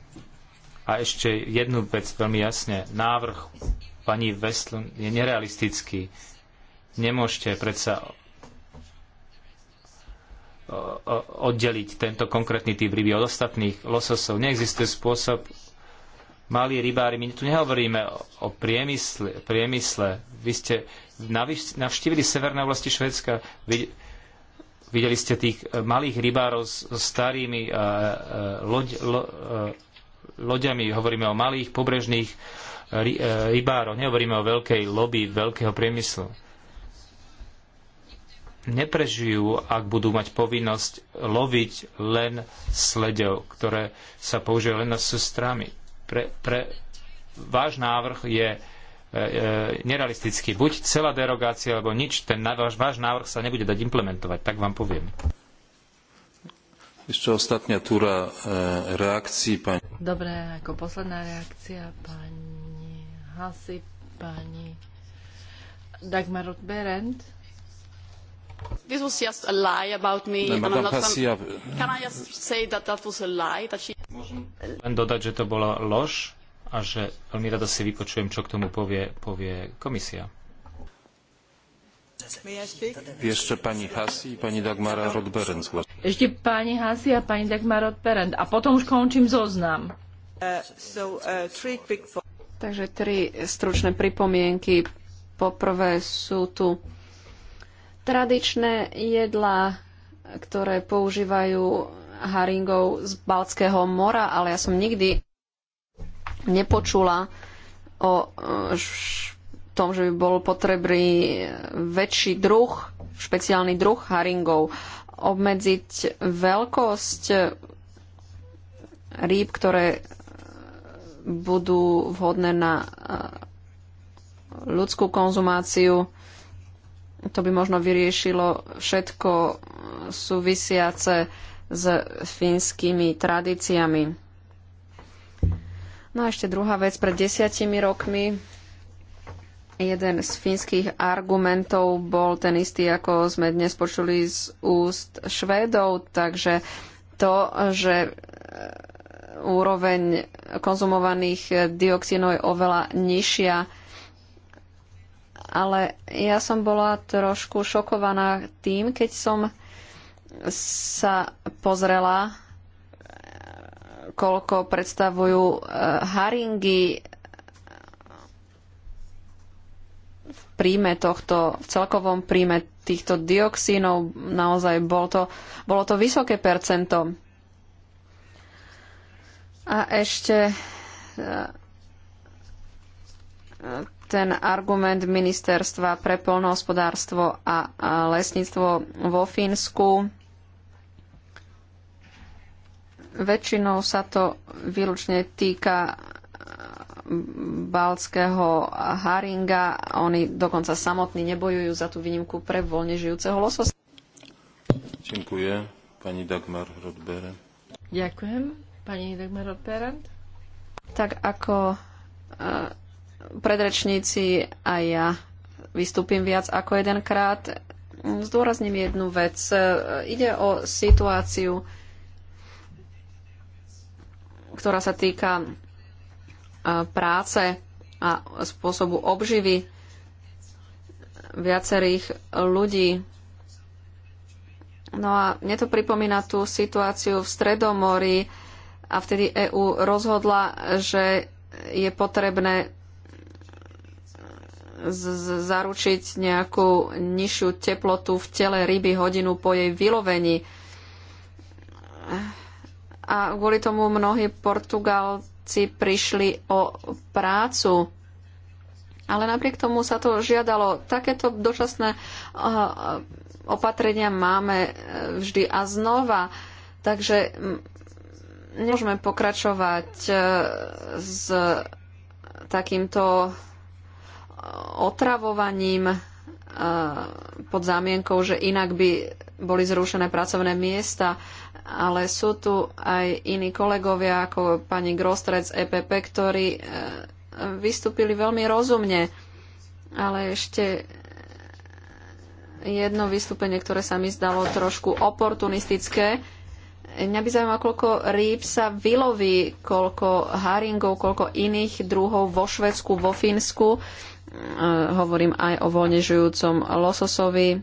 A ešte jednu vec veľmi jasne. Návrh pani Vestlund je nerealistický. Nemôžete predsa oddeliť tento konkrétny typ ryby od ostatných lososov. Neexistuje spôsob. Malí rybári, my tu nehovoríme o priemysle. priemysle. Vy ste navštívili severné oblasti Švédska, videli ste tých e, malých rybárov s starými e, e, loď, lo, loďami, hovoríme o malých pobrežných rybároch, nehovoríme o veľkej lobby, veľkého priemyslu. Neprežijú, ak budú mať povinnosť loviť len sledov, ktoré sa používajú len na sestrami. Pre, pre, váš návrh je E, e, nerealistický. Buď celá derogácia, alebo nič, ten váš, váš návrh sa nebude dať implementovať, tak vám poviem. Ešte ostatná túra e, reakcií. Pani... Dobre, ako posledná reakcia pani Hasi, pani Dagmar Berend. This was just a lie about me. Ne, and I'm not some... Can I just say that that was a lie? That she... Môžem len dodať, že to bola lož a že veľmi rada si vypočujem, čo k tomu povie, povie komisia. Ešte pani Hasi, pani Dagmara Rodberend. Ešte pani Hasi a pani Dagmara Rodberend. A potom už končím zoznam. Takže tri stručné pripomienky. Poprvé sú tu tradičné jedlá, ktoré používajú haringov z Baltského mora, ale ja som nikdy nepočula o e, tom, že by bol potrebný väčší druh, špeciálny druh haringov, obmedziť veľkosť rýb, ktoré budú vhodné na e, ľudskú konzumáciu. To by možno vyriešilo všetko súvisiace s fínskymi tradíciami. No a ešte druhá vec, pred desiatimi rokmi jeden z fínskych argumentov bol ten istý, ako sme dnes počuli z úst Švédov, takže to, že e, úroveň konzumovaných dioxínov je oveľa nižšia. Ale ja som bola trošku šokovaná tým, keď som sa pozrela koľko predstavujú e, haringy v príjme tohto, v celkovom príjme týchto dioxínov. Naozaj bolo to, bolo to vysoké percento. A ešte e, ten argument ministerstva pre polnohospodárstvo a lesníctvo vo Fínsku Väčšinou sa to výlučne týka eh, balckého haringa. Oni dokonca samotní nebojujú za tú výnimku pre voľne žijúceho lososa. Ďakujem. Pani Dagmar Rodberen. Ďakujem. Pani Dagmar Rodberen. Tak ako eh, predrečníci a ja vystúpim viac ako jedenkrát, zdôrazním jednu vec. Eh, ide o situáciu ktorá sa týka e, práce a spôsobu obživy viacerých ľudí. No a mne to pripomína tú situáciu v Stredomori a vtedy EÚ rozhodla, že je potrebné zaručiť nejakú nižšiu teplotu v tele ryby hodinu po jej vylovení a kvôli tomu mnohí Portugalci prišli o prácu. Ale napriek tomu sa to žiadalo. Takéto dočasné eh, opatrenia máme eh, vždy a znova. Takže nemôžeme mm, pokračovať eh, s takýmto otravovaním pod zámienkou, že inak by boli zrušené pracovné miesta ale sú tu aj iní kolegovia ako pani Grostrec EPP, ktorí e, vystúpili veľmi rozumne, ale ešte jedno vystúpenie, ktoré sa mi zdalo trošku oportunistické. Mňa by zaujímalo, koľko rýb sa vyloví, koľko haringov, koľko iných druhov vo Švedsku, vo Fínsku. E, hovorím aj o voľne žijúcom lososovi,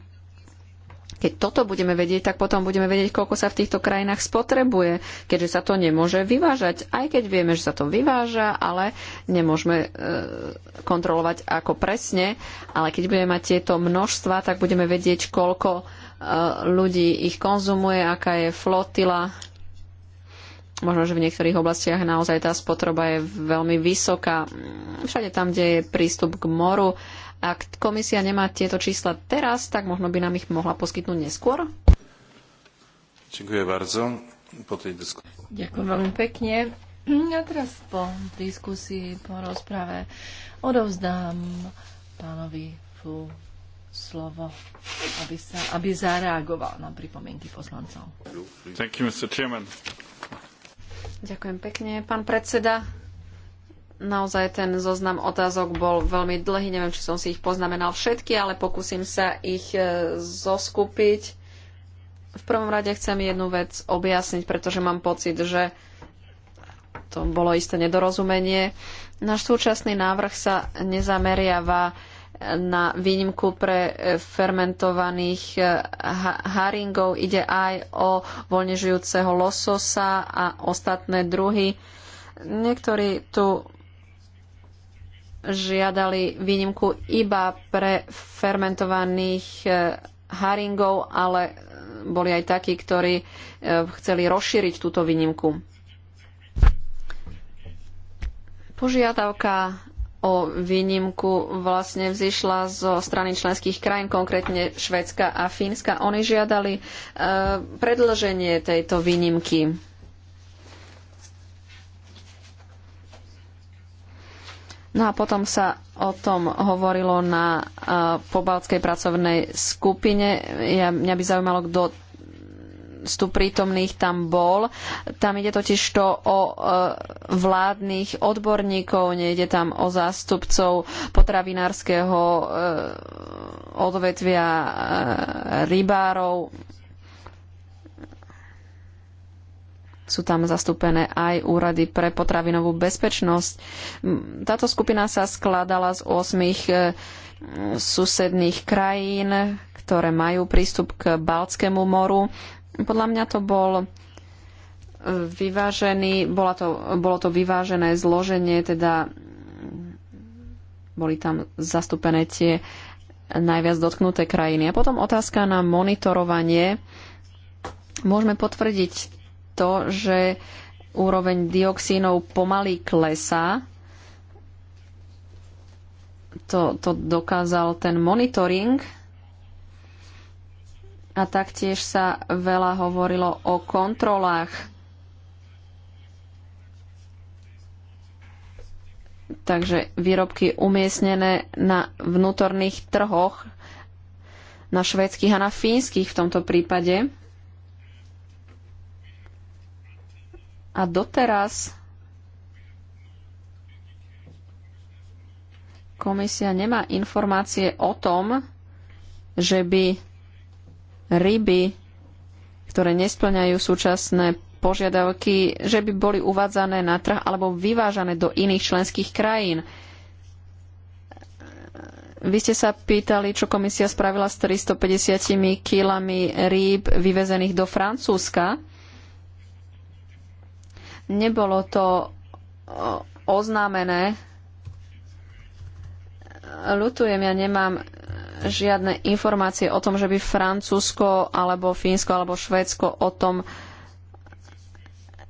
keď toto budeme vedieť, tak potom budeme vedieť, koľko sa v týchto krajinách spotrebuje, keďže sa to nemôže vyvážať. Aj keď vieme, že sa to vyváža, ale nemôžeme e, kontrolovať ako presne. Ale keď budeme mať tieto množstva, tak budeme vedieť, koľko e, ľudí ich konzumuje, aká je flotila. Možno, že v niektorých oblastiach naozaj tá spotreba je veľmi vysoká. Všade tam, kde je prístup k moru ak komisia nemá tieto čísla teraz, tak možno by nám ich mohla poskytnúť neskôr. Ďakujem bardzo. Po tej disku... Ďakujem veľmi pekne. A teraz po diskusii, po rozprave odovzdám pánovi Fu slovo, aby, sa, aby zareagoval na pripomienky poslancov. You, Ďakujem pekne, pán predseda. Naozaj ten zoznam otázok bol veľmi dlhý, neviem, či som si ich poznamenal všetky, ale pokúsim sa ich e, zoskupiť. V prvom rade chcem jednu vec objasniť, pretože mám pocit, že to bolo isté nedorozumenie. Náš súčasný návrh sa nezameriava na výnimku pre e, fermentovaných e, haringov. Ide aj o voľne žijúceho lososa a ostatné druhy. Niektorí tu žiadali výnimku iba pre fermentovaných e, haringov, ale boli aj takí, ktorí e, chceli rozšíriť túto výnimku. Požiadavka o výnimku vlastne vzýšla zo strany členských krajín, konkrétne Švedska a Fínska. Oni žiadali e, predlženie tejto výnimky. No a potom sa o tom hovorilo na e, pobaltskej pracovnej skupine. Ja, mňa by zaujímalo, kto z tu prítomných tam bol. Tam ide totiž to o e, vládnych odborníkov, nejde tam o zástupcov potravinárskeho e, odvetvia e, rybárov sú tam zastúpené aj úrady pre potravinovú bezpečnosť. Táto skupina sa skladala z 8 e, susedných krajín, ktoré majú prístup k Baltskému moru. Podľa mňa to bol e, vyvážený, bola to, bolo to vyvážené zloženie, teda boli tam zastúpené tie najviac dotknuté krajiny. A potom otázka na monitorovanie. Môžeme potvrdiť to, že úroveň dioxínov pomaly klesá. To, to dokázal ten monitoring. A taktiež sa veľa hovorilo o kontrolách. Takže výrobky umiestnené na vnútorných trhoch, na švédskych a na fínskych v tomto prípade. A doteraz komisia nemá informácie o tom, že by ryby, ktoré nesplňajú súčasné požiadavky, že by boli uvádzané na trh alebo vyvážané do iných členských krajín. Vy ste sa pýtali, čo komisia spravila s 350 kilami rýb vyvezených do Francúzska. Nebolo to oznámené. Lutujem, ja nemám žiadne informácie o tom, že by Francúzsko alebo Fínsko alebo Švédsko o tom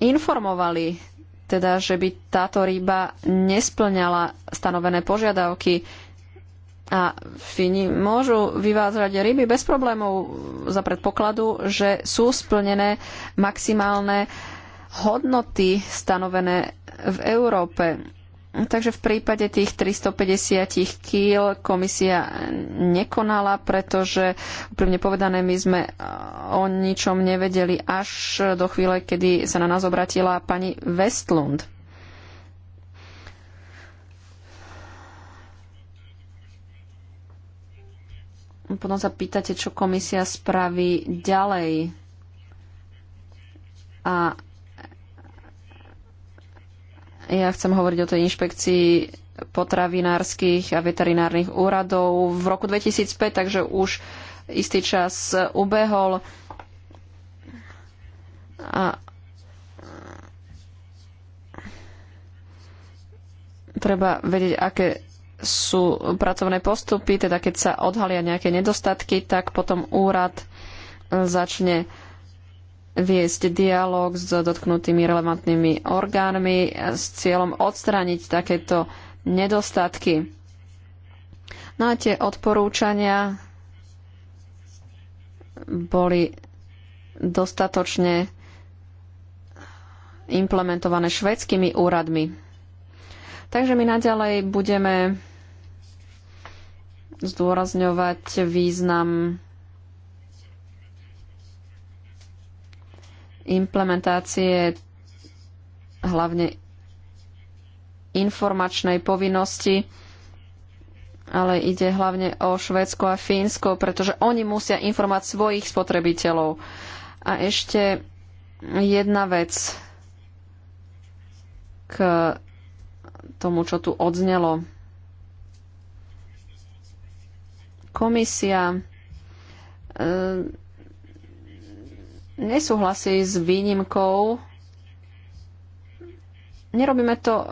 informovali, teda že by táto ryba nesplňala stanovené požiadavky. A Fíni môžu vyvádzať ryby bez problémov za predpokladu, že sú splnené maximálne uh, hodnoty stanovené v Európe. Takže v prípade tých 350 kýl komisia nekonala, pretože úplne povedané my sme e, o ničom nevedeli až do chvíle, kedy sa na nás obratila pani Westlund. Potom sa pýtate, čo komisia spraví ďalej. A ja chcem hovoriť o tej inšpekcii potravinárskych a veterinárnych úradov v roku 2005, takže už istý čas ubehol. A treba vedieť, aké sú pracovné postupy, teda keď sa odhalia nejaké nedostatky, tak potom úrad začne viesť dialog s dotknutými relevantnými orgánmi s cieľom odstrániť takéto nedostatky. No a tie odporúčania boli dostatočne implementované švedskými úradmi. Takže my naďalej budeme zdôrazňovať význam implementácie hlavne informačnej povinnosti, ale ide hlavne o Švédsko a Fínsko, pretože oni musia informovať svojich spotrebiteľov. A ešte jedna vec k tomu, čo tu odznelo. Komisia e, nesúhlasí s výnimkou. Nerobíme to e,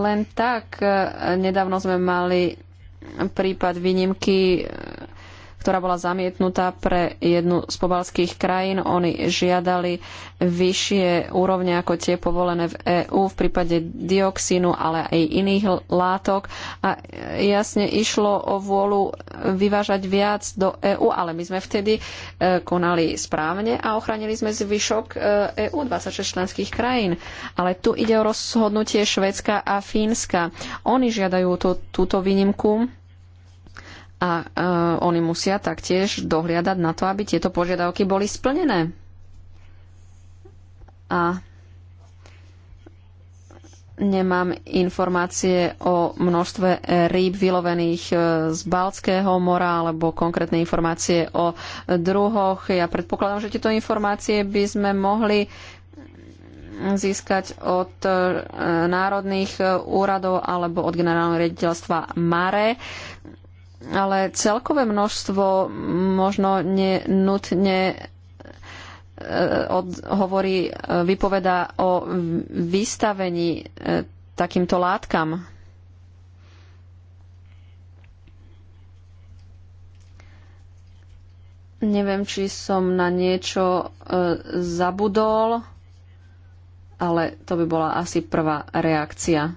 len tak. E, nedávno sme mali prípad výnimky e, ktorá bola zamietnutá pre jednu z pobalských krajín. Oni žiadali vyššie úrovne ako tie povolené v EÚ v prípade dioxínu, ale aj iných látok. A jasne išlo o vôľu vyvážať viac do EÚ, ale my sme vtedy e, konali správne a ochránili sme zvyšok EÚ 26 e členských krajín. Ale tu ide o rozhodnutie Švedska a Fínska. Oni žiadajú tú, túto výnimku a e, oni musia taktiež dohliadať na to, aby tieto požiadavky boli splnené. A nemám informácie o množstve rýb vylovených e, z Balckého mora alebo konkrétne informácie o druhoch. Ja predpokladám, že tieto informácie by sme mohli získať od e, národných úradov alebo od generálneho riaditeľstva MARE ale celkové množstvo možno nenutne e, od, hovorí, e, vypoveda o vystavení e, takýmto látkam. Neviem, či som na niečo zabudol, ale to by bola asi prvá reakcia.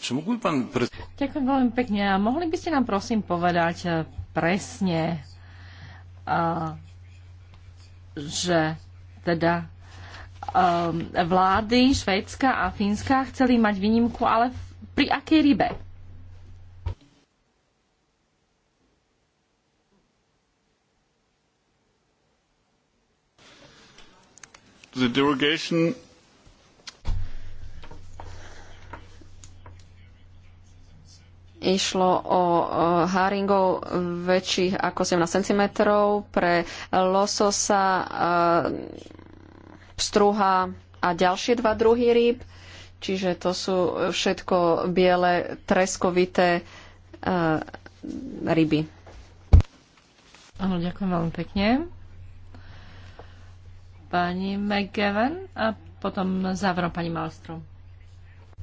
Čo mohol pán pre... Ďakujem veľmi pekne. A mohli by ste nám prosím povedať e, presne, a, e, že teda e, vlády Švédska a Fínska chceli mať výnimku, ale pri akej rybe? The derogation Išlo o haringov väčších ako 17 cm, pre lososa, e, pstruha a ďalšie dva druhy rýb. Čiže to sú všetko biele, treskovité e, ryby. Áno, ďakujem veľmi pekne. Pani McGavin a potom záverom pani Malstrom.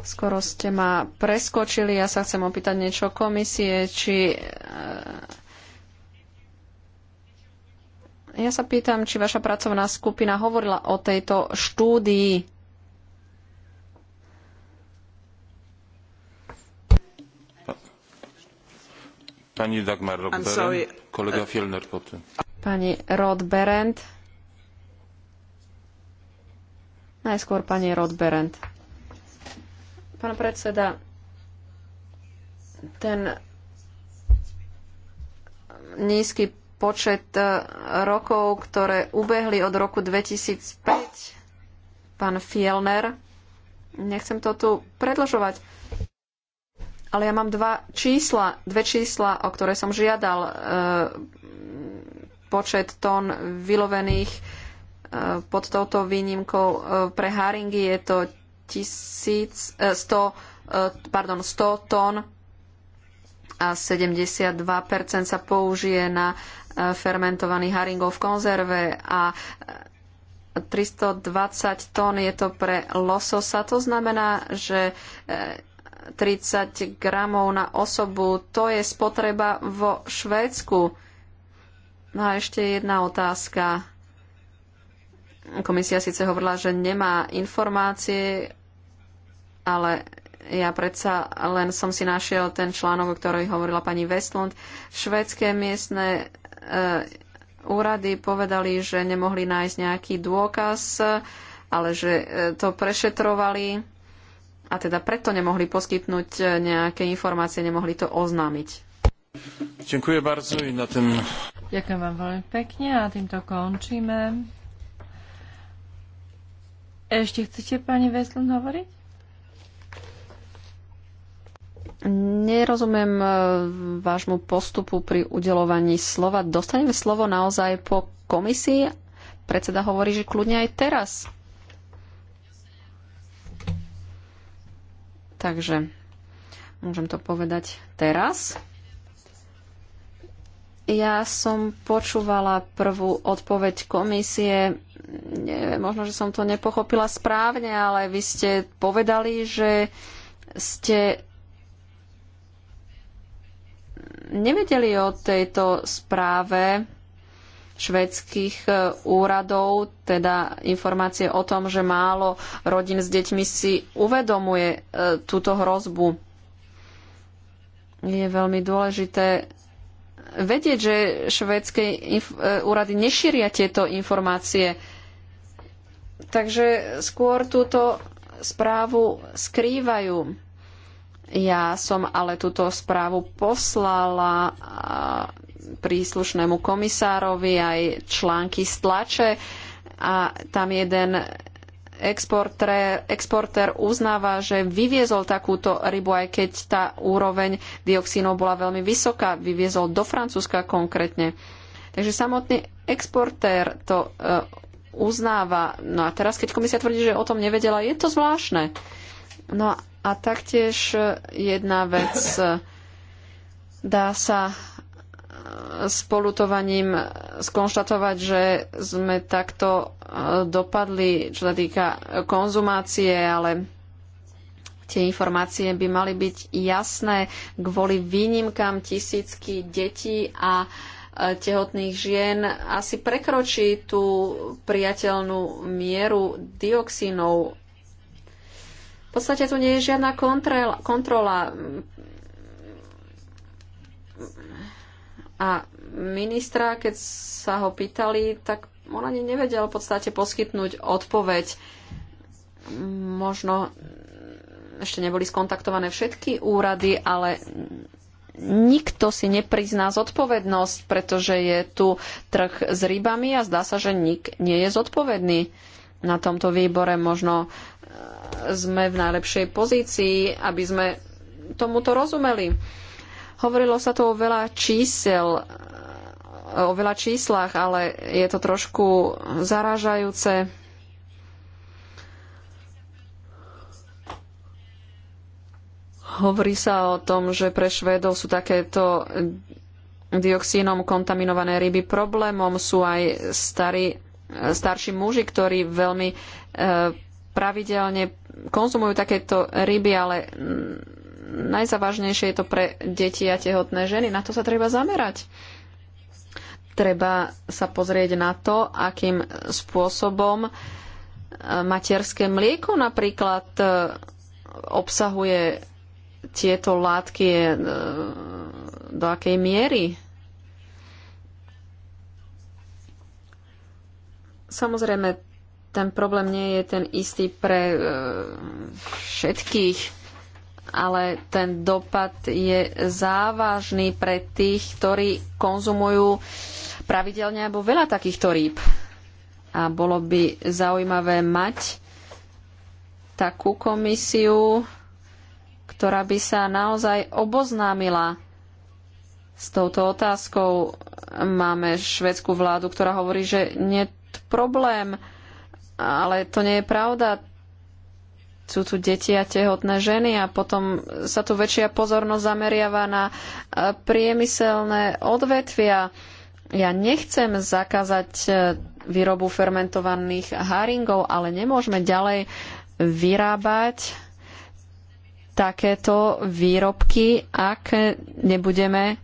Skoro ste ma preskočili. Ja sa chcem opýtať niečo komisie, či... Eh, ja sa pýtam, či vaša pracovná skupina hovorila o tejto štúdii. Pani Dagmar Rodberend, kolega Fielner potom. Pani Rodberend. Najskôr pani Rodberend. Pán predseda, ten nízky počet e, rokov, ktoré ubehli od roku 2005, pán Fielner, nechcem to tu predlžovať, ale ja mám dva čísla, dve čísla, o ktoré som žiadal. E, počet tón vylovených e, pod touto výnimkou pre haringy je to tisíc, 100, e, e, pardon, 100 tón a 72% sa použije na e, fermentovaný haringov v konzerve a 320 tón je to pre lososa. To znamená, že 30 gramov na osobu, to je spotreba vo Švédsku. No a ešte jedna otázka. Komisia síce hovorila, že nemá informácie ale ja predsa len som si našiel ten článok, o ktorej hovorila pani Westlund. Švedské miestne eh, úrady povedali, že nemohli nájsť nejaký dôkaz, ale že eh, to prešetrovali a teda preto nemohli poskytnúť eh, nejaké informácie, nemohli to oznámiť. Ďakujem bardzo i na tým... Ďakujem vám veľmi pekne a týmto končíme. Ešte chcete pani Westlund hovoriť? Nerozumiem e, vášmu postupu pri udelovaní slova. Dostaneme slovo naozaj po komisii? Predseda hovorí, že kľudne aj teraz. Takže môžem to povedať teraz. Ja som počúvala prvú odpoveď komisie. Neviem, možno, že som to nepochopila správne, ale vy ste povedali, že ste nevedeli o tejto správe švedských e, úradov, teda informácie o tom, že málo rodín s deťmi si uvedomuje e, túto hrozbu. Je veľmi dôležité vedieť, že švédske úrady nešíria tieto informácie. Takže skôr túto správu skrývajú. Ja som ale túto správu poslala príslušnému komisárovi aj články z tlače a tam jeden exportér, exportér uznáva, že vyviezol takúto rybu, aj keď tá úroveň dioxínov bola veľmi vysoká, vyviezol do Francúzska konkrétne. Takže samotný exportér to e, uznáva. No a teraz, keď komisia tvrdí, že o tom nevedela, je to zvláštne. No a taktiež jedna vec dá sa e, s polutovaním skonštatovať, že sme takto e, dopadli, čo sa týka konzumácie, ale tie informácie by mali byť jasné kvôli výnimkám tisícky detí a e, tehotných žien asi prekročí tú priateľnú mieru dioxínov v podstate tu nie je žiadna kontrela, kontrola. A ministra, keď sa ho pýtali, tak on ani nevedel v podstate poskytnúť odpoveď. Možno ešte neboli skontaktované všetky úrady, ale nikto si neprizná zodpovednosť, pretože je tu trh s rybami a zdá sa, že nik nie je zodpovedný na tomto výbore. Možno sme v najlepšej pozícii, aby sme tomuto rozumeli. Hovorilo sa tu o veľa čísel, o veľa číslach, ale je to trošku zarážajúce. Hovorí sa o tom, že pre Švédov sú takéto dioxínom kontaminované ryby problémom. Sú aj starí, starší muži, ktorí veľmi eh, pravidelne konzumujú takéto ryby, ale najzávažnejšie je to pre deti a tehotné ženy. Na to sa treba zamerať. Treba sa pozrieť na to, akým spôsobom e, materské mlieko napríklad e, obsahuje tieto látky, e, do akej miery. Samozrejme, ten problém nie je ten istý pre e, všetkých, ale ten dopad je závažný pre tých, ktorí konzumujú pravidelne alebo veľa takýchto rýb. A bolo by zaujímavé mať takú komisiu, ktorá by sa naozaj oboznámila s touto otázkou. Máme švedskú vládu, ktorá hovorí, že nie problém ale to nie je pravda. Sú tu deti a tehotné ženy a potom sa tu väčšia pozornosť zameriava na e, priemyselné odvetvia. Ja nechcem zakázať e, výrobu fermentovaných haringov, ale nemôžeme ďalej vyrábať takéto výrobky, ak nebudeme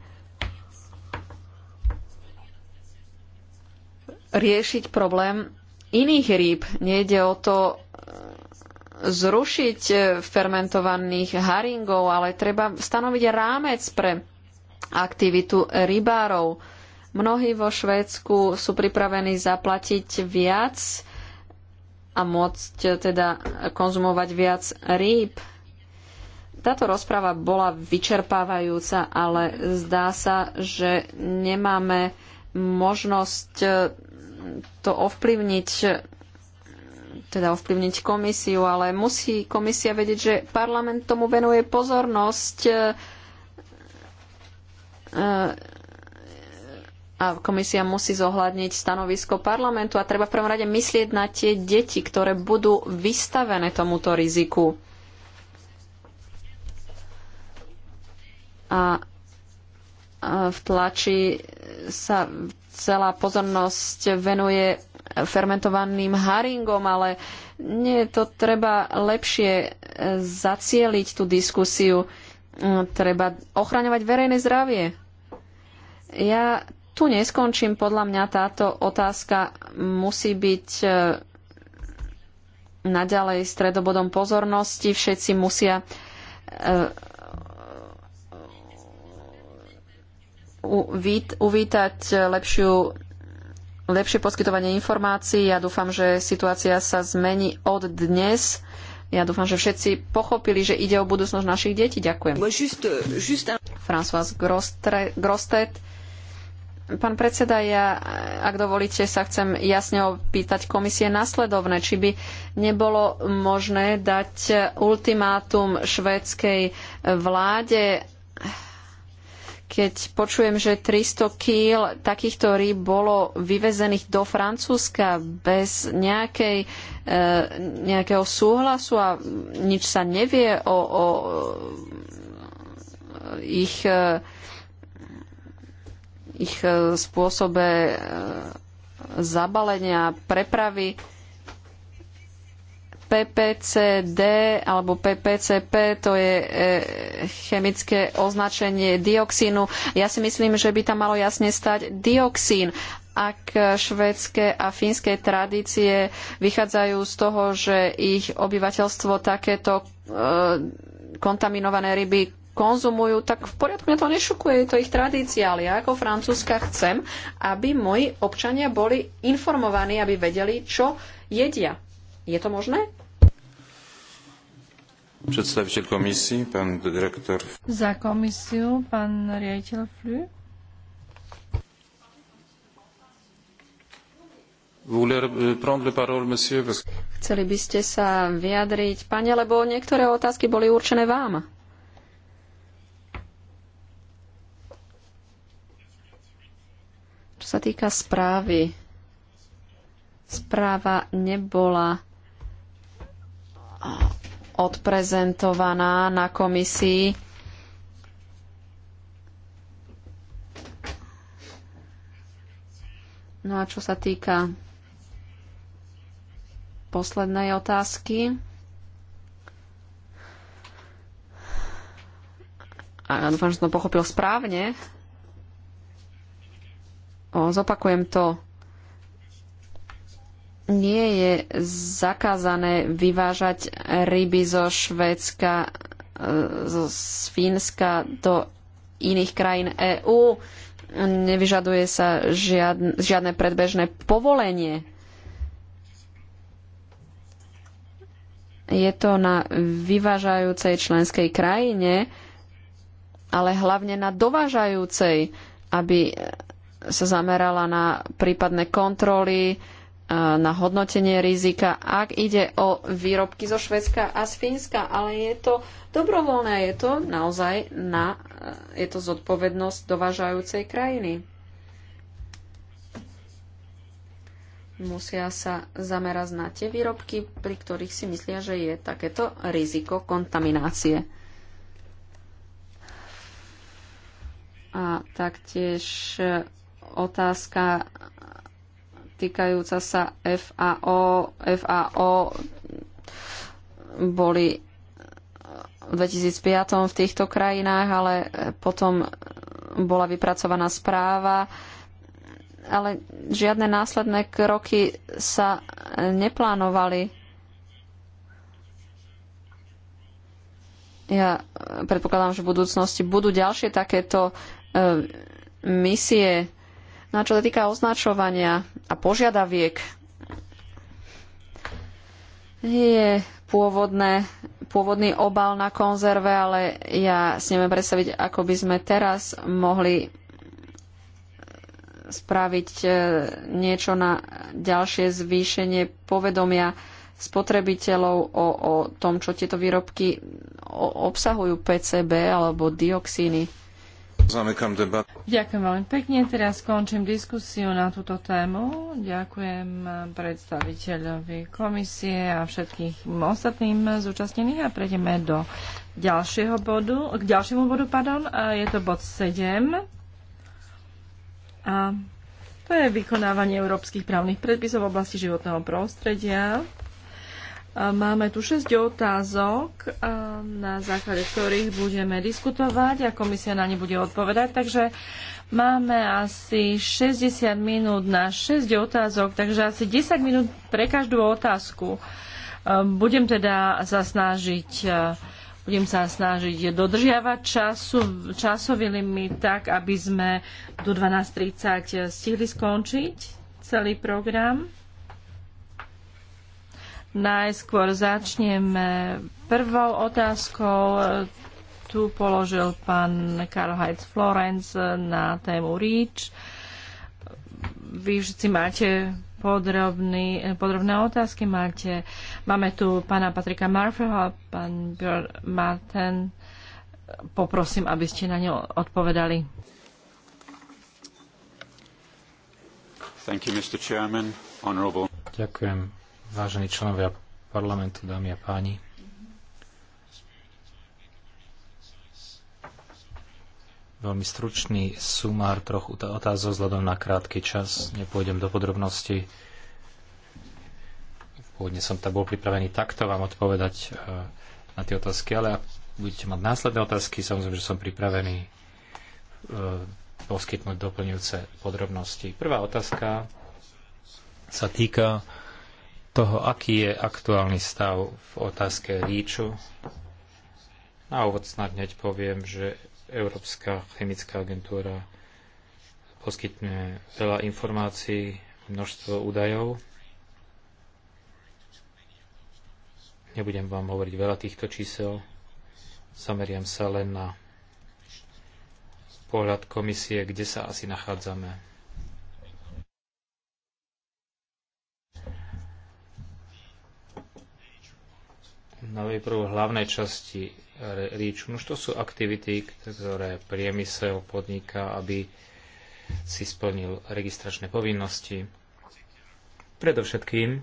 riešiť problém iných rýb. Nejde o to e, zrušiť e, fermentovaných haringov, ale treba stanoviť rámec pre aktivitu rybárov. Mnohí vo Švédsku sú pripravení zaplatiť viac a môcť e, teda konzumovať viac rýb. Táto rozprava bola vyčerpávajúca, ale zdá sa, že nemáme možnosť to ovplyvniť teda ovplyvniť komisiu, ale musí komisia vedieť, že parlament tomu venuje pozornosť e, e, a komisia musí zohľadniť stanovisko parlamentu a treba v prvom rade myslieť na tie deti, ktoré budú vystavené tomuto riziku. A v tlači sa celá pozornosť venuje fermentovaným haringom, ale nie, to treba lepšie e, zacieliť tú diskusiu. E, treba ochraňovať verejné zdravie. Ja tu neskončím. Podľa mňa táto otázka musí byť e, naďalej stredobodom pozornosti. Všetci musia uvítať lepšiu, lepšie poskytovanie informácií. Ja dúfam, že situácia sa zmení od dnes. Ja dúfam, že všetci pochopili, že ide o budúcnosť našich detí. Ďakujem. François Grostet. Pán predseda, ja, ak dovolíte, sa chcem jasne opýtať komisie nasledovné, či by nebolo možné dať ultimátum švédskej vláde keď počujem, že 300 kýl takýchto rýb bolo vyvezených do Francúzska bez nejakej, e, nejakého súhlasu a nič sa nevie o, o e, ich, e, ich e, spôsobe e, zabalenia, prepravy. E, PPCD alebo PPCP, to je e, chemické označenie dioxínu. Ja si myslím, že by tam malo jasne stať dioxín. Ak švedské a fínske tradície vychádzajú z toho, že ich obyvateľstvo takéto e, kontaminované ryby konzumujú, tak v poriadku mňa to nešukuje, je to ich tradícia, ale ja ako francúzska chcem, aby moji občania boli informovaní, aby vedeli, čo jedia. Je to možné? Predstaviteľ komisii, pán direktor. Za komisiu, pán riaditeľ Chceli by ste sa vyjadriť, pane, lebo niektoré otázky boli určené vám. Čo sa týka správy, správa nebola odprezentovaná na komisii. No a čo sa týka poslednej otázky. A ja dúfam, že som to pochopil správne. O, zopakujem to nie je zakázané vyvážať ryby zo Švédska, e, z Fínska do iných krajín EÚ. Nevyžaduje sa žiadne, žiadne predbežné povolenie. Je to na vyvážajúcej členskej krajine, ale hlavne na dovážajúcej, aby sa zamerala na prípadné kontroly, na hodnotenie rizika, ak ide o výrobky zo Švedska a z Fínska, ale je to dobrovoľné, je to naozaj na, e, je to zodpovednosť dovážajúcej krajiny. Musia sa zamerať na tie výrobky, pri ktorých si myslia, že je takéto riziko kontaminácie. A taktiež otázka týkajúca sa FAO, FAO boli v 2005 v týchto krajinách, ale potom bola vypracovaná správa, ale žiadne následné kroky sa neplánovali. Ja predpokladám, že v budúcnosti budú ďalšie takéto e, misie. No a čo sa týka označovania, a požiadaviek je pôvodné, pôvodný obal na konzerve, ale ja si neviem predstaviť, ako by sme teraz mohli spraviť e, niečo na ďalšie zvýšenie povedomia spotrebiteľov o, o tom, čo tieto výrobky obsahujú PCB alebo dioxíny. Ďakujem veľmi pekne. Teraz skončím diskusiu na túto tému. Ďakujem predstaviteľovi komisie a všetkým ostatným zúčastnených a prejdeme do ďalšieho bodu, k ďalšiemu bodu, pardon, a je to bod 7. A to je vykonávanie európskych právnych predpisov v oblasti životného prostredia. Máme tu 6 otázok, na základe ktorých budeme diskutovať a komisia na ne bude odpovedať. Takže máme asi 60 minút na 6 otázok, takže asi 10 minút pre každú otázku. Budem teda sa snažiť budem sa snažiť dodržiavať času, časový limit tak, aby sme do 12.30 stihli skončiť celý program. Najskôr začneme prvou otázkou. Tu položil pán Karl Heinz Florenc na tému REACH. Vy všetci máte podrobný, podrobné otázky. Máte, máme tu pána Patrika Marfeho a pán Björn Martin. Poprosím, aby ste na ňo odpovedali. Thank you, Mr. Chairman. Honorable. Ďakujem, vážení členovia parlamentu, dámy a páni. Veľmi stručný sumár troch otázok vzhľadom na krátky čas. Nepôjdem do podrobností. Pôvodne som tak bol pripravený takto vám odpovedať e, na tie otázky, ale ak budete mať následné otázky, samozrejme, že som pripravený e, poskytnúť doplňujúce podrobnosti. Prvá otázka sa týka toho, aký je aktuálny stav v otázke ríču. Na úvod snad hneď poviem, že Európska chemická agentúra poskytne veľa informácií, množstvo údajov. Nebudem vám hovoriť veľa týchto čísel. Zameriam sa len na pohľad komisie, kde sa asi nachádzame. najprv hlavnej časti ríču. No to sú aktivity, ktoré priemysel podniká, aby si splnil registračné povinnosti. Predovšetkým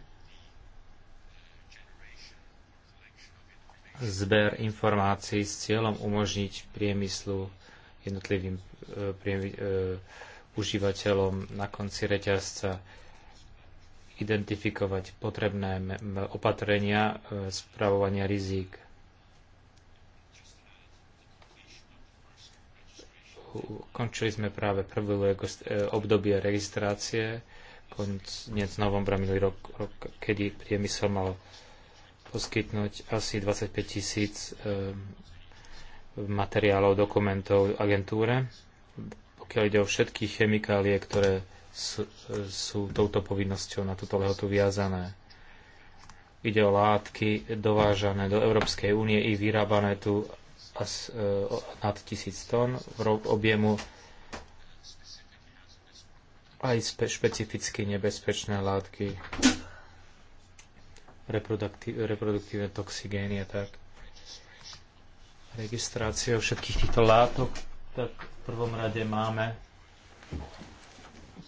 zber informácií s cieľom umožniť priemyslu jednotlivým e, priemy, e, užívateľom na konci reťazca identifikovať potrebné opatrenia e, spravovania rizík. Končili sme práve prvé e, obdobie registrácie, koniec novembra minulý rok, rok, kedy priemysel mal poskytnúť asi 25 tisíc e, materiálov, dokumentov agentúre. Pokiaľ ide o všetky chemikálie, ktoré sú, touto povinnosťou na túto lehotu viazané. Ide o látky dovážané do Európskej únie i vyrábané tu as, e, nad 1000 tón v objemu aj spe, špecificky nebezpečné látky, reproduktívne toxigény a tak. Registráciou všetkých týchto látok tak v prvom rade máme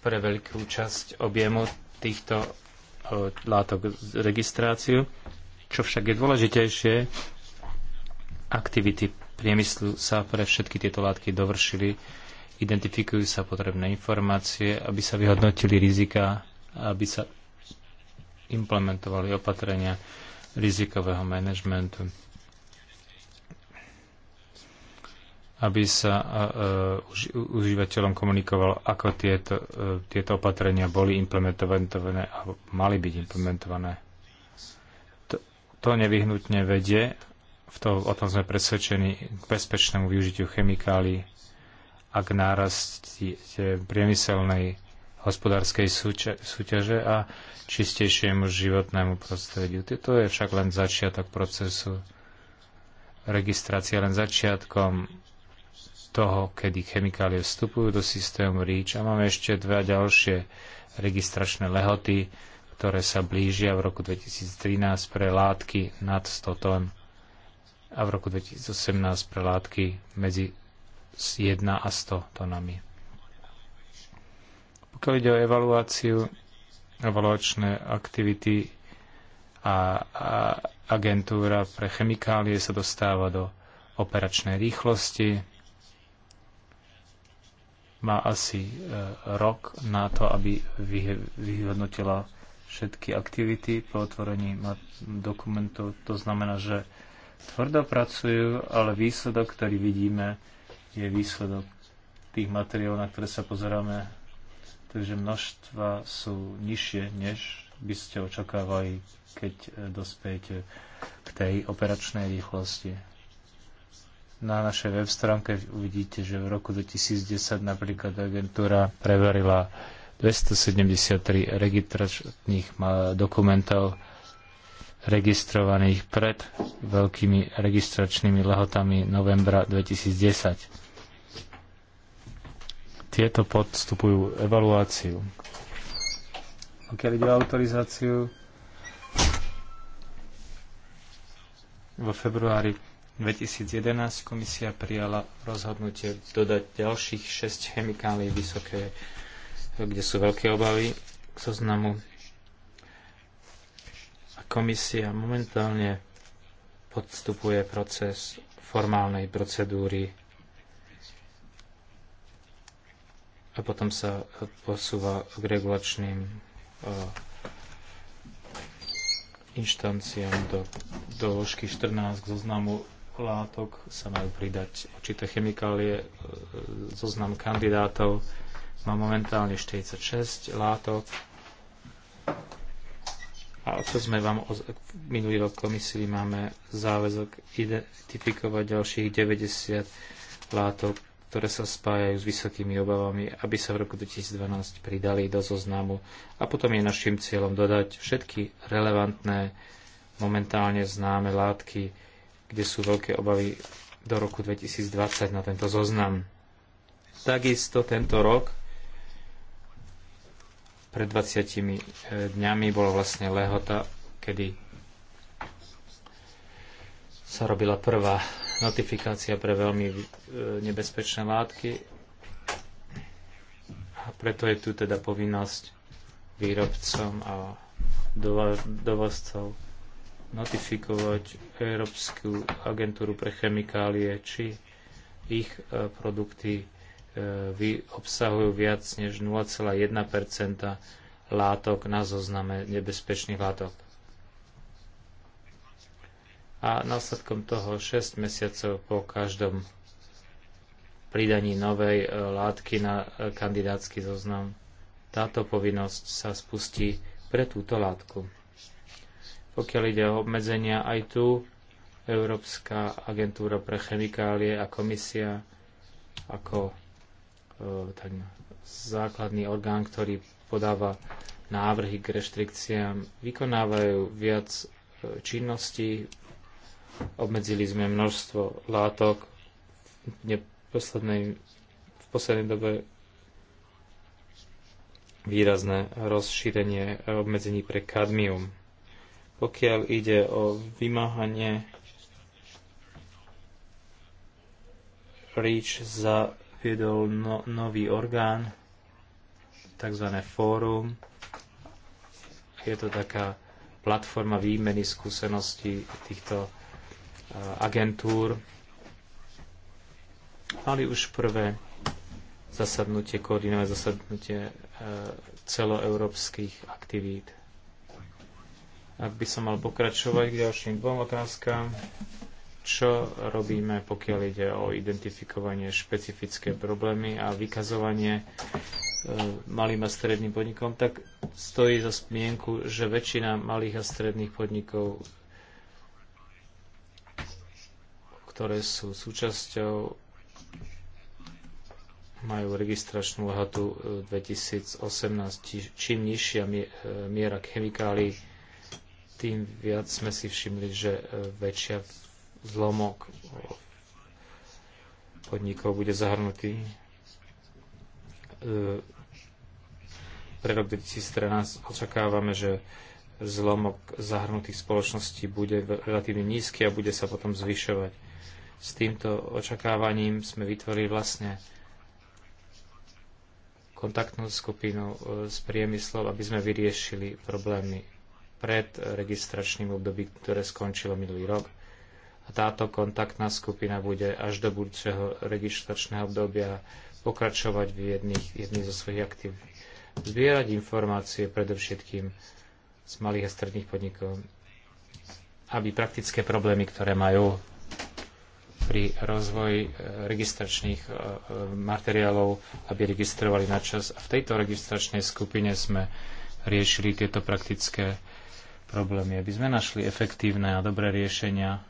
pre veľkú časť objemu týchto e, látok registráciu. Čo však je dôležitejšie, aktivity priemyslu sa pre všetky tieto látky dovršili, identifikujú sa potrebné informácie, aby sa vyhodnotili rizika, aby sa implementovali opatrenia rizikového manažmentu. aby sa užívateľom komunikovalo, ako tieto, e, tieto opatrenia boli implementované a mali byť implementované. To, to nevyhnutne vedie, v to, o tom sme presvedčení, k bezpečnému využitiu chemikálií a k nárasti e, priemyselnej hospodárskej súťaže a čistejšiemu životnému prostrediu. To je však len začiatok procesu registrácie, len začiatkom toho, kedy chemikálie vstupujú do systému REACH a máme ešte dve ďalšie registračné lehoty, ktoré sa blížia v roku 2013 pre látky nad 100 tón a v roku 2018 pre látky medzi 1 a 100 tónami. Pokiaľ ide o evaluáciu, evaluačné aktivity a, a agentúra pre chemikálie sa dostáva do operačnej rýchlosti, má asi e, rok na to, aby vyhodnotila všetky aktivity po otvorení dokumentov. To znamená, že tvrdo pracujú, ale výsledok, ktorý vidíme, je výsledok tých materiálov, na ktoré sa pozeráme. Takže množstva sú nižšie, než by ste očakávali, keď e, dospejete k tej operačnej rýchlosti. Na našej web stránke uvidíte, že v roku 2010 napríklad agentúra preverila 273 registračných dokumentov registrovaných pred veľkými registračnými lehotami novembra 2010. Tieto podstupujú evaluáciu. Pokiaľ ide o autorizáciu, vo februári 2011 komisia prijala rozhodnutie dodať ďalších 6 chemikálií vysoké, kde sú veľké obavy k zoznamu. A komisia momentálne podstupuje proces formálnej procedúry a potom sa posúva k regulačným eh, inštanciám do doložky 14 k zoznamu látok sa majú pridať určité chemikálie, e, zoznam kandidátov má momentálne 46 látok. A čo sme vám minulý rok komisii máme záväzok identifikovať ďalších 90 látok, ktoré sa spájajú s vysokými obavami, aby sa v roku 2012 pridali do zoznamu. A potom je našim cieľom dodať všetky relevantné, momentálne známe látky, kde sú veľké obavy do roku 2020 na tento zoznam. Takisto tento rok pred 20 e, dňami bola vlastne lehota, kedy sa robila prvá notifikácia pre veľmi e, nebezpečné látky a preto je tu teda povinnosť výrobcom a dovozcov notifikovať Európsku agentúru pre chemikálie, či ich e, produkty e, obsahujú viac než 0,1 látok na zozname nebezpečných látok. A následkom toho 6 mesiacov po každom pridaní novej e, látky na kandidátsky zoznam táto povinnosť sa spustí pre túto látku. Pokiaľ ide o obmedzenia, aj tu Európska agentúra pre chemikálie a komisia ako e, ten základný orgán, ktorý podáva návrhy k reštrikciám, vykonávajú viac e, činností. Obmedzili sme množstvo látok. V poslednej, v poslednej dobe výrazné rozšírenie obmedzení pre kadmium. Pokiaľ ide o vymáhanie REACH zaviedol no, nový orgán, tzv. fórum. Je to taká platforma výmeny skúseností týchto e, agentúr. Mali už prvé zasadnutie, koordinové zasadnutie e, celoeurópskych aktivít. Ak by som mal pokračovať k ďalším dvom otázkam, čo robíme, pokiaľ ide o identifikovanie špecifické problémy a vykazovanie e, malým a stredným podnikom, tak stojí za spmienku, že väčšina malých a stredných podnikov, ktoré sú súčasťou, majú registračnú lehotu 2018, e, čím nižšia e, miera chemikálií, tým viac sme si všimli, že e, väčšia zlomok podnikov bude zahrnutý. E, pre rok 2014 očakávame, že zlomok zahrnutých spoločností bude relatívne nízky a bude sa potom zvyšovať. S týmto očakávaním sme vytvorili vlastne kontaktnú skupinu e, s priemyslom, aby sme vyriešili problémy pred registračným obdobím, ktoré skončilo minulý rok. A táto kontaktná skupina bude až do budúceho registračného obdobia pokračovať v jedných, jedných zo svojich aktív. Zbierať informácie predovšetkým z malých a stredných podnikov, aby praktické problémy, ktoré majú pri rozvoji eh, registračných eh, eh, materiálov, aby registrovali na čas. A v tejto registračnej skupine sme riešili tieto praktické problémy, aby sme našli efektívne a dobré riešenia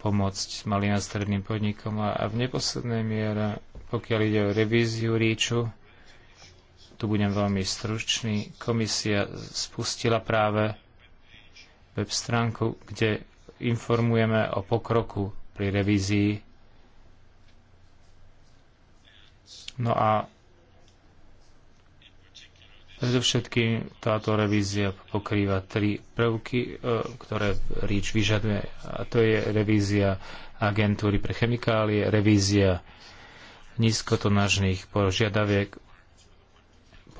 pomôcť malým a stredným podnikom a v neposlednej miere, pokiaľ ide o revíziu ríču, tu budem veľmi stručný, komisia spustila práve web stránku, kde informujeme o pokroku pri revízii. No a Predovšetkým táto revízia pokrýva tri prvky, e, ktoré REACH vyžaduje. A to je revízia agentúry pre chemikálie, revízia nízkotonažných požiadaviek,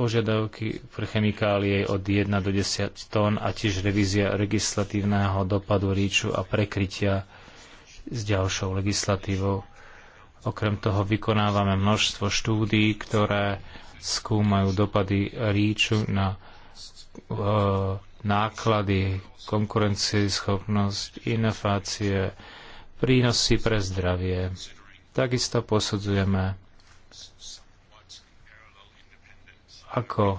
požiadavky pre chemikálie od 1 do 10 tón a tiež revízia legislatívneho dopadu ríču a prekrytia s ďalšou legislatívou. Okrem toho vykonávame množstvo štúdií, ktoré skúmajú dopady ríču na e, náklady, konkurencieschopnosť, inovácie, prínosy pre zdravie. Takisto posudzujeme, ako e,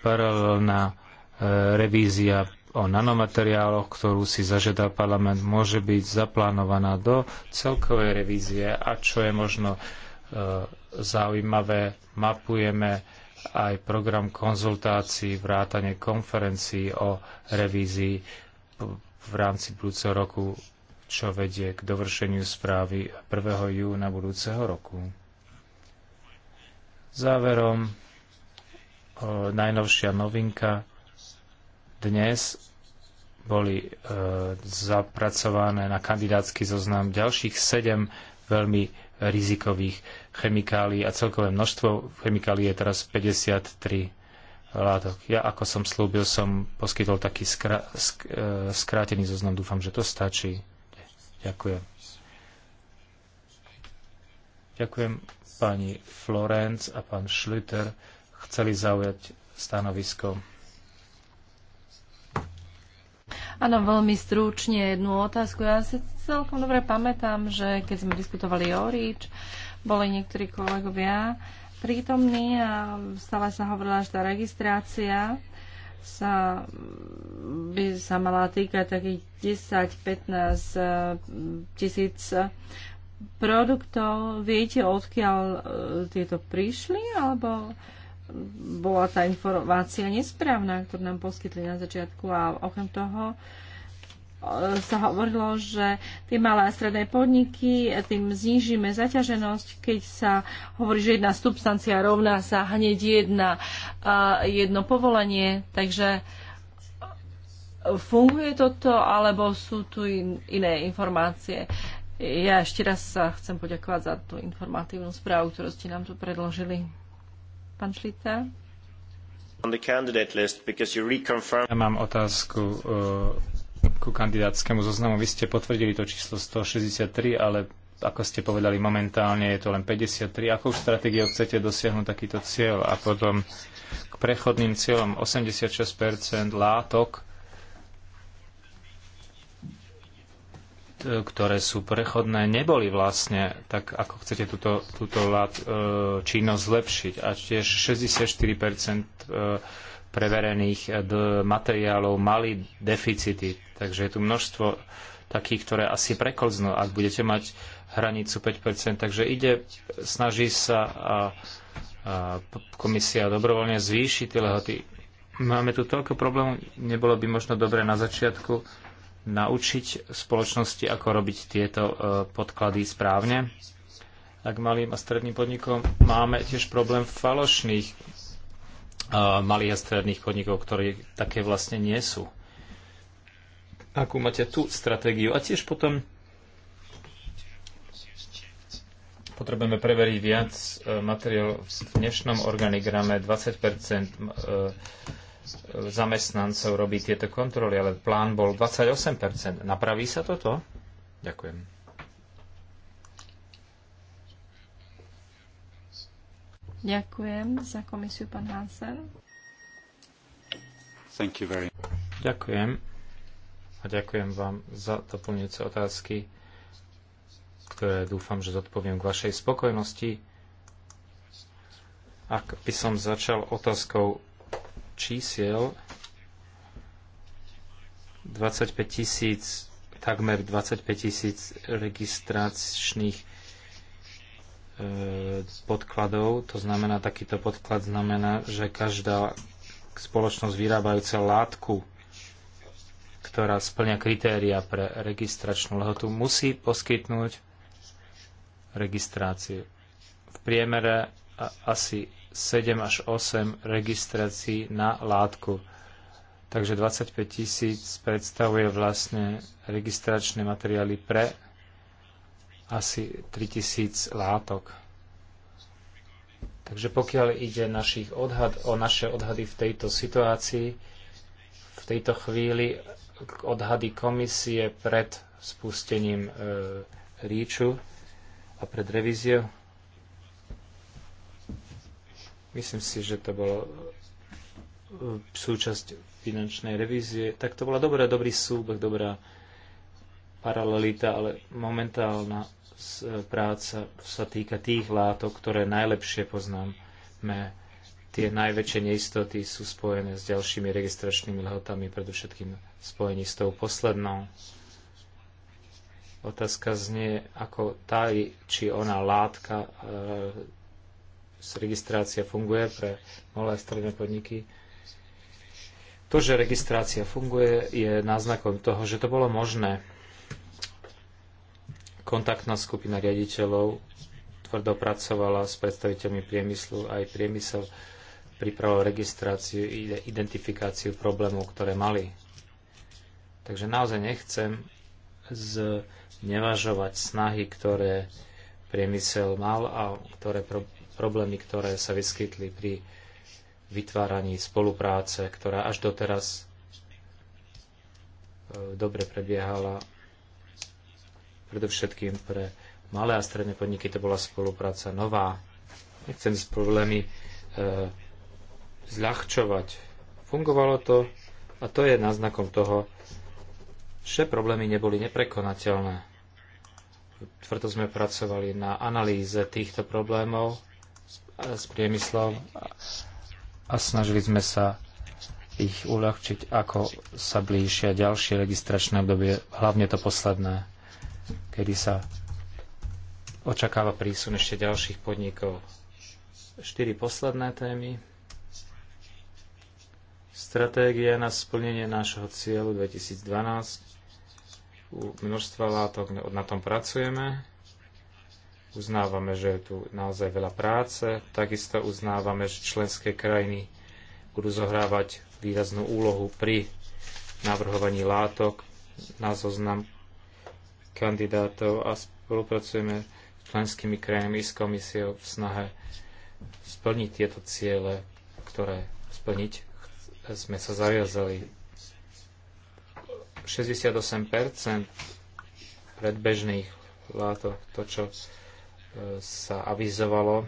paralelná e, revízia o nanomateriáloch, ktorú si zažiada parlament, môže byť zaplánovaná do celkovej revízie a čo je možno zaujímavé. Mapujeme aj program konzultácií, vrátane konferencií o revízii v rámci budúceho roku, čo vedie k dovršeniu správy 1. júna budúceho roku. Záverom najnovšia novinka. Dnes boli e, zapracované na kandidátsky zoznam ďalších sedem veľmi rizikových chemikálií a celkové množstvo chemikálií je teraz 53 látok. Ja, ako som slúbil, som poskytol taký skra- sk- e, skrátený zoznam. Dúfam, že to stačí. Ďakujem. Ďakujem pani Florenc a pán Schlüter. Chceli zaujať stanovisko. Áno, veľmi stručne jednu otázku. Ja si celkom dobre pamätám, že keď sme diskutovali o REACH, boli niektorí kolegovia prítomní a stále sa hovorila, že tá registrácia sa by sa mala týkať takých 10-15 eh, tisíc produktov. Viete, odkiaľ eh, tieto prišli? Alebo bola tá informácia nesprávna, ktorú nám poskytli na začiatku a okrem toho sa hovorilo, že tie malé a stredné podniky, tým znížime zaťaženosť, keď sa hovorí, že jedna substancia rovná sa hneď jedna, jedno povolenie. Takže e, funguje toto, alebo sú tu in, iné informácie? Ja ešte raz sa chcem poďakovať za tú informatívnu správu, ktorú ste nám tu predložili. Pán Šlita? Ja mám otázku e, ku kandidátskému zoznamu. Vy ste potvrdili to číslo 163, ale ako ste povedali, momentálne je to len 53. Akou stratégiou chcete dosiahnuť takýto cieľ? A potom k prechodným cieľom 86 látok, ktoré sú prechodné, neboli vlastne, tak ako chcete túto, túto lát, e, činnosť zlepšiť. A tiež 64 preverených eh, materiálov mali deficity. Takže je tu množstvo takých, ktoré asi preklznú, ak budete mať hranicu 5%. Takže ide, snaží sa a, a komisia dobrovoľne zvýšiť tie lehoty. Máme tu toľko problémov, nebolo by možno dobre na začiatku naučiť spoločnosti, ako robiť tieto eh, podklady správne. Ak malým a stredným podnikom máme tiež problém falošných malých a stredných podnikov, ktorí také vlastne nie sú. Akú máte tú stratégiu? A tiež potom potrebujeme preveriť viac e, materiál v dnešnom organigrame. 20 e, e, zamestnancov robí tieto kontroly, ale plán bol 28 Napraví sa toto? Ďakujem. Ďakujem za komisiu, pán Hansen. Thank you very Ďakujem. A ďakujem vám za doplňujúce otázky, ktoré dúfam, že zodpoviem k vašej spokojnosti. Ak by som začal otázkou čísiel, 25 tisíc, takmer 25 tisíc registračných E, podkladov. To znamená, takýto podklad znamená, že každá spoločnosť vyrábajúca látku, ktorá splňa kritéria pre registračnú lehotu, musí poskytnúť registráciu. V priemere asi 7 až 8 registrácií na látku. Takže 25 tisíc predstavuje vlastne registračné materiály pre asi 3000 látok. Takže pokiaľ ide našich odhad, o naše odhady v tejto situácii, v tejto chvíli odhady komisie pred spustením e, ríču a pred revíziou, myslím si, že to bolo e, súčasť finančnej revízie, tak to bola dobrá, dobrý súbeh, dobrá paralelita, ale momentálna E, práca sa týka tých látok, ktoré najlepšie poznáme. Tie najväčšie neistoty sú spojené s ďalšími registračnými lehotami, predovšetkým spojení s tou poslednou. Otázka znie, ako tá či ona látka e, registrácia funguje pre malé a stredné podniky. To, že registrácia funguje, je náznakom toho, že to bolo možné Kontaktná skupina riaditeľov tvrdo pracovala s predstaviteľmi priemyslu aj priemysel pripravil registráciu, i identifikáciu problémov, ktoré mali. Takže naozaj nechcem znevažovať snahy, ktoré priemysel mal a ktoré pro, problémy, ktoré sa vyskytli pri vytváraní spolupráce, ktorá až doteraz e, dobre prebiehala Predovšetkým pre malé a stredné podniky to bola spolupráca nová. Nechcem s problémy e, zľahčovať. Fungovalo to a to je náznakom toho, že problémy neboli neprekonateľné. Tvrdo sme pracovali na analýze týchto problémov s priemyslom a snažili sme sa ich uľahčiť, ako sa blížia ďalšie registračné obdobie, hlavne to posledné kedy sa očakáva prísun ešte ďalších podnikov. Štyri posledné témy. Stratégia na splnenie nášho cieľu 2012. U množstva látok na tom pracujeme. Uznávame, že je tu naozaj veľa práce. Takisto uznávame, že členské krajiny budú zohrávať výraznú úlohu pri navrhovaní látok na zoznam kandidátov a spolupracujeme s členskými krajinami s komisiou v snahe splniť tieto ciele, ktoré splniť sme sa zaviazali. 68% predbežných látok, to čo e, sa avizovalo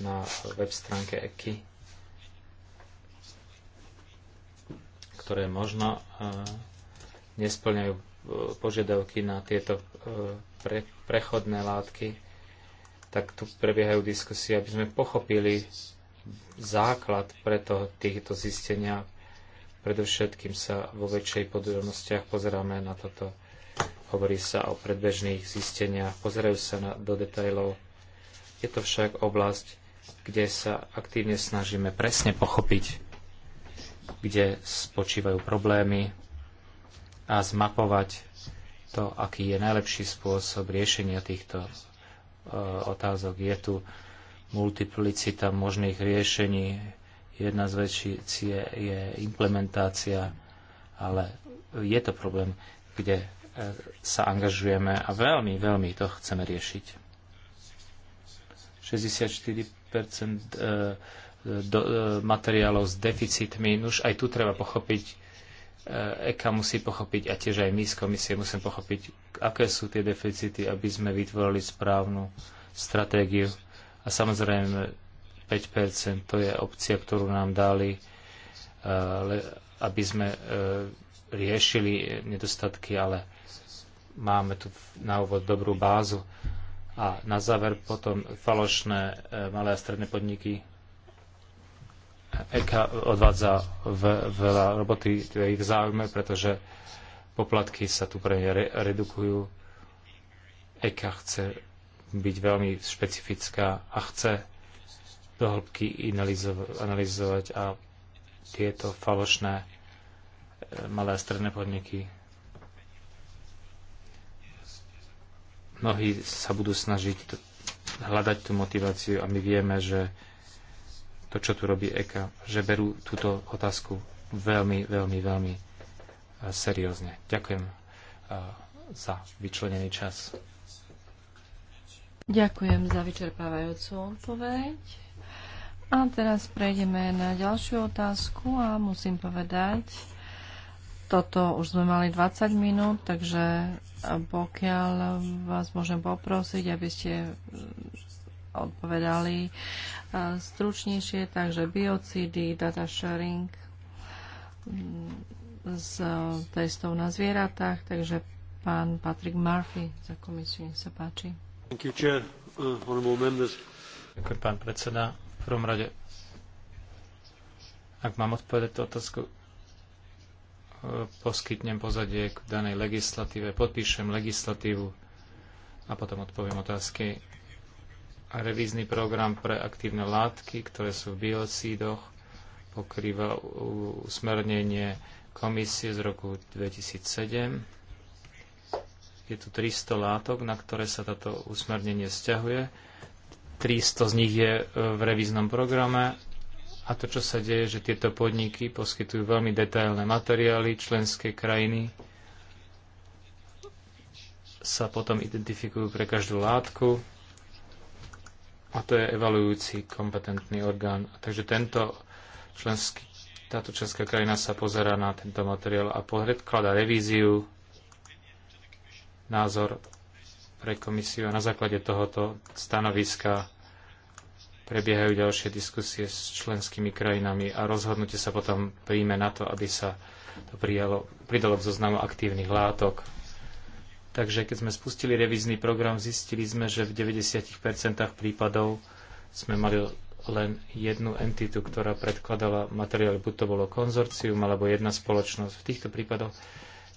na web stránke EKI, ktoré možno e, nesplňajú požiadavky na tieto e, pre, prechodné látky, tak tu prebiehajú diskusie, aby sme pochopili základ preto týchto zistenia. Predovšetkým sa vo väčšej podrobnostiach pozeráme na toto. Hovorí sa o predbežných zisteniach, pozerajú sa na, do detajlov. Je to však oblasť, kde sa aktívne snažíme presne pochopiť, kde spočívajú problémy, a zmapovať to, aký je najlepší spôsob riešenia týchto e, otázok. Je tu multiplicita možných riešení. Jedna z vecí je, je implementácia, ale je to problém, kde e, sa angažujeme a veľmi, veľmi to chceme riešiť. 64% e, e, materiálov s deficitmi, už aj tu treba pochopiť, EKA e musí pochopiť a tiež aj my z komisie musíme pochopiť, aké sú tie deficity, aby sme vytvorili správnu stratégiu. A samozrejme 5% to je opcia, ktorú nám dali, e, aby sme e, riešili nedostatky, ale máme tu na úvod dobrú bázu. A na záver potom falošné malé a stredné podniky EKA odvádza veľa roboty, v ich záujme, pretože poplatky sa tu pre ne redukujú. EKA chce byť veľmi špecifická a chce dohlbky analyzovať a tieto falošné e, malé a stredné podniky. Mnohí sa budú snažiť hľadať tú motiváciu a my vieme, že to, čo tu robí EKA, že berú túto otázku veľmi, veľmi, veľmi e, seriózne. Ďakujem e, za vyčlenený čas. Ďakujem za vyčerpávajúcu odpoveď. A teraz prejdeme na ďalšiu otázku a musím povedať, toto už sme mali 20 minút, takže e, pokiaľ vás môžem poprosiť, aby ste odpovedali e, stručnejšie, takže biocidy, data sharing mm, z testov na zvieratách, takže pán Patrick Murphy za komisiu, nech sa páči. Uh, Ďakujem, uh, pán predseda. V prvom rade, ak mám odpovedať tú otázku, e, poskytnem pozadie k danej legislatíve, podpíšem legislatívu a potom odpoviem otázky a revízny program pre aktívne látky, ktoré sú v biocídoch, pokrýva usmernenie komisie z roku 2007. Je tu 300 látok, na ktoré sa táto usmernenie vzťahuje. 300 z nich je e, v revíznom programe a to, čo sa deje, že tieto podniky poskytujú veľmi detailné materiály členskej krajiny sa potom identifikujú pre každú látku, a to je evaluujúci kompetentný orgán. Takže tento členský, táto členská krajina sa pozerá na tento materiál a pohľadá revíziu, názor pre komisiu a na základe tohoto stanoviska prebiehajú ďalšie diskusie s členskými krajinami a rozhodnutie sa potom príjme na to, aby sa to prijalo, pridalo k zoznamu aktívnych látok. Takže keď sme spustili revízny program, zistili sme, že v 90% prípadov sme mali len jednu entitu, ktorá predkladala materiál, buď to bolo konzorcium alebo jedna spoločnosť. V týchto prípadoch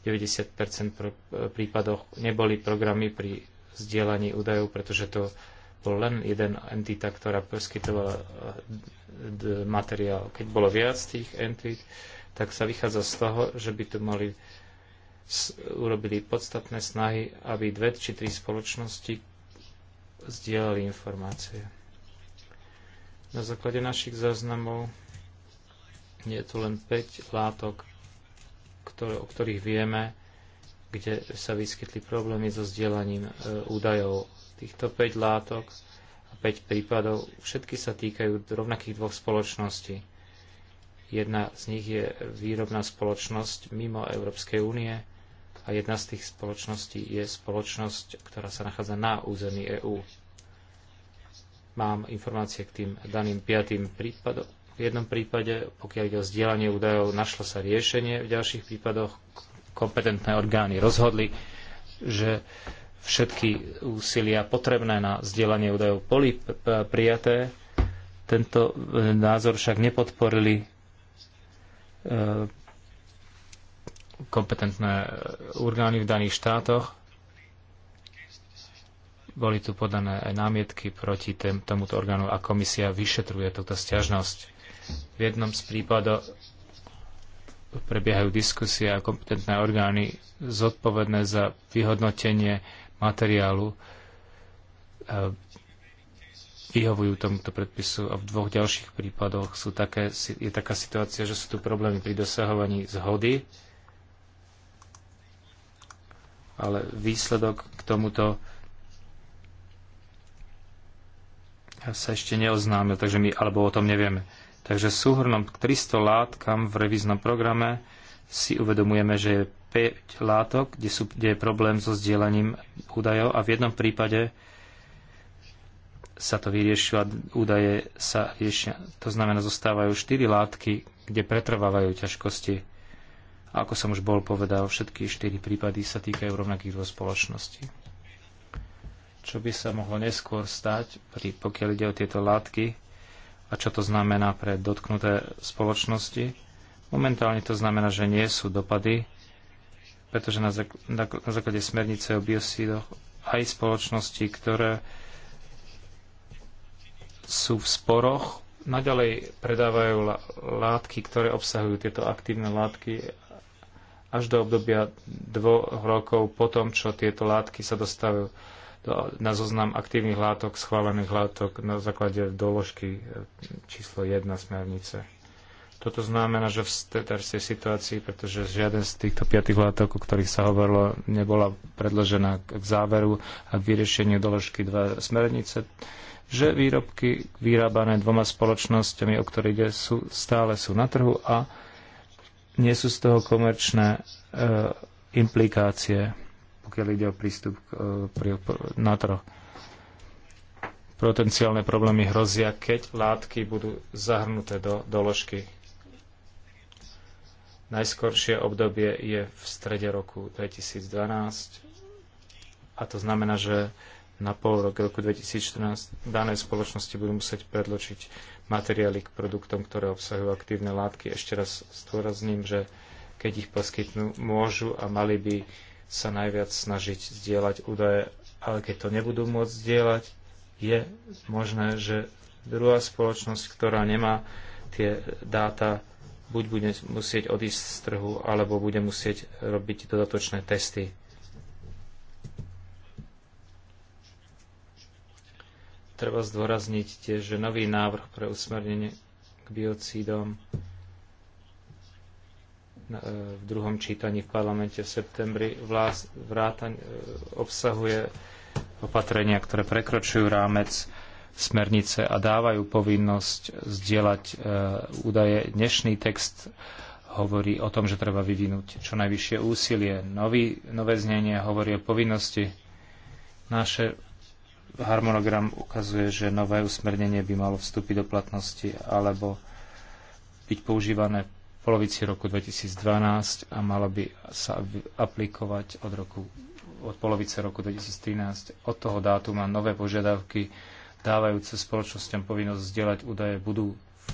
90% prípadoch neboli programy pri vzdielaní údajov, pretože to bol len jeden entita, ktorá poskytovala eh, materiál. Keď bolo viac tých entit, tak sa vychádza z toho, že by tu mali urobili podstatné snahy, aby dve či tri spoločnosti zdieľali informácie. Na základe našich záznamov je tu len 5 látok, ktoré, o ktorých vieme, kde sa vyskytli problémy so zdieľaním e, údajov. Týchto 5 látok a 5 prípadov, všetky sa týkajú rovnakých dvoch spoločností. Jedna z nich je výrobná spoločnosť mimo Európskej únie, a jedna z tých spoločností je spoločnosť, ktorá sa nachádza na území EÚ. Mám informácie k tým daným piatým prípadom. V jednom prípade, pokiaľ ide o zdieľanie údajov, našlo sa riešenie. V ďalších prípadoch kompetentné orgány rozhodli, že všetky úsilia potrebné na zdieľanie údajov boli prijaté. Tento e, názor však nepodporili e, kompetentné e, orgány v daných štátoch. Boli tu podané aj námietky proti tém, tomuto orgánu a komisia vyšetruje túto stiažnosť. V jednom z prípadov prebiehajú diskusie a kompetentné orgány zodpovedné za vyhodnotenie materiálu e, vyhovujú tomuto predpisu a v dvoch ďalších prípadoch sú také, je taká situácia, že sú tu problémy pri dosahovaní zhody ale výsledok k tomuto sa ešte neoznámil, takže my alebo o tom nevieme. Takže súhrnom k 300 látkam v revíznom programe si uvedomujeme, že je 5 látok, kde, sú, kde je problém so sdielaním údajov a v jednom prípade sa to vyriešilo a údaje sa riešia. To znamená, zostávajú 4 látky, kde pretrvávajú ťažkosti. A ako som už bol povedal, všetky štyri prípady sa týkajú rovnakých dvoch spoločností. Čo by sa mohlo neskôr stať, pokiaľ ide o tieto látky a čo to znamená pre dotknuté spoločnosti? Momentálne to znamená, že nie sú dopady, pretože na, základe smernice o biosídoch aj spoločnosti, ktoré sú v sporoch, naďalej predávajú látky, ktoré obsahujú tieto aktívne látky až do obdobia dvoch rokov po tom, čo tieto látky sa dostavujú na zoznam aktívnych látok, schválených látok na základe doložky e, číslo 1 smernice. Toto znamená, že v tej situácii, pretože žiaden z týchto piatých látok, o ktorých sa hovorilo, nebola predložená k záveru a k vyriešeniu doložky 2 smernice, že výrobky vyrábané dvoma spoločnosťami, o ktoré ide, sú, stále sú na trhu a nie sú z toho komerčné e, implikácie, pokiaľ ide o prístup e, pri, na trh. Potenciálne problémy hrozia, keď látky budú zahrnuté do doložky. Najskoršie obdobie je v strede roku 2012 a to znamená, že na pol roku 2014 dané spoločnosti budú musieť predločiť materiály k produktom, ktoré obsahujú aktívne látky. Ešte raz zdôrazním, že keď ich poskytnú, môžu a mali by sa najviac snažiť zdieľať údaje, ale keď to nebudú môcť zdieľať, je možné, že druhá spoločnosť, ktorá nemá tie dáta, buď bude musieť odísť z trhu, alebo bude musieť robiť dodatočné testy. Treba zdôrazniť tiež, že nový návrh pre usmernenie k biocídom e, v druhom čítaní v parlamente v septembri vrátaň, e, obsahuje opatrenia, ktoré prekročujú rámec smernice a dávajú povinnosť zdieľať e, údaje. Dnešný text hovorí o tom, že treba vyvinúť čo najvyššie úsilie. Nový, nové znenie hovorí o povinnosti. Naše harmonogram ukazuje, že nové usmernenie by malo vstúpiť do platnosti alebo byť používané v polovici roku 2012 a malo by sa aplikovať od, roku, od polovice roku 2013. Od toho dátuma nové požiadavky dávajúce spoločnosťam povinnosť zdieľať údaje budú v,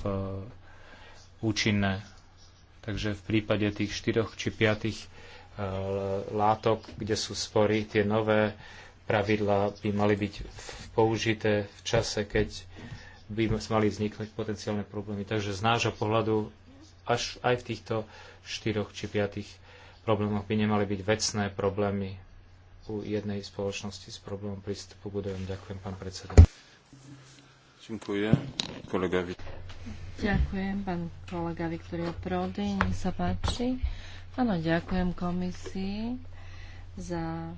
účinné. Takže v prípade tých štyroch či piatých eh, látok, kde sú spory, tie nové pravidlá by mali byť použité v čase, keď by mali vzniknúť potenciálne problémy. Takže z nášho pohľadu až aj v týchto štyroch či piatých problémoch by nemali byť vecné problémy u jednej spoločnosti s problémom prístupu budovom. Ďakujem, pán predseda. Ďakujem, kolega Ďakujem, pán kolega Viktorio Prody. Nech sa páči. Áno, ďakujem komisii za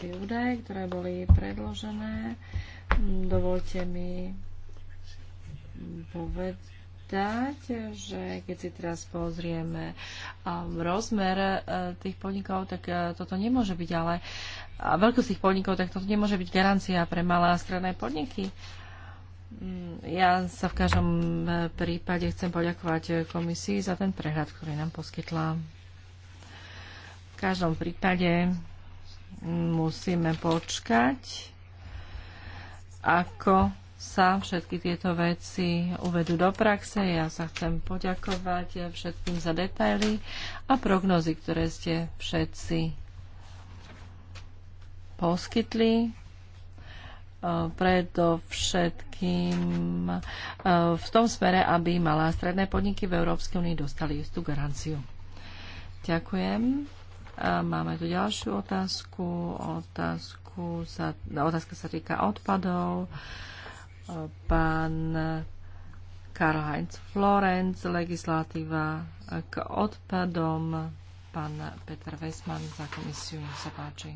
tie údaje, ktoré boli predložené. Dovolte mi povedať, že keď si teraz pozrieme um, rozmer e, tých podnikov, tak e, toto nemôže byť, ale veľkosť tých podnikov, tak toto nemôže byť garancia pre malé a stredné podniky. Mm, ja sa v každom e, prípade chcem poďakovať komisii za ten prehľad, ktorý nám poskytla. V každom prípade musíme počkať, ako sa všetky tieto veci uvedú do praxe. Ja sa chcem poďakovať všetkým za detaily a prognozy, ktoré ste všetci poskytli. E, predovšetkým e, v tom smere, aby malé a stredné podniky v Európskej únii dostali istú garanciu. Ďakujem. Máme tu ďalšiu otázku. otázku sa, otázka sa týka odpadov. Pán Karl Heinz Florenc, legislatíva k odpadom. Pán Peter Vesman za komisiu, nech sa páči.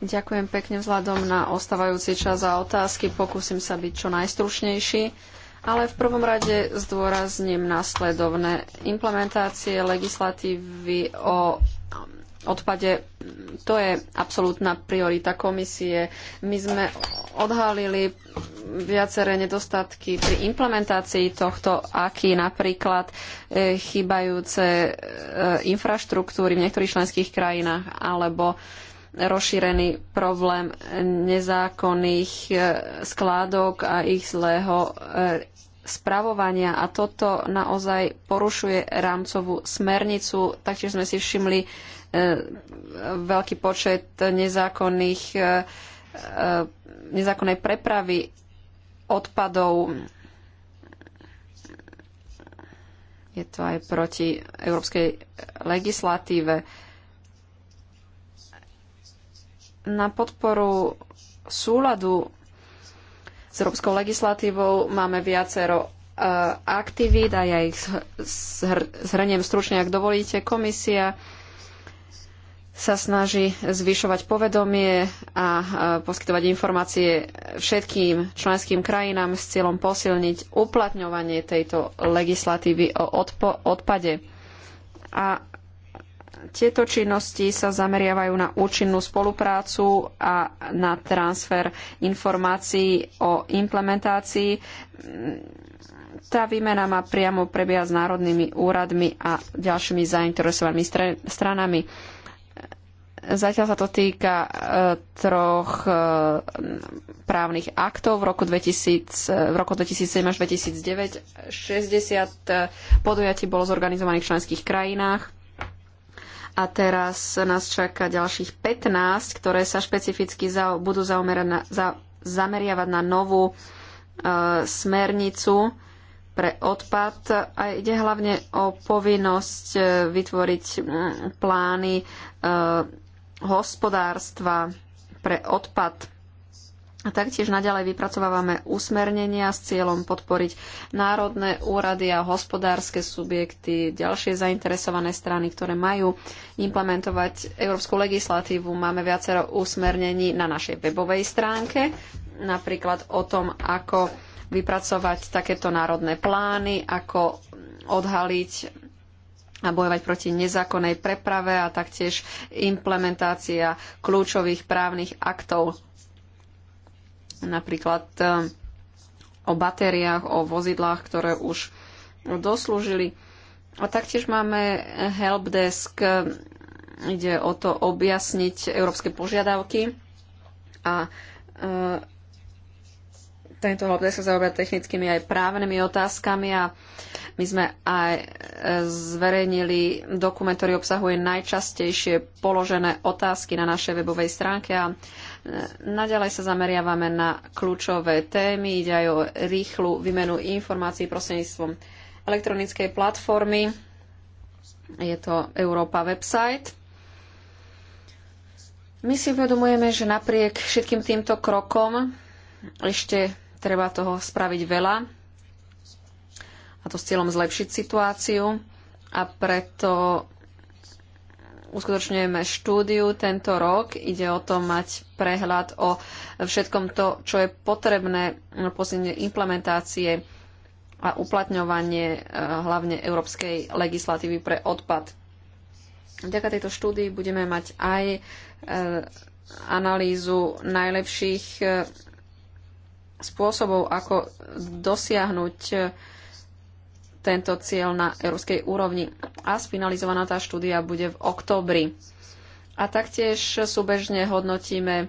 Ďakujem pekne vzhľadom na ostávajúci čas a otázky. Pokúsim sa byť čo najstručnejší ale v prvom rade zdôrazním následovné implementácie legislatívy o um, odpade. To je absolútna priorita komisie. My sme odhalili viaceré nedostatky pri implementácii tohto aký napríklad e, chýbajúce e, infraštruktúry v niektorých členských krajinách alebo rozšírený problém nezákonných e, skládok a ich zlého e, spravovania a toto naozaj porušuje rámcovú smernicu, taktiež sme si všimli e, veľký počet nezákonných e, e nezákonnej prepravy odpadov. Je to aj proti európskej legislatíve na podporu súladu s európskou legislatívou máme viacero e, aktivít a ja ich zhrniem stručne, ak dovolíte. Komisia sa snaží zvyšovať povedomie a e, poskytovať informácie všetkým členským krajinám s cieľom posilniť uplatňovanie tejto legislatívy o odpade. A tieto činnosti sa zameriavajú na účinnú spoluprácu a na transfer informácií o implementácii. Tá výmena má priamo prebiehať s národnými úradmi a ďalšími zainteresovanými stranami. Zatiaľ sa to týka e, troch e, právnych aktov v roku, 2000, e, v roku 2007 až 2009. 60 podujatí bolo zorganizovaných v členských krajinách a teraz nás čaká ďalších 15, ktoré sa špecificky za, budú zaomerať na, za, zameriavať na novú e, smernicu pre odpad a ide hlavne o povinnosť e, vytvoriť m, plány e, hospodárstva pre odpad a taktiež naďalej vypracovávame usmernenia s cieľom podporiť národné úrady a hospodárske subjekty, ďalšie zainteresované strany, ktoré majú implementovať európsku legislatívu. Máme viacero usmernení na našej webovej stránke, napríklad o tom, ako vypracovať takéto národné plány, ako odhaliť a bojovať proti nezákonnej preprave a taktiež implementácia kľúčových právnych aktov Napríklad e, o batériách, o vozidlách, ktoré už doslúžili. A taktiež máme helpdesk, ide o to objasniť európske požiadavky a e, tento hlavne sa zaoberá technickými aj právnymi otázkami a my sme aj e, zverejnili dokument, ktorý obsahuje najčastejšie položené otázky na našej webovej stránke a Naďalej sa zameriavame na kľúčové témy, ide aj o rýchlu výmenu informácií prostredníctvom elektronickej platformy. Je to Európa website. My si uvedomujeme, že napriek všetkým týmto krokom ešte treba toho spraviť veľa, a to s cieľom zlepšiť situáciu a preto uskutočňujeme štúdiu tento rok. Ide o to mať prehľad o všetkom to, čo je potrebné posledne implementácie a uplatňovanie eh, hlavne európskej legislatívy pre odpad. Vďaka tejto štúdii budeme mať aj eh, analýzu najlepších eh, spôsobov, ako dosiahnuť tento cieľ na európskej úrovni. A sfinalizovaná tá štúdia bude v októbri. A taktiež súbežne hodnotíme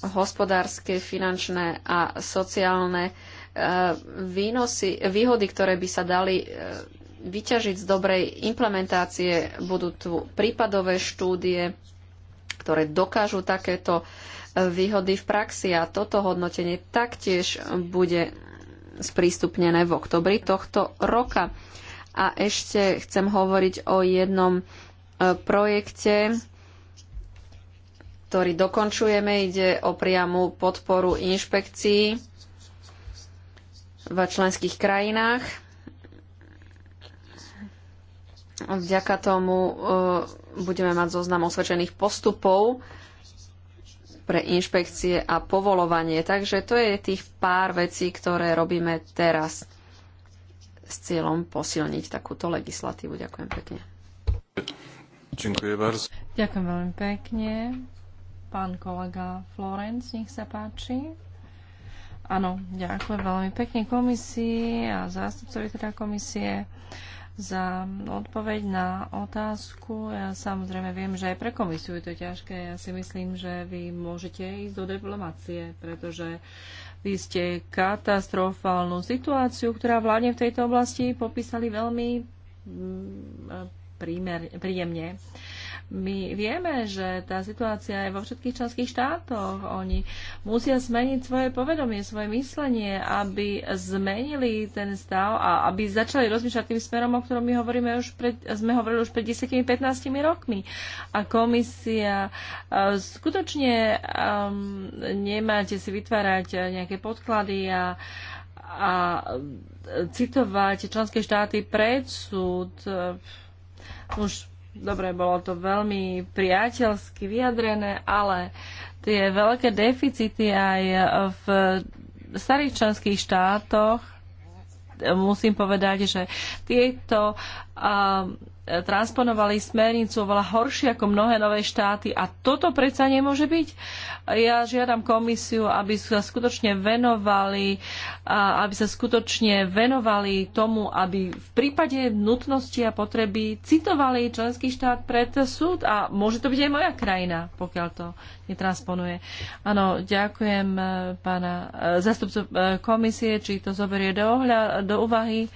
hospodárske, finančné a sociálne e, výnosy, výhody, ktoré by sa dali e, vyťažiť z dobrej implementácie. Budú tu prípadové štúdie, ktoré dokážu takéto e, výhody v praxi a toto hodnotenie taktiež bude sprístupnené v oktobri tohto roka. A ešte chcem hovoriť o jednom e, projekte, ktorý dokončujeme. Ide o priamu podporu inšpekcií v členských krajinách. Vďaka tomu e, budeme mať zoznam osvedčených postupov pre inšpekcie a povolovanie. Takže to je tých pár vecí, ktoré robíme teraz s cieľom posilniť takúto legislatívu. Ďakujem pekne. Ďakujem Ďakujem veľmi pekne. Pán kolega Florenc, nech sa páči. Áno, ďakujem veľmi pekne komisii a zástupcovi teda komisie. Uh, za odpoveď na otázku. Ja samozrejme viem, že aj pre komisiu je to ťažké. Ja si myslím, že vy môžete ísť do diplomácie, pretože vy ste katastrofálnu situáciu, ktorá vládne v tejto oblasti, popísali veľmi mm, prímer, príjemne. My vieme, že tá situácia je vo všetkých členských štátoch. Oni musia zmeniť svoje povedomie, svoje myslenie, aby zmenili ten stav a aby začali rozmýšľať tým smerom, o ktorom my hovoríme už pred, sme hovorili už pred 10-15 rokmi. A komisia e, skutočne um, nemáte si vytvárať nejaké podklady a a citovať členské štáty pred súd. Už Dobre, bolo to veľmi priateľsky vyjadrené, ale tie veľké deficity aj v starých členských štátoch musím povedať, že tieto um, transponovali smernicu oveľa horšie ako mnohé nové štáty a toto predsa nemôže byť. Ja žiadam komisiu, aby sa skutočne venovali, aby sa skutočne venovali tomu, aby v prípade nutnosti a potreby citovali členský štát pred súd a môže to byť aj moja krajina, pokiaľ to netransponuje. Áno, ďakujem e, pána e, zastupcu e, komisie, či to zoberie do, ohľa, do úvahy.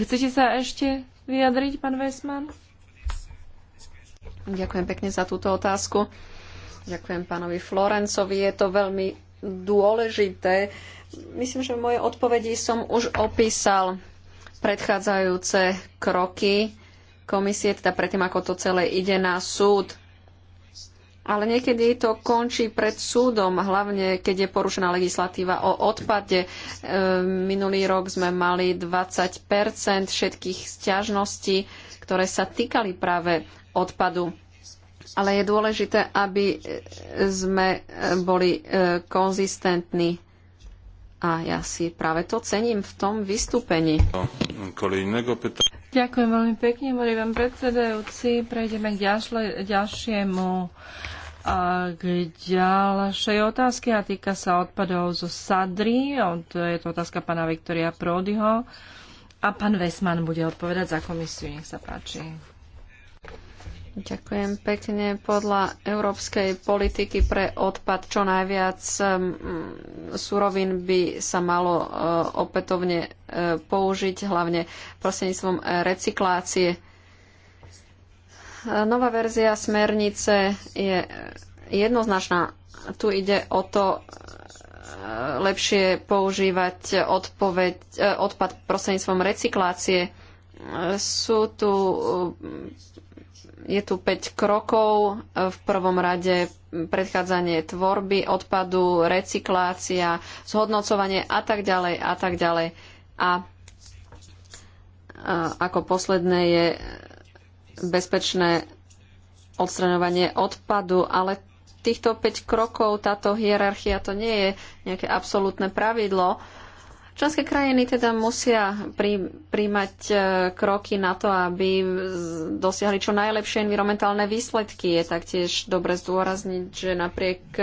Chcete sa ešte vyjadriť, pán Vesman? Ďakujem pekne za túto otázku. Ďakujem pánovi Florencovi. Je to veľmi dôležité. Myslím, že v mojej odpovedi som už opísal predchádzajúce kroky komisie, teda predtým, ako to celé ide na súd. Ale niekedy to končí pred súdom, hlavne keď je porušená legislatíva o odpade. E, minulý rok sme mali 20 všetkých stiažností, ktoré sa týkali práve odpadu. Ale je dôležité, aby e, sme e, boli konzistentní. A ja si práve to cením v tom vystúpení. No, no, Ďakujem veľmi pekne, môžem vám predsedajúci. Prejdeme k ďalšie, ďalšiemu a k ďalšej otázke a týka sa odpadov zo Sadry. To je to otázka pána Viktoria Prodyho. A pán Vesman bude odpovedať za komisiu. Nech sa páči. Ďakujem pekne. Podľa európskej politiky pre odpad čo najviac mm, surovín by sa malo e, opätovne e, použiť, hlavne prostredníctvom e, recyklácie. Nová verzia smernice je jednoznačná. Tu ide o to lepšie používať odpoveď, odpad prostredníctvom recyklácie. Sú tu je tu 5 krokov. V prvom rade predchádzanie tvorby, odpadu, recyklácia, zhodnocovanie a tak ďalej a tak ďalej. A ako posledné je bezpečné odstraňovanie odpadu, ale týchto 5 krokov, táto hierarchia, to nie je nejaké absolútne pravidlo. Uh, Členské krajiny teda musia prí, príjmať e, kroky na to, aby dosiahli čo najlepšie environmentálne výsledky. Je taktiež dobre zdôrazniť, že napriek e,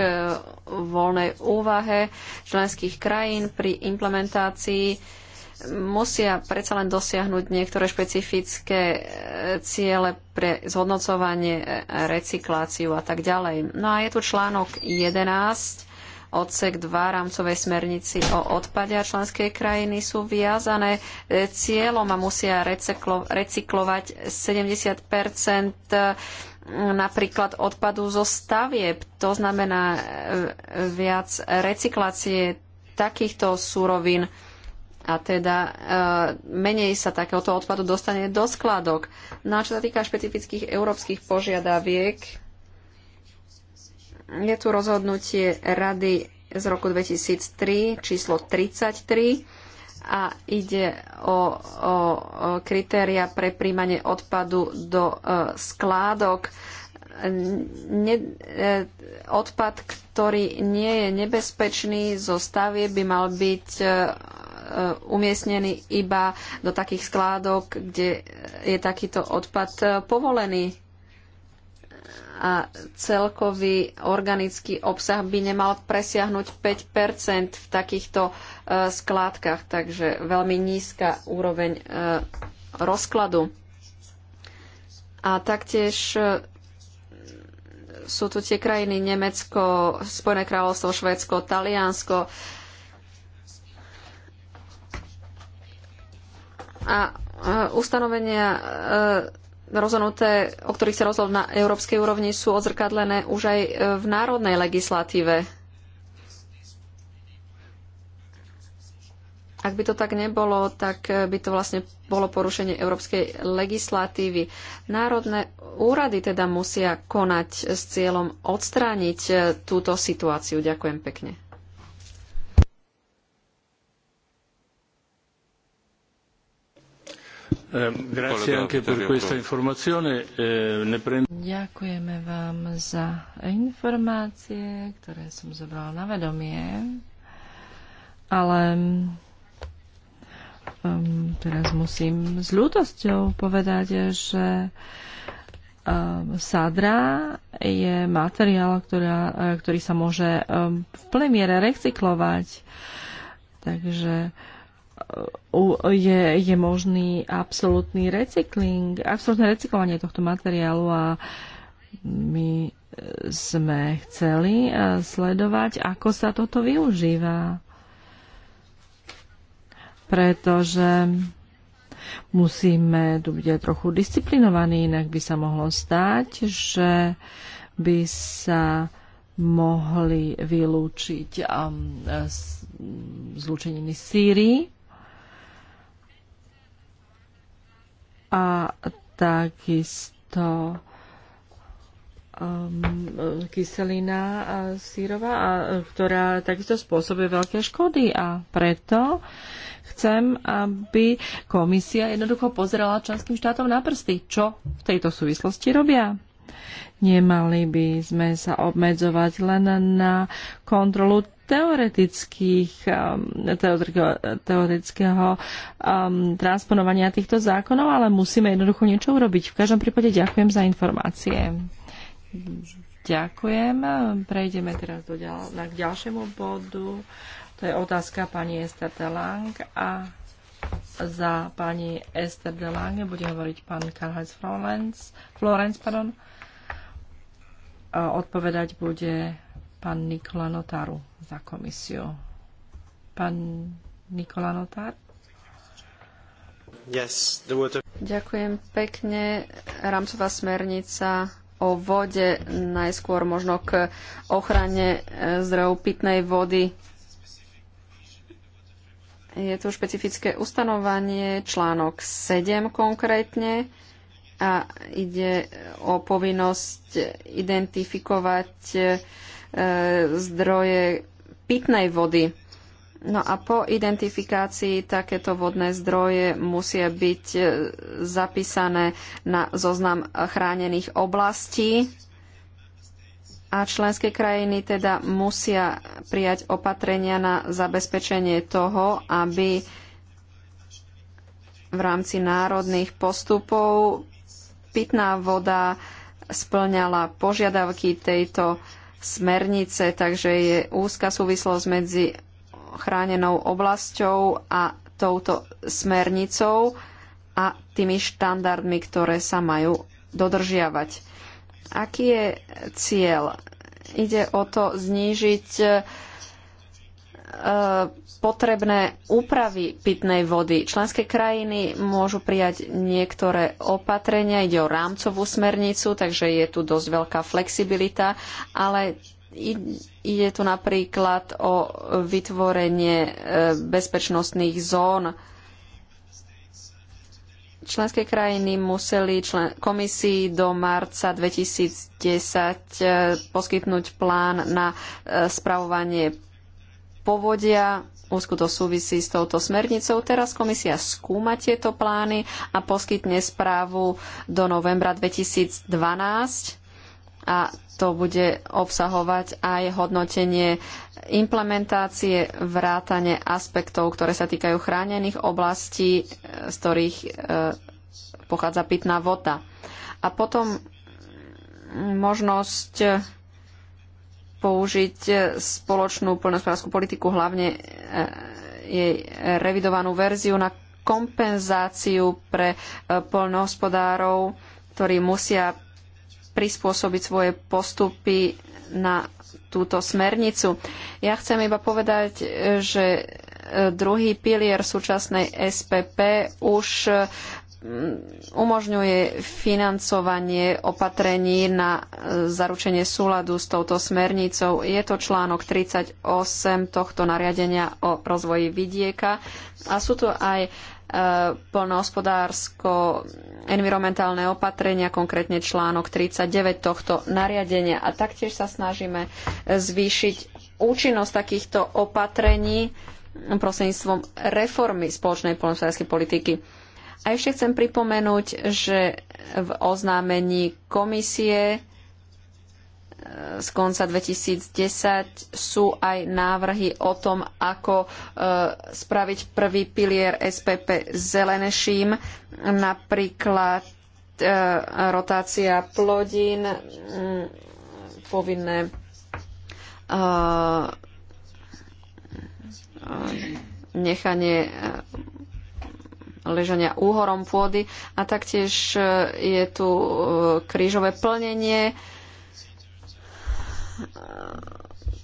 voľnej úvahe členských krajín pri implementácii musia predsa len dosiahnuť niektoré špecifické e, ciele pre zhodnocovanie, recykláciu a tak ďalej. No a je tu článok 11 odsek 2 rámcovej smernici o odpade a členské krajiny sú viazané e, cieľom a musia recyklo, recyklovať 70 e, napríklad odpadu zo stavieb. To znamená e, viac recyklácie takýchto súrovín a teda e, menej sa takéhoto odpadu dostane do skladok. No a čo sa týka špecifických európskych požiadaviek, je tu rozhodnutie Rady z roku 2003 číslo 33 a ide o, o, o kritéria pre príjmanie odpadu do e, skládok. Ne, e, odpad, ktorý nie je nebezpečný zo stavie, by mal byť e, e, umiestnený iba do takých skládok, kde je takýto odpad e, povolený a celkový organický obsah by nemal presiahnuť 5 v takýchto e, skládkach, takže veľmi nízka úroveň e, rozkladu. A taktiež e, sú tu tie krajiny Nemecko, Spojené kráľovstvo, Švédsko, Taliansko. A ustanovenia rozhodnuté, o ktorých sa rozhodol na európskej úrovni, sú odzrkadlené už aj e, v národnej legislatíve. Ak by to tak nebolo, tak e, by to vlastne bolo porušenie európskej legislatívy. Národné úrady teda musia konať s cieľom odstrániť e, túto situáciu. Ďakujem pekne. Ehm, ehm, Ďakujeme vám za informácie, ktoré som zobrala na vedomie, ale um, teraz musím s ľútosťou povedať, že um, sadra je materiál, ktorá, ktorý sa môže um, v plnej miere recyklovať. Takže je, je možný absolútny recykling, absolútne recyklovanie tohto materiálu a my sme chceli eh, sledovať, ako sa toto využíva. Pretože musíme tu byť aj trochu disciplinovaní, inak by sa mohlo stať, že by sa mohli vylúčiť um, zlúčeniny Sýrii a takisto um, kyselina sírová, a, ktorá takisto spôsobuje veľké škody a preto chcem, aby komisia jednoducho pozerala členským štátom na prsty, čo v tejto súvislosti robia. Nemali by sme sa obmedzovať len na kontrolu teoretických, um, teoretického um, transponovania týchto zákonov, ale musíme jednoducho niečo urobiť. V každom prípade ďakujem za informácie. Ďakujem. Prejdeme teraz do ďal- na k ďalšiemu bodu. To je otázka pani Ester Lang a za pani Ester de Lange bude hovoriť pán Karl-Heinz Florence, Florence pardon. A odpovedať bude pán Nikola Notaru za komisiu. Pán Nikola Notar? Yes, the water... Ďakujem pekne. Rámcová smernica o vode, najskôr možno k ochrane eh, zdrojov pitnej vody. Je tu špecifické ustanovanie, článok 7 konkrétne, a ide o povinnosť identifikovať eh, E, zdroje pitnej vody. No a po identifikácii takéto vodné zdroje musia byť e, zapísané na zoznam chránených oblastí a členské krajiny teda musia prijať opatrenia na zabezpečenie toho, aby v rámci národných postupov pitná voda splňala požiadavky tejto smernice, takže je úzka súvislosť medzi chránenou oblasťou a touto smernicou a tými štandardmi, ktoré sa majú dodržiavať. Aký je cieľ? Ide o to znížiť E, potrebné úpravy pitnej vody. Členské krajiny môžu prijať niektoré opatrenia, ide o rámcovú smernicu, takže je tu dosť veľká flexibilita, ale ide tu napríklad o vytvorenie e, bezpečnostných zón. Členské krajiny museli člen- komisii do marca 2010 e, poskytnúť plán na spravovanie povodia. Úzku to súvisí s touto smernicou. Teraz komisia skúma tieto plány a poskytne správu do novembra 2012 a to bude obsahovať aj hodnotenie implementácie, vrátane aspektov, ktoré sa týkajú chránených oblastí, z ktorých e, pochádza pitná voda. A potom možnosť použiť spoločnú poľnohospodárskú politiku, hlavne e, jej revidovanú verziu na kompenzáciu pre e, poľnohospodárov, ktorí musia prispôsobiť svoje postupy na túto smernicu. Ja chcem iba povedať, e, že druhý pilier súčasnej SPP už umožňuje financovanie opatrení na e, zaručenie súladu s touto smernicou. Je to článok 38 tohto nariadenia o rozvoji vidieka a sú tu aj e, plnohospodársko-environmentálne opatrenia, konkrétne článok 39 tohto nariadenia. A taktiež sa snažíme e, zvýšiť účinnosť takýchto opatrení prostredníctvom reformy spoločnej poľnohospodárskej politiky. A ešte chcem pripomenúť, že v oznámení komisie e, z konca 2010 sú aj návrhy o tom, ako e, spraviť prvý pilier SPP zelenším, napríklad e, rotácia plodín, povinné nechanie ležania úhorom pôdy a taktiež e, je tu e, krížové plnenie.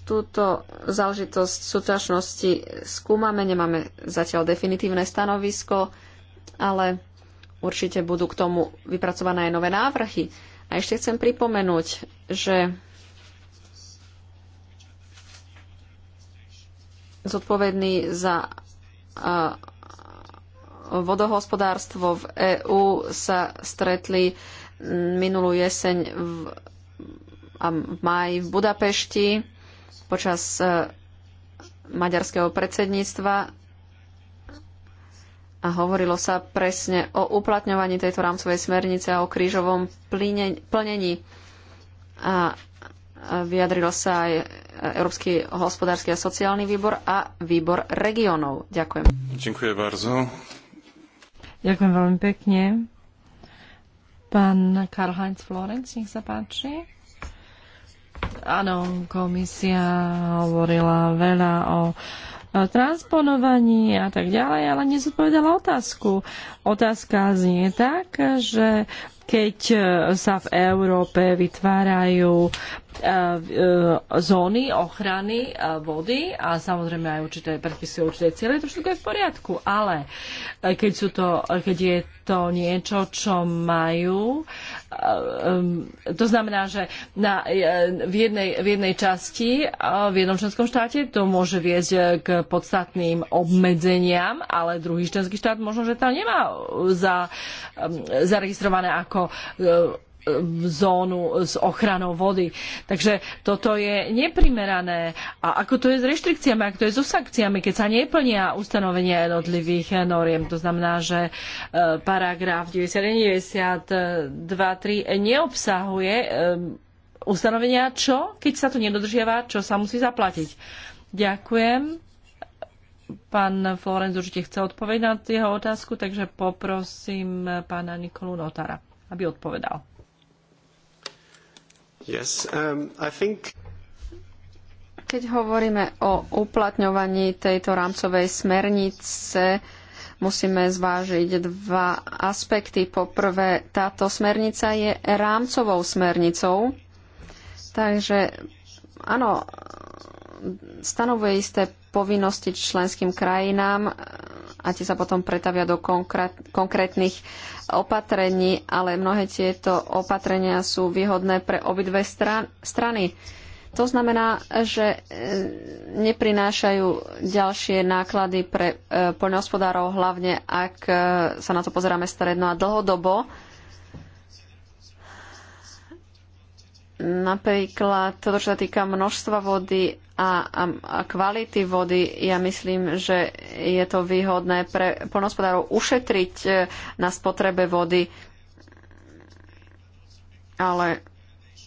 Túto záležitosť súťažnosti skúmame, nemáme zatiaľ definitívne stanovisko, ale určite budú k tomu vypracované aj nové návrhy. A ešte chcem pripomenúť, že zodpovedný za vodohospodárstvo v EÚ sa stretli minulú jeseň v, a v máji v Budapešti počas e, maďarského predsedníctva a hovorilo sa presne o uplatňovaní tejto rámcovej smernice a o krížovom plnení. A vyjadril sa aj Európsky hospodársky a sociálny výbor a výbor regionov. Ďakujem. Ďakujem bardzo. Ďakujem veľmi pekne. Pán Karl Heinz Florenc, nech sa páči. Áno, komisia hovorila veľa o transponovaní a tak ďalej, ale nezodpovedala otázku. Otázka znie tak, že keď e, sa v Európe vytvárajú e, e, zóny ochrany vody a samozrejme aj určité predpisy, určité ciele, to všetko je v poriadku, ale keď, sú to, keď je to niečo, čo majú, to znamená, že na, v, jednej, v jednej časti, v jednom členskom štáte to môže viesť k podstatným obmedzeniam, ale druhý členský štát možno, že tam nemá za, zaregistrované ako ako e, zónu s ochranou vody. Takže toto je neprimerané. A ako to je s reštrikciami, ako to je so sankciami, keď sa neplnia ustanovenia jednotlivých noriem. To znamená, že e, paragraf 90, neobsahuje e, ustanovenia čo, keď sa to nedodržiava, čo sa musí zaplatiť. Ďakujem. Pán Florenc určite chce odpovedať na jeho otázku, takže poprosím pána Nikolu Notara aby odpovedal. Yes, um, I think... Keď hovoríme o uplatňovaní tejto rámcovej smernice, musíme zvážiť dva aspekty. Po prvé, táto smernica je rámcovou smernicou, takže áno, stanovuje isté povinnosti členským krajinám e, a tie sa potom pretavia do konkrétnych opatrení, ale mnohé tieto opatrenia sú výhodné pre obidve strany. To znamená, že e, neprinášajú ďalšie náklady pre e, poľnohospodárov, hlavne ak sa na to pozeráme stredno a dlhodobo Napríklad to, čo sa týka množstva vody a, a, a kvality vody, ja myslím, že je to výhodné pre poľnohospodárov ušetriť e, na spotrebe vody. Ale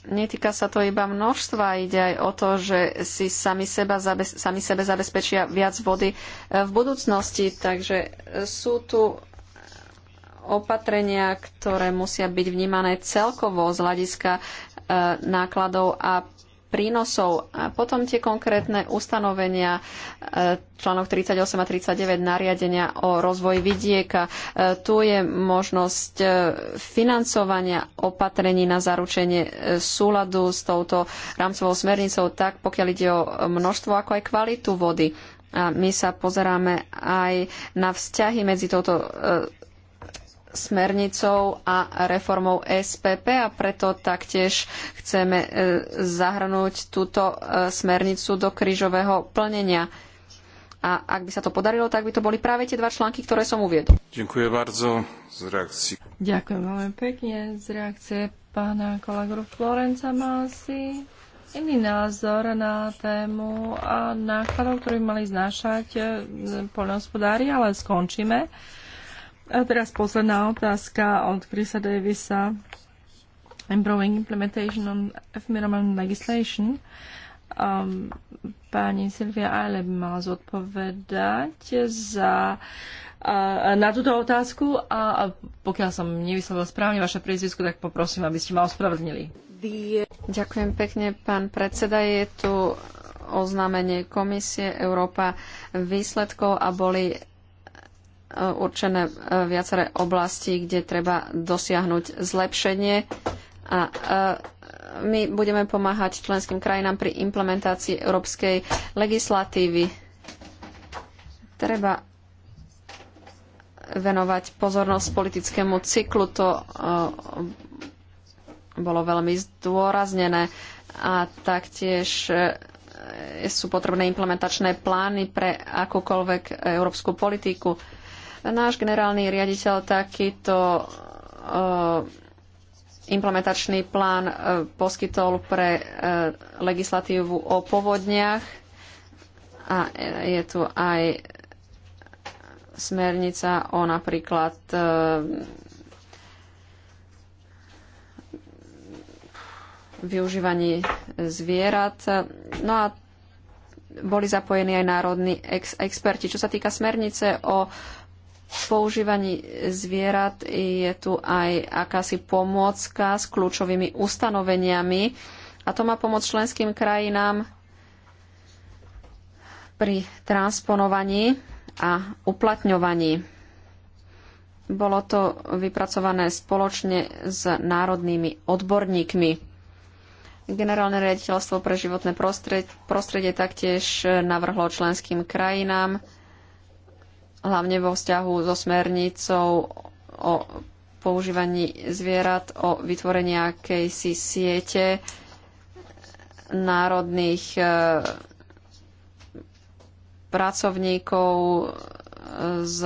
netýka sa to iba množstva, ide aj o to, že si sami, seba zabez, sami sebe zabezpečia viac vody e, v budúcnosti. Takže e, sú tu opatrenia, ktoré musia byť vnímané celkovo z hľadiska nákladov a prínosov. A potom tie konkrétne ustanovenia e, článok 38 a 39 nariadenia o rozvoji vidieka. E, tu je možnosť e, financovania opatrení na zaručenie súladu s touto rámcovou smernicou, tak pokiaľ ide o množstvo, ako aj kvalitu vody. A my sa pozeráme aj na vzťahy medzi touto smernicou a reformou SPP a preto taktiež chceme e, zahrnúť túto e, smernicu do krížového plnenia. A ak by sa to podarilo, tak by to boli práve tie dva články, ktoré som uviedol. Ďakujem bardzo z reakcií. Ďakujem veľmi pekne z reakcie pána kolegu Florenca má asi iný názor na tému a nákladov, ktorý mali znášať e, poľnohospodári, ale skončíme. A teraz posledná otázka od Chrisa Davisa. Improving Implementation on Environment Legislation. Um, pani Silvia Ale by mala zodpovedať za, uh, na túto otázku a, a pokiaľ som nevyslovil správne vaše priezvisko, tak poprosím, aby ste ma ospravedlnili. Ďakujem pekne, pán predseda. Je tu oznámenie Komisie Európa výsledkov a boli E, určené e, viaceré oblasti, kde treba dosiahnuť zlepšenie a e, my budeme pomáhať členským krajinám pri implementácii európskej legislatívy. Treba venovať pozornosť politickému cyklu, to bolo veľmi zdôraznené a taktiež sú potrebné implementačné plány pre akúkoľvek európsku politiku Náš generálny riaditeľ takýto e, implementačný plán e, poskytol pre e, legislatívu o povodniach a je tu aj smernica o napríklad využívaní zvierat. No a boli zapojení aj národní ex- experti. Čo sa týka smernice o používaní zvierat je tu aj akási pomôcka s kľúčovými ustanoveniami a to má pomôcť členským krajinám pri transponovaní a uplatňovaní. Bolo to vypracované spoločne s národnými odborníkmi. Generálne riaditeľstvo pre životné prostredie, prostredie taktiež navrhlo členským krajinám hlavne vo vzťahu so smernicou o používaní zvierat, o vytvorení akejsi siete národných e, pracovníkov e, z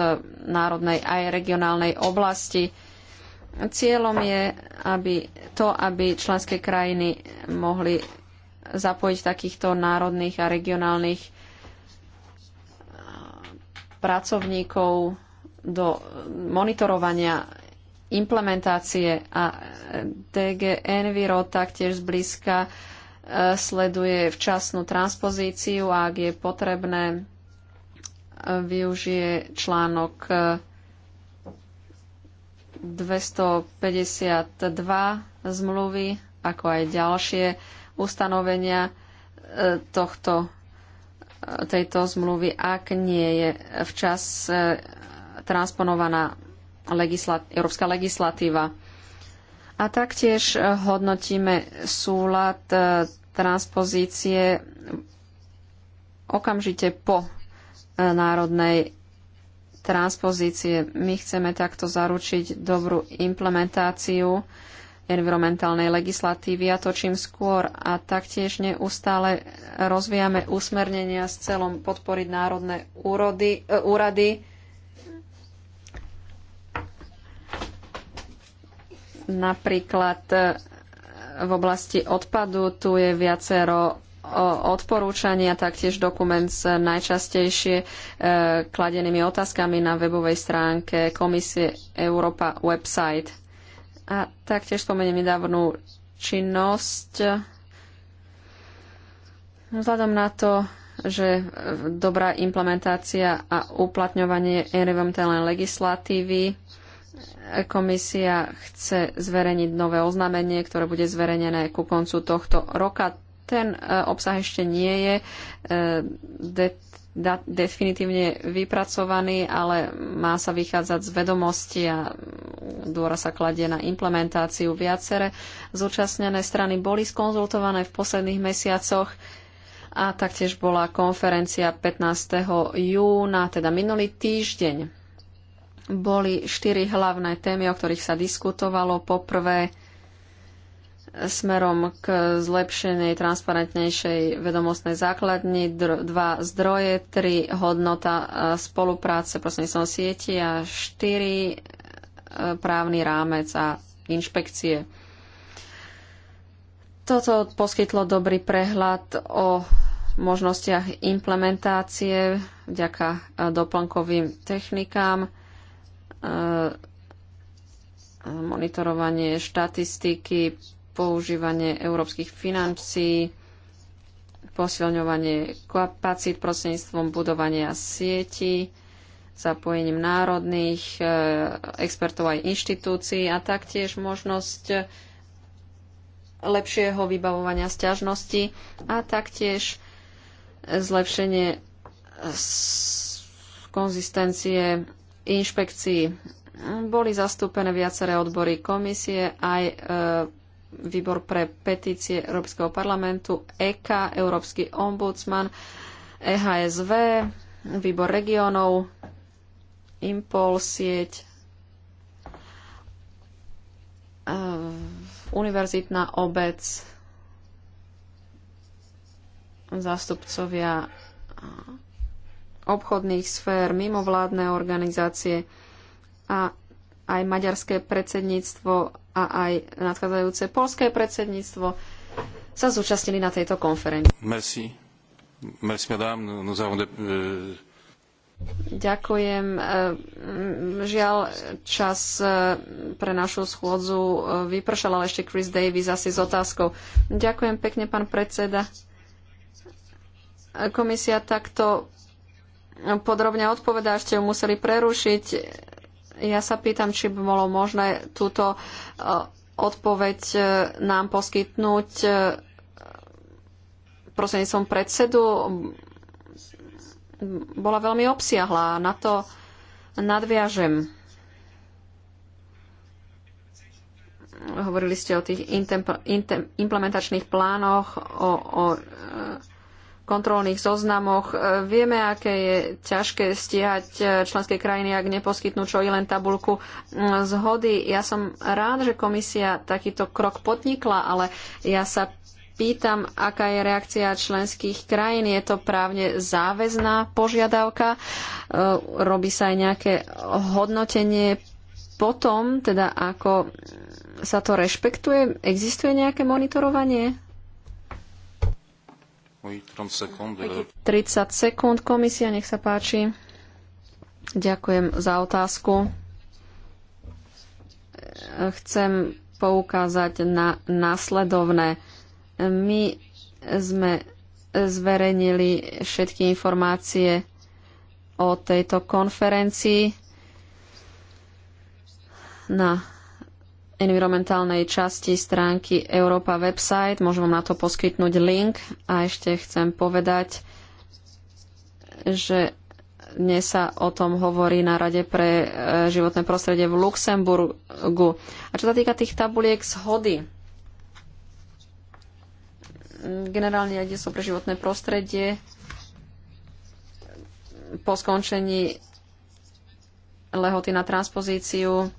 národnej aj regionálnej oblasti. Cieľom je aby to, aby členské krajiny mohli zapojiť takýchto národných a regionálnych pracovníkov do monitorovania implementácie a DG Enviro taktiež zblízka e, sleduje včasnú transpozíciu a ak je potrebné, e, využije článok 252 e, zmluvy, ako aj ďalšie ustanovenia tohto tejto zmluvy, ak nie je včas e, transponovaná legislat- európska legislatíva. A taktiež e, hodnotíme súlad e, transpozície okamžite po národnej transpozície. My chceme takto zaručiť dobrú implementáciu environmentálnej legislatívy a to čím skôr. A taktiež neustále rozvíjame usmernenia s celom podporiť národné úrody, e, úrady. Napríklad e, v oblasti odpadu tu je viacero odporúčania, taktiež dokument s najčastejšie e, kladenými otázkami na webovej stránke Komisie Európa website. A taktiež spomeniem nedávnu činnosť. Vzhľadom na to, že dobrá implementácia a uplatňovanie environmentálnej legislatívy komisia chce zverejniť nové oznámenie, ktoré bude zverejnené ku koncu tohto roka. Ten e, obsah ešte nie je e, definitívne vypracovaný, ale má sa vychádzať z vedomosti a dôra sa kladie na implementáciu. Viacere zúčastnené strany boli skonzultované v posledných mesiacoch a taktiež bola konferencia 15. júna, teda minulý týždeň. Boli štyri hlavné témy, o ktorých sa diskutovalo. Poprvé smerom k zlepšenej, transparentnejšej vedomostnej základni, dva zdroje, tri hodnota e, spolupráce prostredníctvom sieti a štyri e, právny rámec a inšpekcie. Toto poskytlo dobrý prehľad o možnostiach implementácie vďaka e, doplnkovým technikám monitorovanie štatistiky, používanie európskych financií, posilňovanie kapacít prostredníctvom budovania sieti, zapojením národných e, expertov aj inštitúcií a taktiež možnosť lepšieho vybavovania sťažnosti a taktiež zlepšenie konzistencie inšpekcií. Boli zastúpené viaceré odbory komisie aj e, výbor pre petície Európskeho parlamentu, EKA, Európsky ombudsman, EHSV, výbor regionov, Impol, sieť, e, univerzitná obec, zástupcovia e, obchodných sfér, mimovládne organizácie a aj maďarské predsedníctvo a aj nadchádzajúce polské predsedníctvo sa zúčastnili na tejto konferencii. Merci. Merci, madame. Nous avons de... Euh, Ďakujem. Ehm, žiaľ, čas e, pre našu schôdzu e, vypršal, ale ešte Chris Davis asi s otázkou. Ďakujem pekne, pán predseda. Komisia takto podrobne odpovedá, ešte ju museli prerušiť. Ja sa pýtam, či by bolo možné túto e, odpoveď e, nám poskytnúť e, prostredníctvom predsedu. Bola veľmi obsiahla na to nadviažem. Hovorili ste o tých implementačných plánoch, o, o kontrolných zoznamoch. E, vieme, aké je ťažké stiehať e, členské krajiny, ak neposkytnú čo i len tabulku zhody. Ja som rád, že komisia takýto krok podnikla, ale ja sa pýtam, aká je reakcia členských krajín. Je to právne záväzná požiadavka? E, robí sa aj nejaké hodnotenie potom, teda ako sa to rešpektuje? Existuje nejaké monitorovanie? 30 euh. sekúnd, komisia, nech sa páči. Ďakujem za otázku. Chcem poukázať na následovné. My sme zverejnili všetky informácie o tejto konferencii na environmentálnej časti stránky Európa website. Môžem vám na to poskytnúť link. A ešte chcem povedať, že dnes sa o tom hovorí na Rade pre e, životné prostredie v Luxemburgu. A čo sa týka tých tabuliek zhody, generálne so pre životné prostredie po skončení lehoty na transpozíciu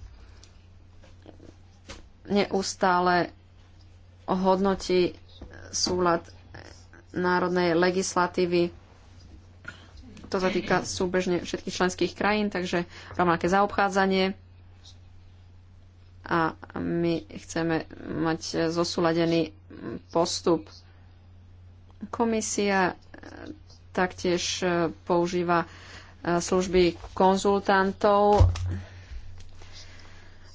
neustále hodnotí súlad národnej legislatívy. To sa týka súbežne všetkých členských krajín, takže rovnaké zaobchádzanie. A my chceme mať zosúladený postup. Komisia taktiež používa e, služby konzultantov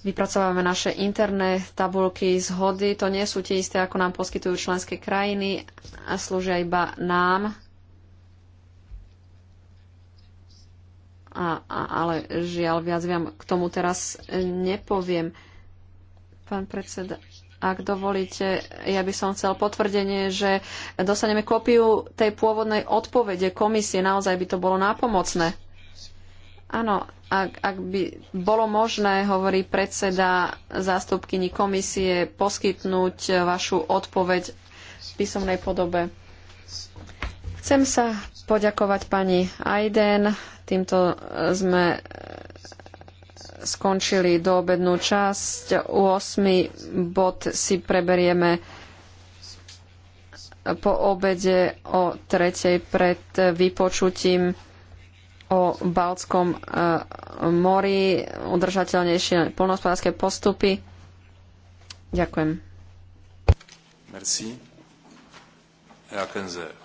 vypracovávame naše interné tabulky zhody. To nie sú tie isté, ako nám poskytujú členské krajiny a slúžia iba nám. A, a, ale žiaľ, viac viem k tomu teraz e, nepoviem. Pán predseda, ak dovolíte, ja by som chcel potvrdenie, že dostaneme kopiu tej pôvodnej odpovede komisie. Naozaj by to bolo nápomocné. Áno, ak, ak by bolo možné, hovorí predseda zástupkyni komisie, poskytnúť vašu odpoveď v písomnej podobe. Chcem sa poďakovať pani Aiden. Týmto sme e, skončili doobednú časť. U 8. bod si preberieme po obede o tretej pred vypočutím o Baltskom e, mori, udržateľnejšie polnohospodárske postupy. Ďakujem. Merci. Ja, Kenzer.